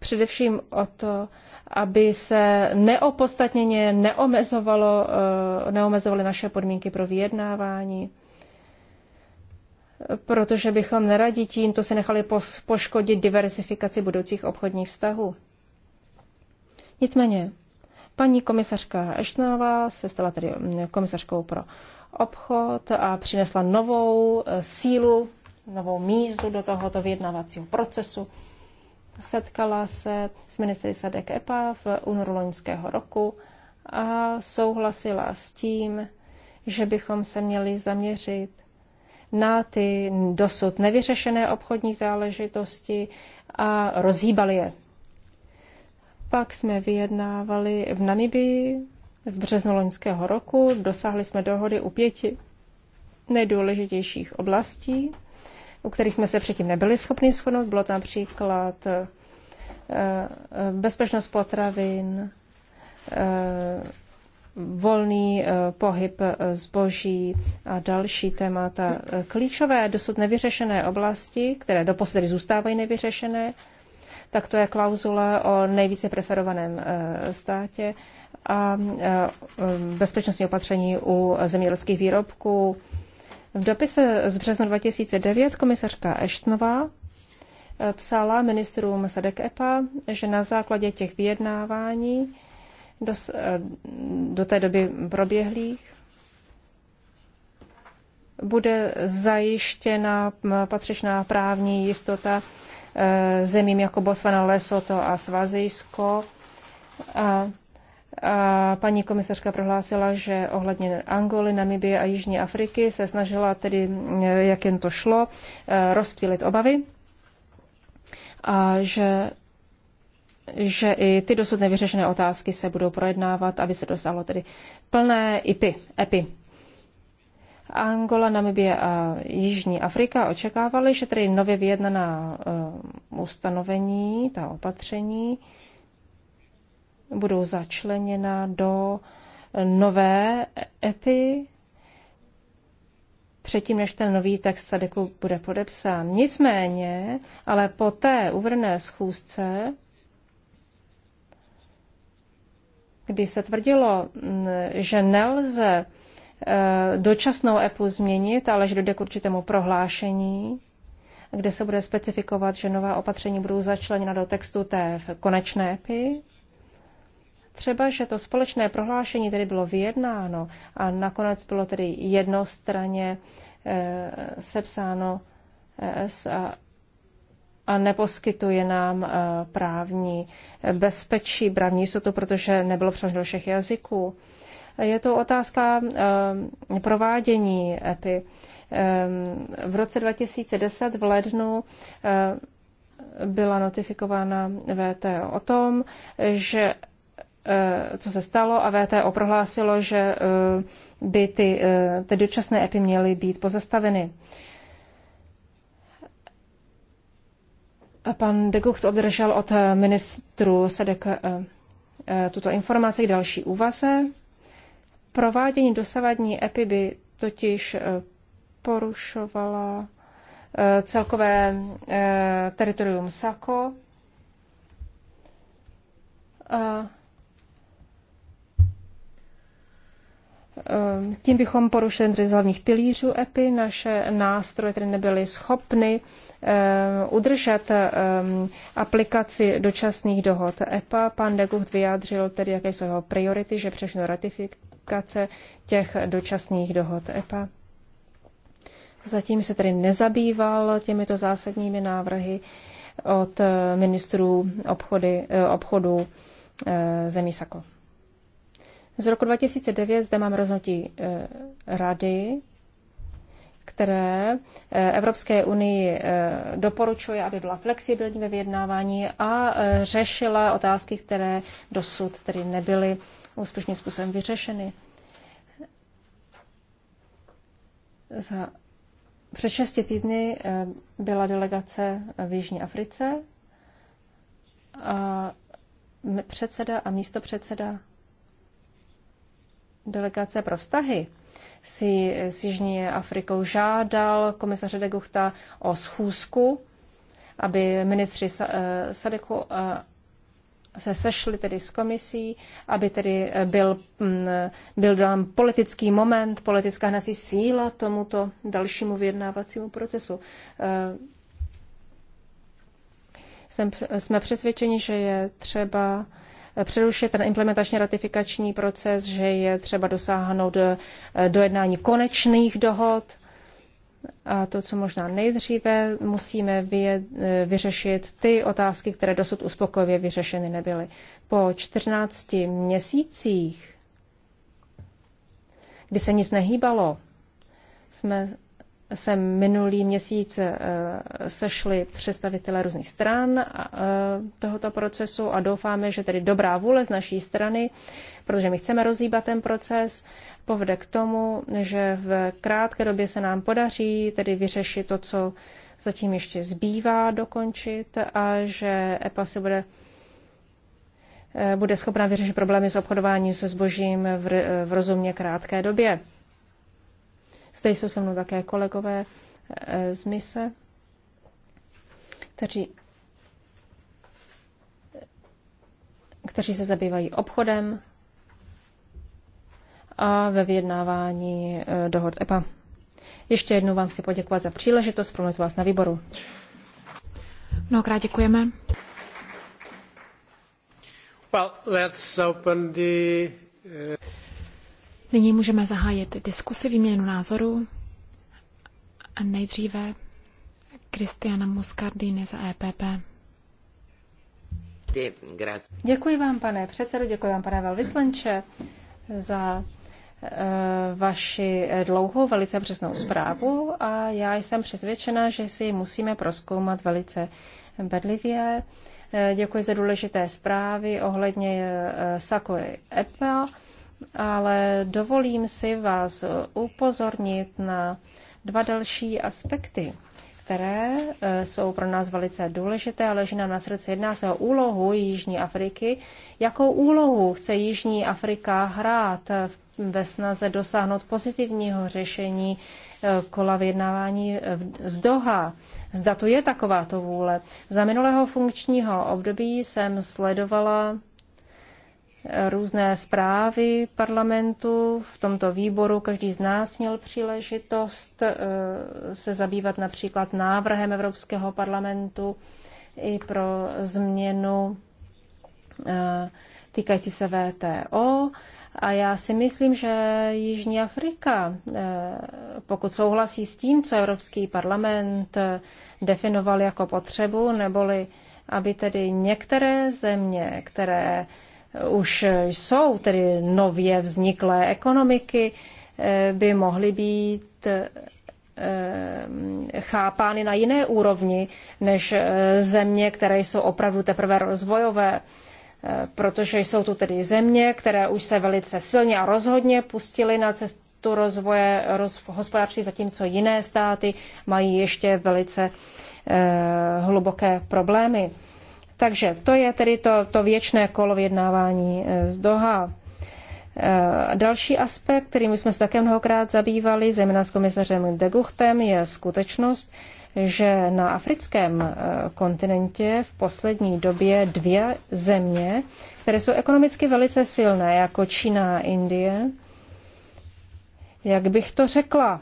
především o to, aby se neopostatněně neomezovalo, eh, neomezovaly naše podmínky pro vyjednávání, protože bychom neradi tímto se nechali poškodit diversifikaci budoucích obchodních vztahů. Nicméně, paní komisařka Eštnová se stala tedy mm, komisařkou pro obchod a přinesla novou eh, sílu, novou mízu do tohoto vyjednávacího procesu. Setkala se s ministry Sadek EPA v únoru loňského roku a souhlasila s tím, že bychom se měli zaměřit na ty dosud nevyřešené obchodní záležitosti a rozhýbali je. Pak jsme vyjednávali v Namibii v březnu loňského roku. Dosáhli jsme dohody u pěti nejdůležitějších oblastí u kterých jsme se předtím nebyli schopni shodnout. Bylo tam příklad eh, eh, bezpečnost potravin, eh, volný pohyb zboží a další témata. Klíčové dosud nevyřešené oblasti, které doposud zůstávají nevyřešené, tak to je klauzule o nejvíce preferovaném státě a bezpečnostní opatření u zemědělských výrobků, v dopise z března 2009 komisařka Eštnová eh, psala ministrům Sadek EPA, že na základě těch vyjednávání do, eh, do té doby proběhlých bude zajištěna patřičná právní jistota eh, zemím jako Botswana, Lesoto a Svazijsko. A a paní komisařka prohlásila, že ohledně Angoly, Namibie a Jižní Afriky se snažila tedy, eh, jak jen to šlo, eh, rozptýlit obavy a že, že i ty dosud nevyřešené otázky se budou projednávat, aby se dosáhlo tedy plné IPy, EPI. Angola, Namibie a Jižní Afrika očekávali, že tedy nově vyjednaná uh, ustanovení, ta opatření, budou začleněna do nové epy, předtím, než ten nový text SADEKu bude podepsán. Nicméně, ale po té uvrné schůzce, kdy se tvrdilo, mm, že nelze eh, dočasnou EPU změnit, ale že dojde k určitému prohlášení, kde se bude specifikovat, že nová opatření budou začleněna do textu té konečné epy. Třeba, že to společné prohlášení tedy bylo vyjednáno a nakonec bylo tedy jednostranně e, sepsáno ES eh, a, a neposkytuje nám e, právní bezpečí, právní jistotu, protože nebylo přeloženo do všech jazyků. Je to otázka e, provádění EPI. E, v roce 2010 v lednu e, byla notifikována VT o tom, že Eh, co se stalo a VTO prohlásilo, že eh, by ty, eh, ty dočasné epy měly být pozastaveny. A pan de Gucht obdržel od ministru Sedek tuto informaci k další úvaze. Provádění dosavadní epy by totiž porušovala celkové teritorium Sako. Eh, tím bychom porušili tři z hlavních pilířů EPI. Naše nástroje tedy nebyly schopny eh, udržet eh, aplikaci dočasných dohod EPA. Pan de Gucht vyjádřil tedy, jaké jsou jeho priority, že přešlo ratifikace těch dočasných dohod EPA. Zatím se tedy nezabýval těmito zásadními návrhy od ministrů obchody, obchodu zemí Sako. Z roku 2009 zde mám rozhodnutí e, rady, které eh, Evropské unii eh, doporučuje, aby byla flexibilní ve vyjednávání a řešila otázky, které dosud tedy nebyly úspěšným způsobem vyřešeny. Za před šesti týdny byla delegace v Jižní Africe a předseda a místopředseda delegace pro vztahy si s Jižní Afrikou žádal komisaře de Guchta o schůzku, aby ministři eh, Sadeku eh, se sešli tedy s komisí, aby tedy eh, byl, mm, byl dán politický moment, politická hnací síla tomuto dalšímu vyjednávacímu procesu. Jsem, jsme přesvědčeni, že je třeba přerušit ten implementačně ratifikační proces, že je třeba dosáhnout eh, dojednání konečných dohod. A to, co možná nejdříve, musíme vě, eh, vyřešit ty otázky, které dosud uspokojivě vyřešeny nebyly. Po 14 měsících, kdy se nic nehýbalo, jsme se minulý měsíc eh, sešli představitelé různých stran eh, tohoto procesu a doufáme, že tedy dobrá vůle z naší strany, protože my chceme rozhýbat ten proces, povede k tomu, že v krátké době se nám podaří tedy vyřešit to, co zatím ještě zbývá dokončit a že EPA si bude eh, bude schopna vyřešit problémy s obchodováním se zbožím v, v rozumně krátké době. Zde jsou se mnou také kolegové eh, z mise, kteří, kteří se zabývají obchodem a ve vyjednávání eh, dohod EPA. Ještě jednou vám si poděkovat za příležitost promluvit vás na výboru. Mnohokrát děkujeme. Well, let's open the, uh... Nyní můžeme zahájit diskusi, výměnu názorů. A nejdříve Kristiana Muscardini za EPP. Děkuji vám, pane předsedu, děkuji vám, pane velvyslanče, za eh, vaši dlouhou, velice přesnou zprávu a já jsem přesvědčena, že si musíme proskoumat velice bedlivě. Eh, děkuji za důležité zprávy ohledně eh, Sako EPA ale dovolím si vás upozornit na dva další aspekty, které eh, jsou pro nás velice důležité a leží nám na srdce. Jedná se o úlohu Jižní Afriky. Jakou úlohu chce Jižní Afrika hrát ve snaze dosáhnout pozitivního řešení eh, kola vyjednávání eh, z Doha? Zda to je takováto vůle. Za minulého funkčního období jsem sledovala různé zprávy parlamentu. V tomto výboru každý z nás měl příležitost eh, se zabývat například návrhem Evropského parlamentu i pro změnu eh, týkající se VTO. A já si myslím, že Jižní Afrika, eh, pokud souhlasí s tím, co Evropský parlament definoval jako potřebu, neboli aby tedy některé země, které už jsou tedy nově vzniklé ekonomiky, eh, by mohly být eh, chápány na jiné úrovni než eh, země, které jsou opravdu teprve rozvojové, protože jsou tu tedy země, které už se velice silně a rozhodně pustily na cestu rozvoje roz, hospodářství, zatímco jiné státy mají ještě velice hluboké problémy. Takže to je tedy to, to věčné kolo vyjednávání eh, z Doha. Eh, další aspekt, kterým jsme se také mnohokrát zabývali, zejména s komisařem Deguchtem, je skutečnost, že na africkém eh, kontinentě v poslední době dvě země, které jsou ekonomicky velice silné, jako Čína a Indie, jak bych to řekla,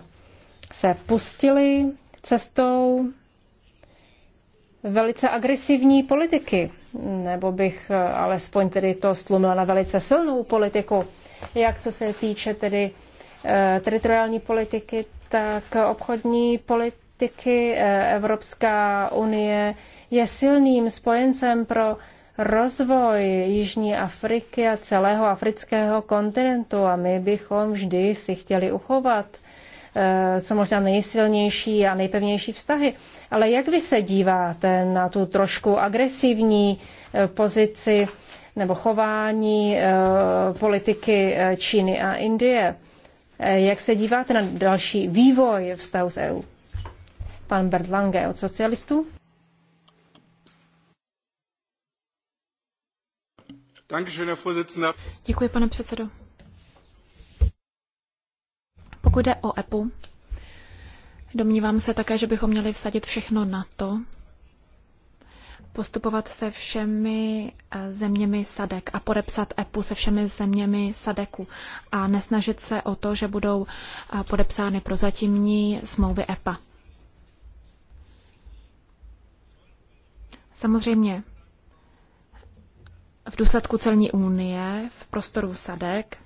se pustily cestou velice agresivní politiky, nebo bych eh, alespoň tedy to stlumila na velice silnou politiku, jak co se týče tedy eh, teritoriální politiky, tak obchodní politiky eh, Evropská unie je silným spojencem pro rozvoj Jižní Afriky a celého afrického kontinentu a my bychom vždy si chtěli uchovat Eh, co možná nejsilnější a nejpevnější vztahy. Ale jak vy se díváte na tu trošku agresivní eh, pozici nebo chování eh, politiky Číny a Indie? Jak se díváte na další vývoj vztahu s EU? Pan Bert Lange od socialistů. Děkuji, pane předsedo. Pokud jde o EPU, domnívám se také, že bychom měli vsadit všechno na to, postupovat se všemi eh, zeměmi sadek a podepsat EPU se všemi zeměmi sadeku a nesnažit se o to, že budou eh, podepsány prozatímní smlouvy EPA. Samozřejmě v důsledku celní unie v prostoru sadek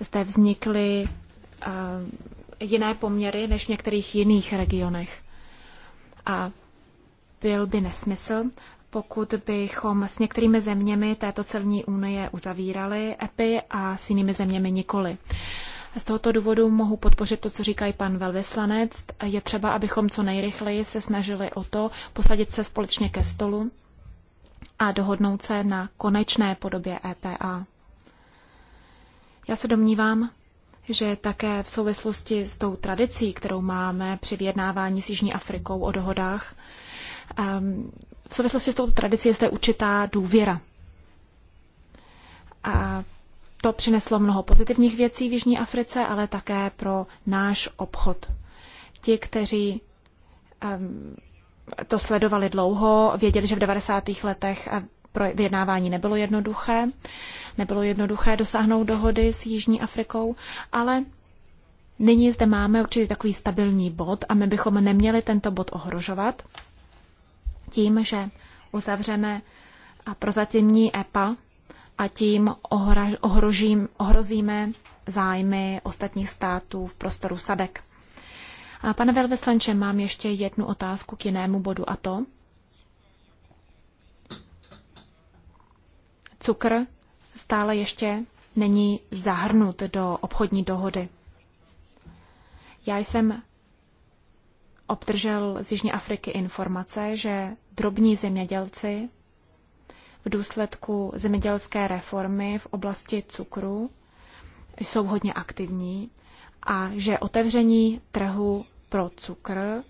zde vznikly Eh, jiné poměry než v některých jiných regionech. A byl by nesmysl, pokud bychom s některými zeměmi této celní unie uzavírali EPI a s jinými zeměmi nikoli. Z tohoto důvodu mohu podpořit to, co říkají pan velvyslanec. Je třeba, abychom co nejrychleji se snažili o to posadit se společně ke stolu a dohodnout se na konečné podobě EPA. Já se domnívám, že také v souvislosti s tou tradicí, kterou máme při vyjednávání s Jižní Afrikou o dohodách, ehm, v souvislosti s touto tradicí je zde určitá důvěra. A to přineslo mnoho pozitivních věcí v Jižní Africe, ale také pro náš obchod. Ti, kteří ehm, to sledovali dlouho, věděli, že v 90. letech vyjednávání nebylo jednoduché. Nebylo jednoduché dosáhnout dohody s Jižní Afrikou, ale nyní zde máme určitě takový stabilní bod a my bychom neměli tento bod ohrožovat tím, že uzavřeme a prozatímní EPA a tím ohrožím, ohrozíme zájmy ostatních států v prostoru SADEK. A pane velvyslanče, mám ještě jednu otázku k jinému bodu a to, Cukr stále ještě není zahrnut do obchodní dohody. Já jsem obdržel z Jižní Afriky informace, že drobní zemědělci v důsledku zemědělské reformy v oblasti cukru jsou hodně aktivní a že otevření trhu pro cukr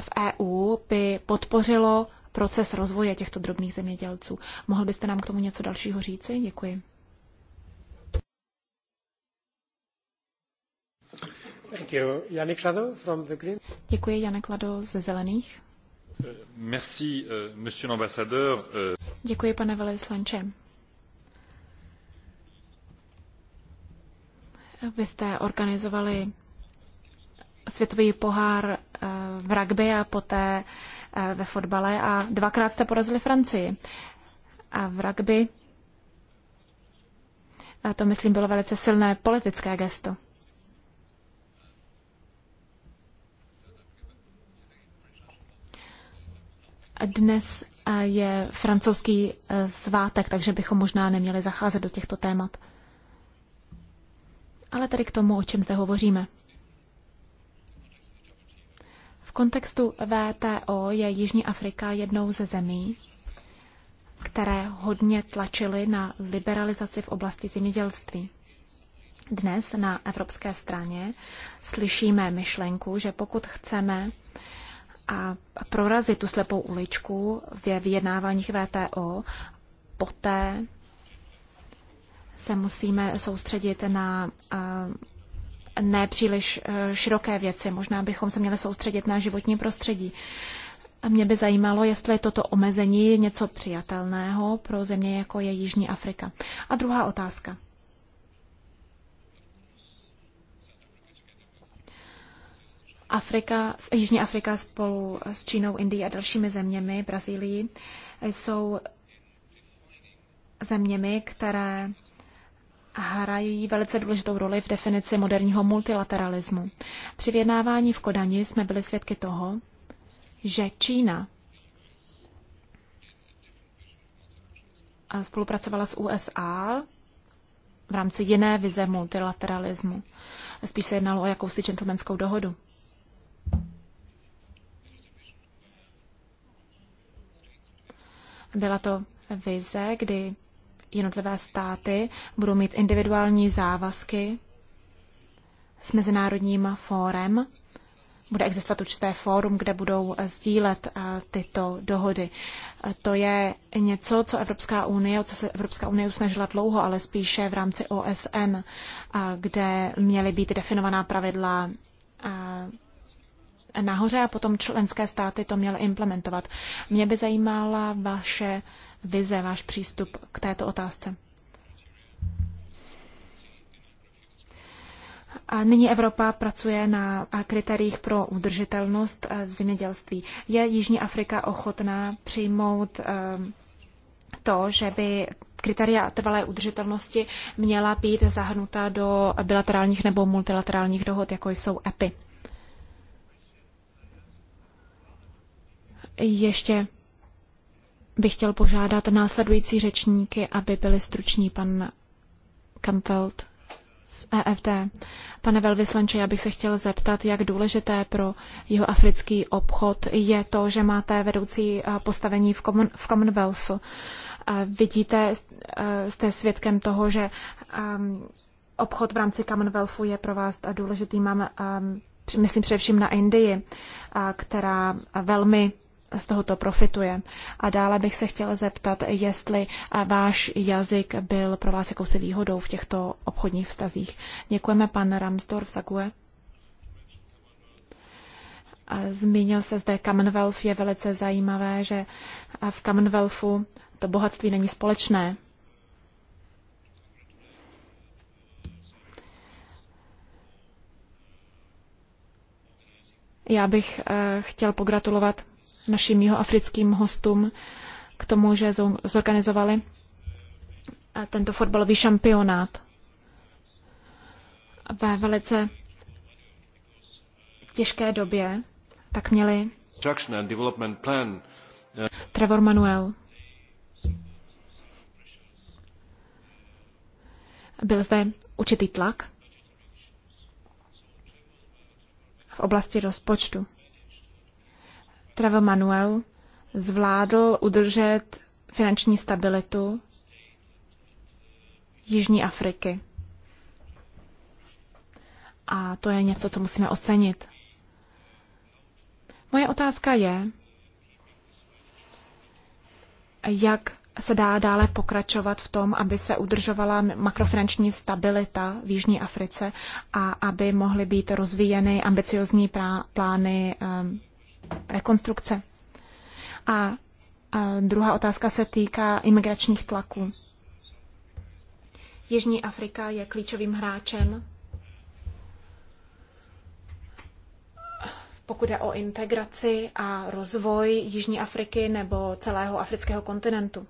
v EU by podpořilo proces rozvoje těchto drobných zemědělců. Mohl byste nám k tomu něco dalšího říci? Děkuji. Thank you. Lado from the Green. Děkuji, Janek Lado ze Zelených. Euh, merci, euh, monsieur l'ambassadeur. Euh, Děkuji, pane velvyslanče. Vy jste organizovali světový pohár eh, v rugby a poté Eh, ve fotbale a dvakrát jste porazili Francii. A v rugby a to, myslím, bylo velice silné politické gesto. Dnes eh, je francouzský eh, svátek, takže bychom možná neměli zacházet do těchto témat. Ale tady k tomu, o čem zde hovoříme kontextu VTO je Jižní Afrika jednou ze zemí, které hodně tlačily na liberalizaci v oblasti zemědělství. Dnes na evropské straně slyšíme myšlenku, že pokud chceme a prorazit tu slepou uličku ve vyjednáváních VTO, poté se musíme soustředit na nepříliš eh, široké věci. Možná bychom se měli soustředit na životní prostředí. A mě by zajímalo, jestli je toto omezení něco přijatelného pro země, jako je Jižní Afrika. A druhá otázka. Afrika, Jižní Afrika spolu s Čínou, Indií a dalšími zeměmi, Brazílií, jsou zeměmi, které hrají velice důležitou roli v definici moderního multilateralismu. Při vyjednávání v Kodani jsme byli svědky toho, že Čína spolupracovala s USA v rámci jiné vize multilateralismu. Spíš se jednalo o jakousi gentlemanskou dohodu. Byla to vize, kdy jednotlivé státy budou mít individuální závazky s Mezinárodním fórem. Bude existovat určité fórum, kde budou sdílet eh, tyto dohody. Eh, to je něco, co Evropská unie, co se Evropská unie snažila dlouho, ale spíše v rámci OSN, eh, kde měly být definovaná pravidla nahoře a potom členské státy to měly implementovat. Mě by zajímala vaše vize, váš přístup k této otázce. A nyní Evropa pracuje na kritériích pro udržitelnost v eh, zemědělství. Je Jižní Afrika ochotná přijmout eh, to, že by kritéria trvalé udržitelnosti měla být zahrnuta do bilaterálních nebo multilaterálních dohod, jako jsou EPI. Ještě bych chtěl požádat následující řečníky, aby byli struční pan Kampelt z EFT, Pane velvyslanče, já bych se chtěl zeptat, jak důležité pro jeho africký obchod je to, že máte vedoucí eh, postavení v, common, v Commonwealth. Eh, vidíte, eh, jste svědkem toho, že ehm, obchod v rámci Commonwealthu je pro vás důležitý. Mám, ehm, myslím především na Indii, která velmi z tohoto profituje. A dále bych se chtěla zeptat, jestli eh, váš jazyk byl pro vás jakousi výhodou v těchto obchodních vztazích. Děkujeme pan Ramsdorf Zague. Zmínil se zde Commonwealth, je velice zajímavé, že eh, v Commonwealthu to bohatství není společné. Já bych eh, chtěl pogratulovat našim jihoafrickým hostům k tomu, že zorganizovali eh, tento fotbalový šampionát ve velice těžké době, tak měli eh, Trevor Manuel. Byl zde určitý tlak v oblasti rozpočtu. Travel Manuel zvládl udržet finanční stabilitu Jižní Afriky. A to je něco, co musíme ocenit. Moje otázka je, jak se dá dále pokračovat v tom, aby se udržovala makrofinanční stabilita v Jižní Africe a aby mohly být rozvíjeny ambiciozní plány ehm, rekonstrukce. A, a druhá otázka se týká imigračních tlaků. Jižní Afrika je klíčovým hráčem, pokud je o integraci a rozvoj Jižní Afriky nebo celého afrického kontinentu.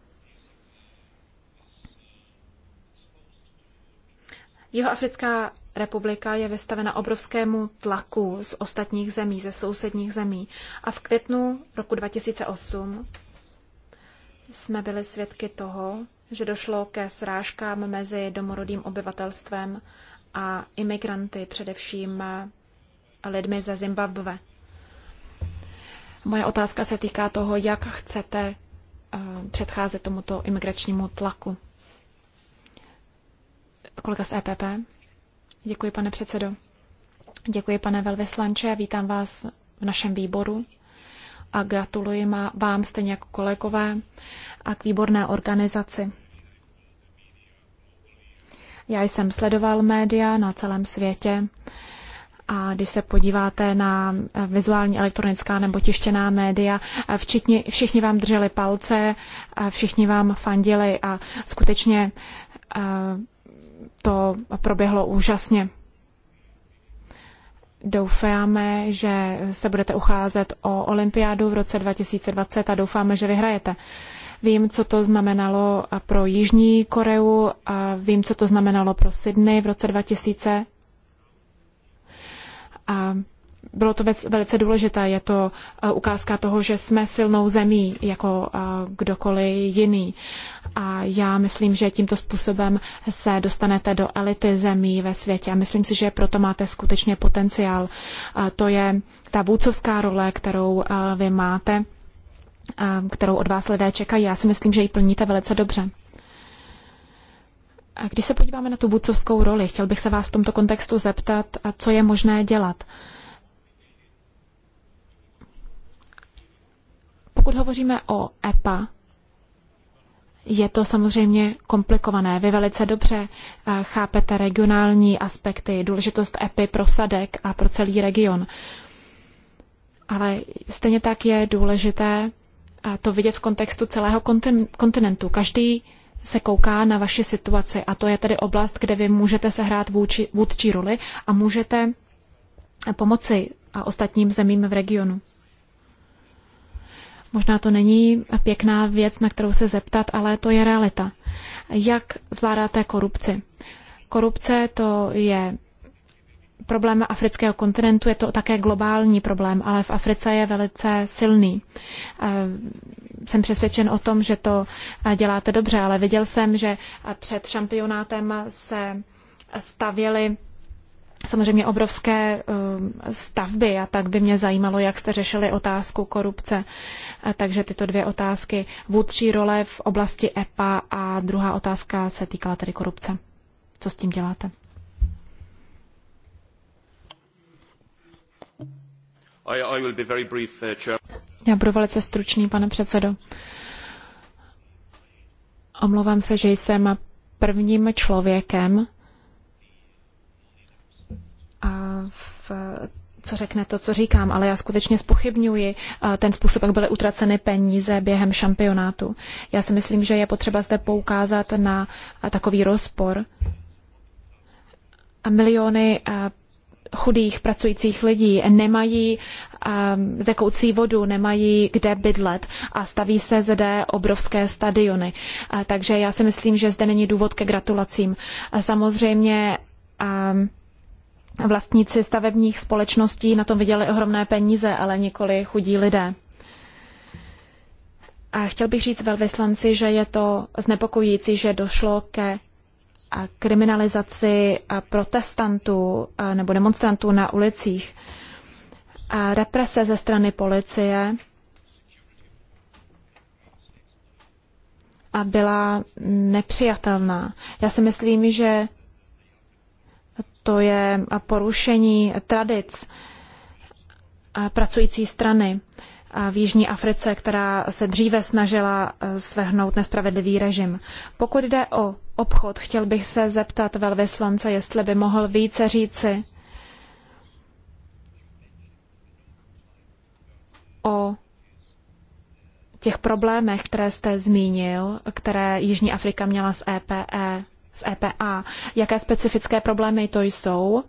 Africká republika je vystavena obrovskému tlaku z ostatních zemí, ze sousedních zemí. A v květnu roku 2008 jsme byli svědky toho, že došlo ke srážkám mezi domorodým obyvatelstvem a imigranty, především lidmi ze Zimbabwe. Moje otázka se týká toho, jak chcete eh, předcházet tomuto imigračnímu tlaku. Kolega z EPP. Děkuji, pane předsedo. Děkuji, pane velvyslanče. Vítám vás v našem výboru a gratuluji vám, stejně jako kolegové, a k výborné organizaci. Já jsem sledoval média na celém světě a když se podíváte na vizuální, elektronická nebo tištěná média, včetně, všichni vám drželi palce, všichni vám fandili a skutečně eh, to proběhlo úžasně. Doufáme, že se budete ucházet o olympiádu v roce 2020 a doufáme, že vyhrajete. Vím, co to znamenalo pro Jižní Koreu, a vím, co to znamenalo pro Sydney v roce 2000. A bylo to věc, velice důležité. Je to eh, ukázka toho, že jsme silnou zemí jako eh, kdokoliv jiný. A já myslím, že tímto způsobem se dostanete do elity zemí ve světě. A myslím si, že proto máte skutečně potenciál. A to je ta vůcovská role, kterou eh, vy máte, kterou od vás lidé čekají. Já si myslím, že ji plníte velice dobře. A když se podíváme na tu vůcovskou roli, chtěl bych se vás v tomto kontextu zeptat, co je možné dělat. Pokud hovoříme o EPA, je to samozřejmě komplikované. Vy velice dobře eh, chápete regionální aspekty, důležitost EPI pro Sadek a pro celý region. Ale stejně tak je důležité eh, to vidět v kontextu celého kontinentu. Každý se kouká na vaši situaci a to je tedy oblast, kde vy můžete sehrát vůči, vůdčí roli a můžete eh, pomoci ostatním zemím v regionu. Možná to není pěkná věc, na kterou se zeptat, ale to je realita. Jak zvládáte korupci? Korupce to je problém afrického kontinentu, je to také globální problém, ale v Africe je velice silný. Eh, jsem přesvědčen o tom, že to eh, děláte dobře, ale viděl jsem, že eh, před šampionátem se stavěly samozřejmě obrovské ehm, stavby a tak by mě zajímalo, jak jste řešili otázku korupce. Takže tyto dvě otázky. Vůdčí role v oblasti EPA a druhá otázka se týkala tedy korupce. Co s tím děláte? Uh, Já budu velice stručný, pane předsedo. Omlouvám se, že jsem prvním člověkem, v, co řekne to, co říkám, ale já skutečně spochybňuji eh, ten způsob, jak byly utraceny peníze během šampionátu. Já si myslím, že je potřeba zde poukázat na eh, takový rozpor. Miliony eh, chudých pracujících lidí nemají tekoucí vodu, nemají kde bydlet a staví se zde obrovské stadiony. Takže já si myslím, že zde není důvod ke gratulacím. Samozřejmě Vlastníci stavebních společností na tom viděli ohromné peníze, ale nikoli chudí lidé. A chtěl bych říct velvyslanci, že je to znepokojící, že došlo ke kriminalizaci protestantů nebo demonstrantů na ulicích. A represe ze strany policie a byla nepřijatelná. Já si myslím, že to je porušení tradic eh, pracující strany eh, v Jižní Africe, která se dříve snažila eh, svrhnout nespravedlivý režim. Pokud jde o obchod, chtěl bych se zeptat velvyslance, jestli by mohl více říci o těch problémech, které jste zmínil, které Jižní Afrika měla s EPE z EPA, jaké specifické problémy to jsou.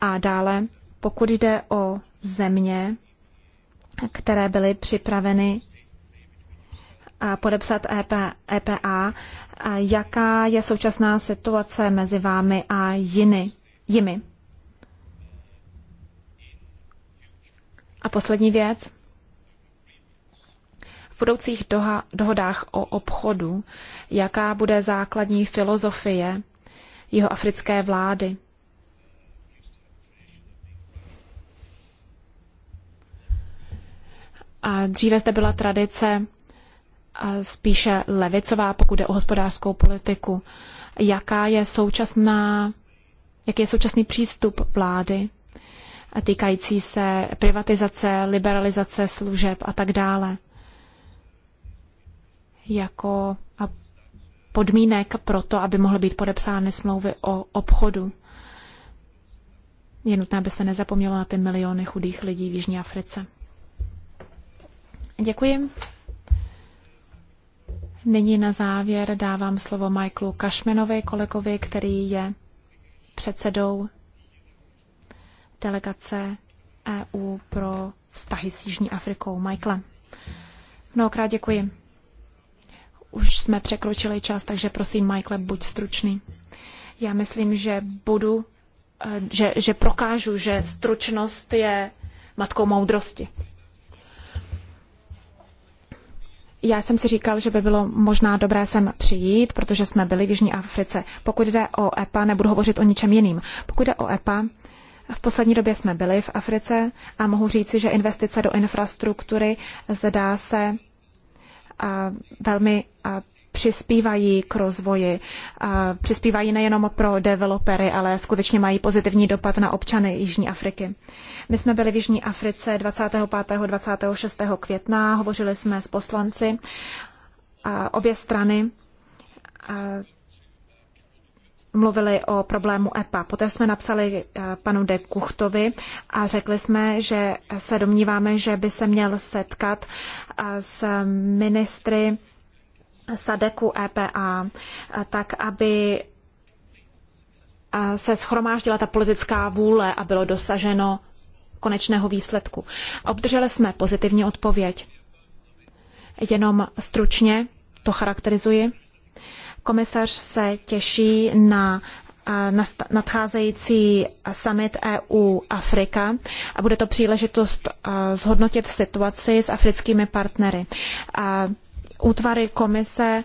A dále, pokud jde o země, které byly připraveny podepsat EPA, e jaká je současná situace mezi vámi a jiny, jimi. A poslední věc v budoucích doha- dohodách o obchodu, jaká bude základní filozofie jeho africké vlády. A dříve zde byla tradice spíše levicová, pokud jde o hospodářskou politiku. Jaká je současná, jaký je současný přístup vlády týkající se privatizace, liberalizace služeb a tak dále? jako podmínek pro to, aby mohly být podepsány smlouvy o obchodu. Je nutné, aby se nezapomnělo na ty miliony chudých lidí v Jižní Africe. Děkuji. Nyní na závěr dávám slovo Michaelu Kašmenovi, kolegovi, který je předsedou delegace EU pro vztahy s Jižní Afrikou. Michael, mnohokrát děkuji. Už jsme překročili čas, takže prosím, Michael, buď stručný. Já myslím, že budu, eh, že, že prokážu, že stručnost je matkou moudrosti. Já jsem si říkal, že by bylo možná dobré sem přijít, protože jsme byli v Jižní Africe. Pokud jde o EPA, nebudu hovořit o ničem jiným. Pokud jde o EPA, v poslední době jsme byli v Africe a mohu říci, že investice do infrastruktury zdá se velmi přispívají k rozvoji, přispívají nejenom pro developery, ale skutečně mají pozitivní dopad na občany Jižní Afriky. My jsme byli v Jižní Africe 25. 26. května, hovořili jsme s poslanci, obě strany mluvili o problému EPA. Poté jsme napsali eh, panu de Kuchtovi a řekli jsme, že se domníváme, že by se měl setkat eh, s ministry Sadeku EPA, eh, tak aby se schromáždila ta politická vůle a bylo dosaženo konečného výsledku. Obdrželi jsme pozitivní odpověď. Jenom stručně to charakterizuji. Komisař se těší na eh, nadcházející summit EU Afrika a bude to příležitost eh, zhodnotit situaci s africkými partnery. Útvary komise eh,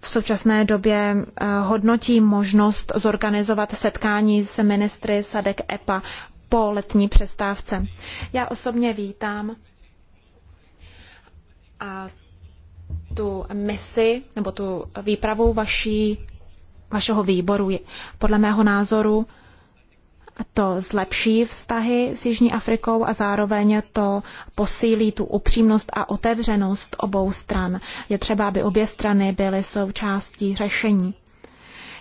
v současné době hodnotí možnost zorganizovat setkání s ministry Sadek EPA po letní přestávce. Já osobně vítám a tu misi nebo tu výpravu vaší, vašeho výboru. Podle mého názoru to zlepší vztahy s Jižní Afrikou a zároveň to posílí tu upřímnost a otevřenost obou stran. Je třeba, aby obě strany byly součástí řešení.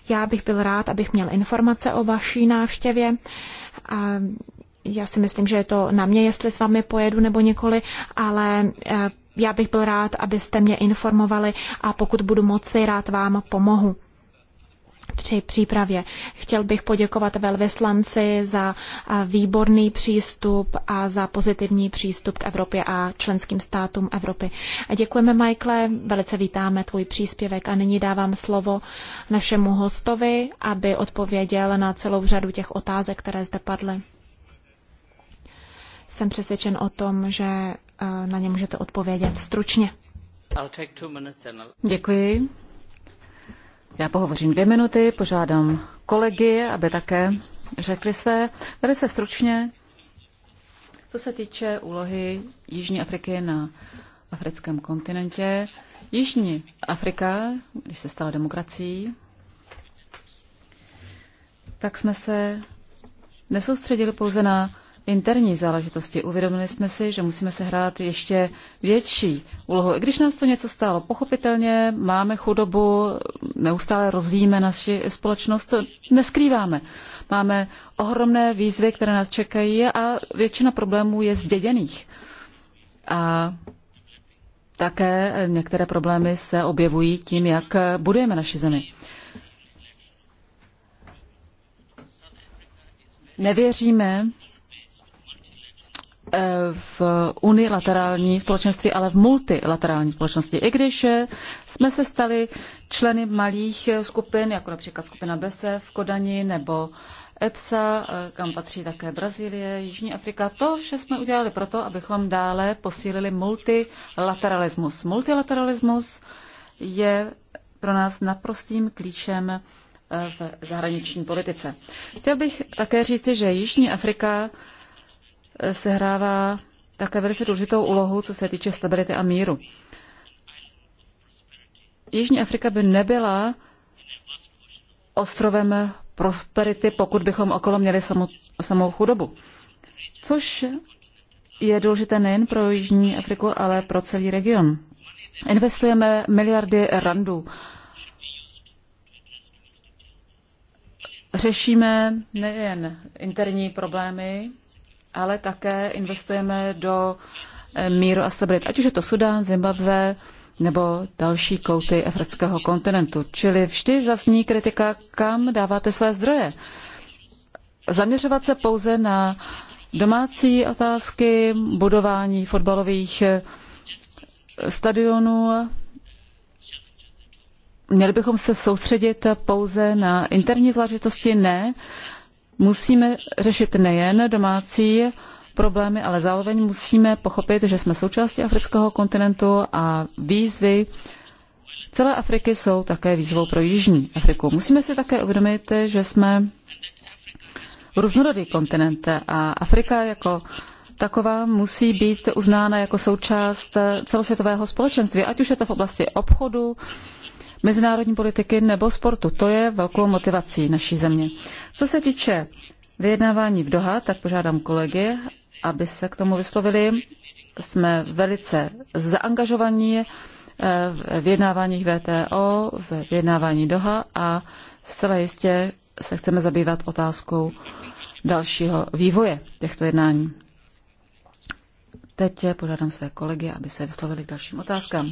Já bych byl rád, abych měl informace o vaší návštěvě. A já si myslím, že je to na mě, jestli s vámi pojedu nebo nikoli, ale eh, já bych byl rád, abyste mě informovali a pokud budu moci, rád vám pomohu při přípravě. Chtěl bych poděkovat velvyslanci za výborný přístup a za pozitivní přístup k Evropě a členským státům Evropy. Děkujeme, Michaele, velice vítáme tvůj příspěvek a nyní dávám slovo našemu hostovi, aby odpověděl na celou řadu těch otázek, které zde padly. Jsem přesvědčen o tom, že na ně můžete odpovědět stručně. Děkuji. Já pohovořím dvě minuty, požádám kolegy, aby také řekli své. Velice stručně, co se týče úlohy Jižní Afriky na africkém kontinentě, Jižní Afrika, když se stala demokracií, tak jsme se nesoustředili pouze na interní záležitosti. Uvědomili jsme si, že musíme se hrát ještě větší úlohu. I když nás to něco stálo, pochopitelně máme chudobu, neustále rozvíjíme naši společnost, to neskrýváme. Máme ohromné výzvy, které nás čekají a většina problémů je zděděných. A také některé problémy se objevují tím, jak budujeme naši zemi. Nevěříme Eh, v unilaterální společenství, ale v multilaterální společenství. I když eh, jsme se stali členy malých eh, skupin, jako například skupina BESE v Kodani nebo EPSA, kam patří také Brazílie, Jižní Afrika. To vše jsme udělali proto, abychom dále posílili multilateralismus. Multilateralismus je pro nás naprostým klíčem v zahraniční politice. Chtěl bych také říci, že Jižní Afrika sehrává také velice důležitou úlohu, co se týče stability a míru. Jižní Afrika by nebyla ostrovem prosperity, pokud bychom okolo měli samou, samou chudobu. Což je důležité nejen pro Jižní Afriku, ale pro celý region. Investujeme miliardy randů. Řešíme nejen interní problémy, ale také investujeme do eh, míru a stability, ať už je to Sudán, Zimbabwe nebo další kouty afrického kontinentu. Čili vždy zazní kritika, kam dáváte své zdroje. Zaměřovat se pouze na domácí otázky, budování fotbalových eh, stadionů, měli bychom se soustředit pouze na interní záležitosti, ne Musíme řešit nejen domácí problémy, ale zároveň musíme pochopit, že jsme součástí afrického kontinentu a výzvy celé Afriky jsou také výzvou pro Jižní Afriku. Musíme si také uvědomit, že jsme různorodý kontinent a Afrika jako taková musí být uznána jako součást celosvětového společenství, ať už je to v oblasti obchodu, mezinárodní politiky nebo sportu. To je velkou motivací naší země. Co se týče vyjednávání v Doha, tak požádám kolegy, aby se k tomu vyslovili. Jsme velice zaangažovaní eh, v vyjednáváních VTO, v vyjednávání Doha a zcela jistě se chceme zabývat otázkou dalšího vývoje těchto jednání. Teď požádám své kolegy, aby se vyslovili k dalším otázkám.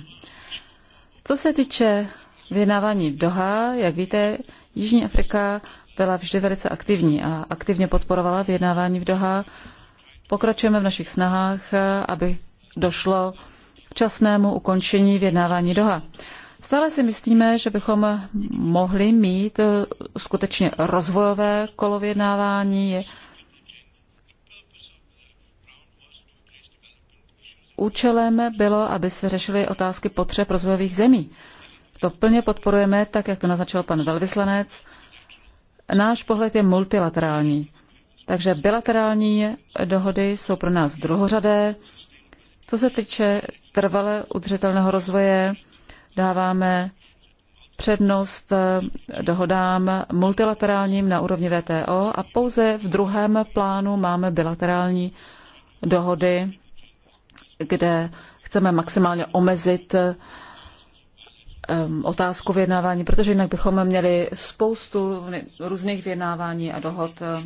Co se týče vyjednávání v Doha, jak víte, Jižní Afrika byla vždy velice aktivní a aktivně podporovala vyjednávání v Doha. Pokračujeme v našich snahách, aby došlo včasnému ukončení vyjednávání Doha. Stále si myslíme, že bychom mohli mít eh, skutečně rozvojové kolo vyjednávání. Účelem bylo, aby se řešily otázky potřeb rozvojových zemí to plně podporujeme, tak jak to naznačil pan velvyslanec. Náš pohled je multilaterální, takže bilaterální dohody jsou pro nás druhořadé. Co se týče trvale udržitelného rozvoje, dáváme přednost dohodám multilaterálním na úrovni VTO a pouze v druhém plánu máme bilaterální dohody, kde chceme maximálně omezit Um, otázku vyjednávání, protože jinak bychom měli spoustu různých vyjednávání a dohod. Eh.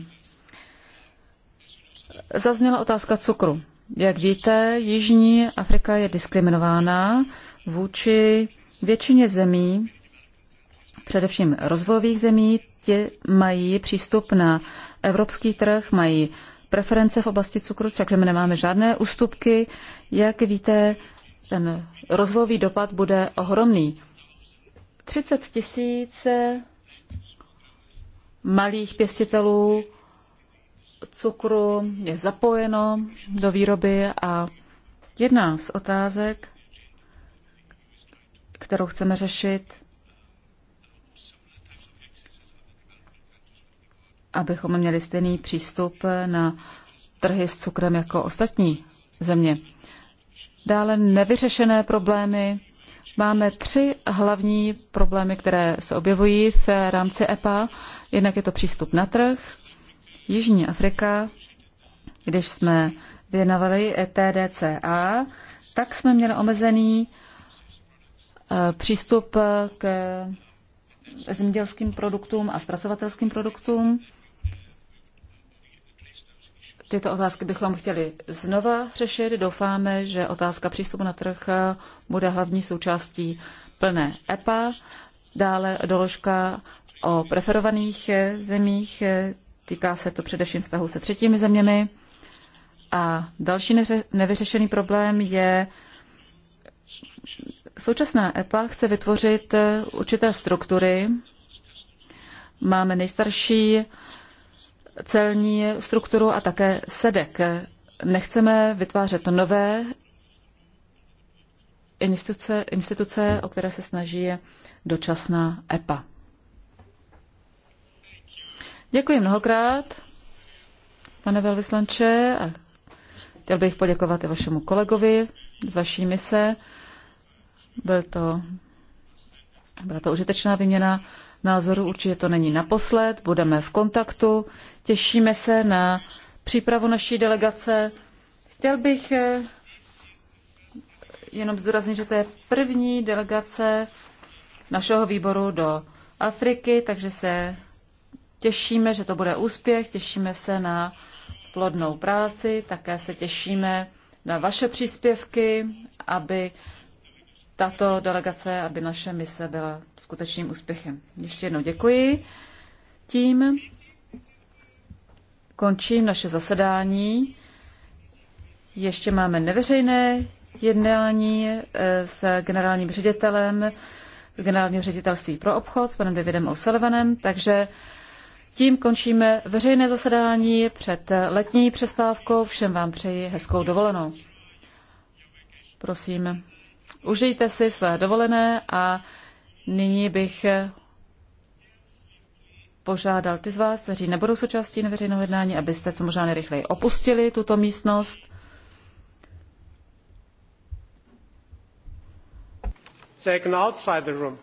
Zazněla otázka cukru. Jak víte, Jižní Afrika je diskriminována vůči většině zemí, především rozvojových zemí, ti mají přístup na evropský trh, mají preference v oblasti cukru, takže my nemáme žádné ústupky. Jak víte, ten rozvojový dopad bude ohromný. 30 tisíc malých pěstitelů cukru je zapojeno do výroby a jedna z otázek, kterou chceme řešit, abychom měli stejný přístup na trhy s cukrem jako ostatní země. Dále nevyřešené problémy Máme tři hlavní problémy, které se objevují v rámci EPA. Jednak je to přístup na trh, Jižní Afrika, když jsme věnovali e TDCA, tak jsme měli omezený eh, přístup k zemědělským produktům a zpracovatelským produktům. Tyto otázky bychom chtěli znova řešit. Doufáme, že otázka přístupu na trh bude hlavní součástí plné EPA. Dále doložka o preferovaných zemích, eh, týká se to především vztahu se třetími zeměmi. A další nevyřešený problém je současná EPA chce vytvořit eh, určité struktury. Máme nejstarší celní strukturu a také SEDEK. Nechceme vytvářet nové instituce, instituce, o které se snaží, je dočasná EPA. Děkuji mnohokrát, pane velvyslanče, a chtěl bych poděkovat i vašemu kolegovi z vaší mise. Byl to, byla to užitečná vyměna názoru, určitě to není naposled, budeme v kontaktu, těšíme se na přípravu naší delegace. Chtěl bych eh, jenom zdůraznit, že to je první delegace našeho výboru do Afriky, takže se těšíme, že to bude úspěch, těšíme se na plodnou práci, také se těšíme na vaše příspěvky, aby tato delegace, aby naše mise byla skutečným úspěchem. Ještě jednou děkuji. Tím končím naše zasedání. Ještě máme neveřejné jednání eh, s generálním ředitelem generálního ředitelství pro obchod s panem Davidem O'Sullivanem, takže tím končíme veřejné zasedání před letní přestávkou. Všem vám přeji hezkou dovolenou. Prosím, užijte si své dovolené a nyní bych požádal ty z vás, kteří nebudou součástí neveřejného jednání, abyste co možná nejrychleji opustili tuto místnost. taken outside the room.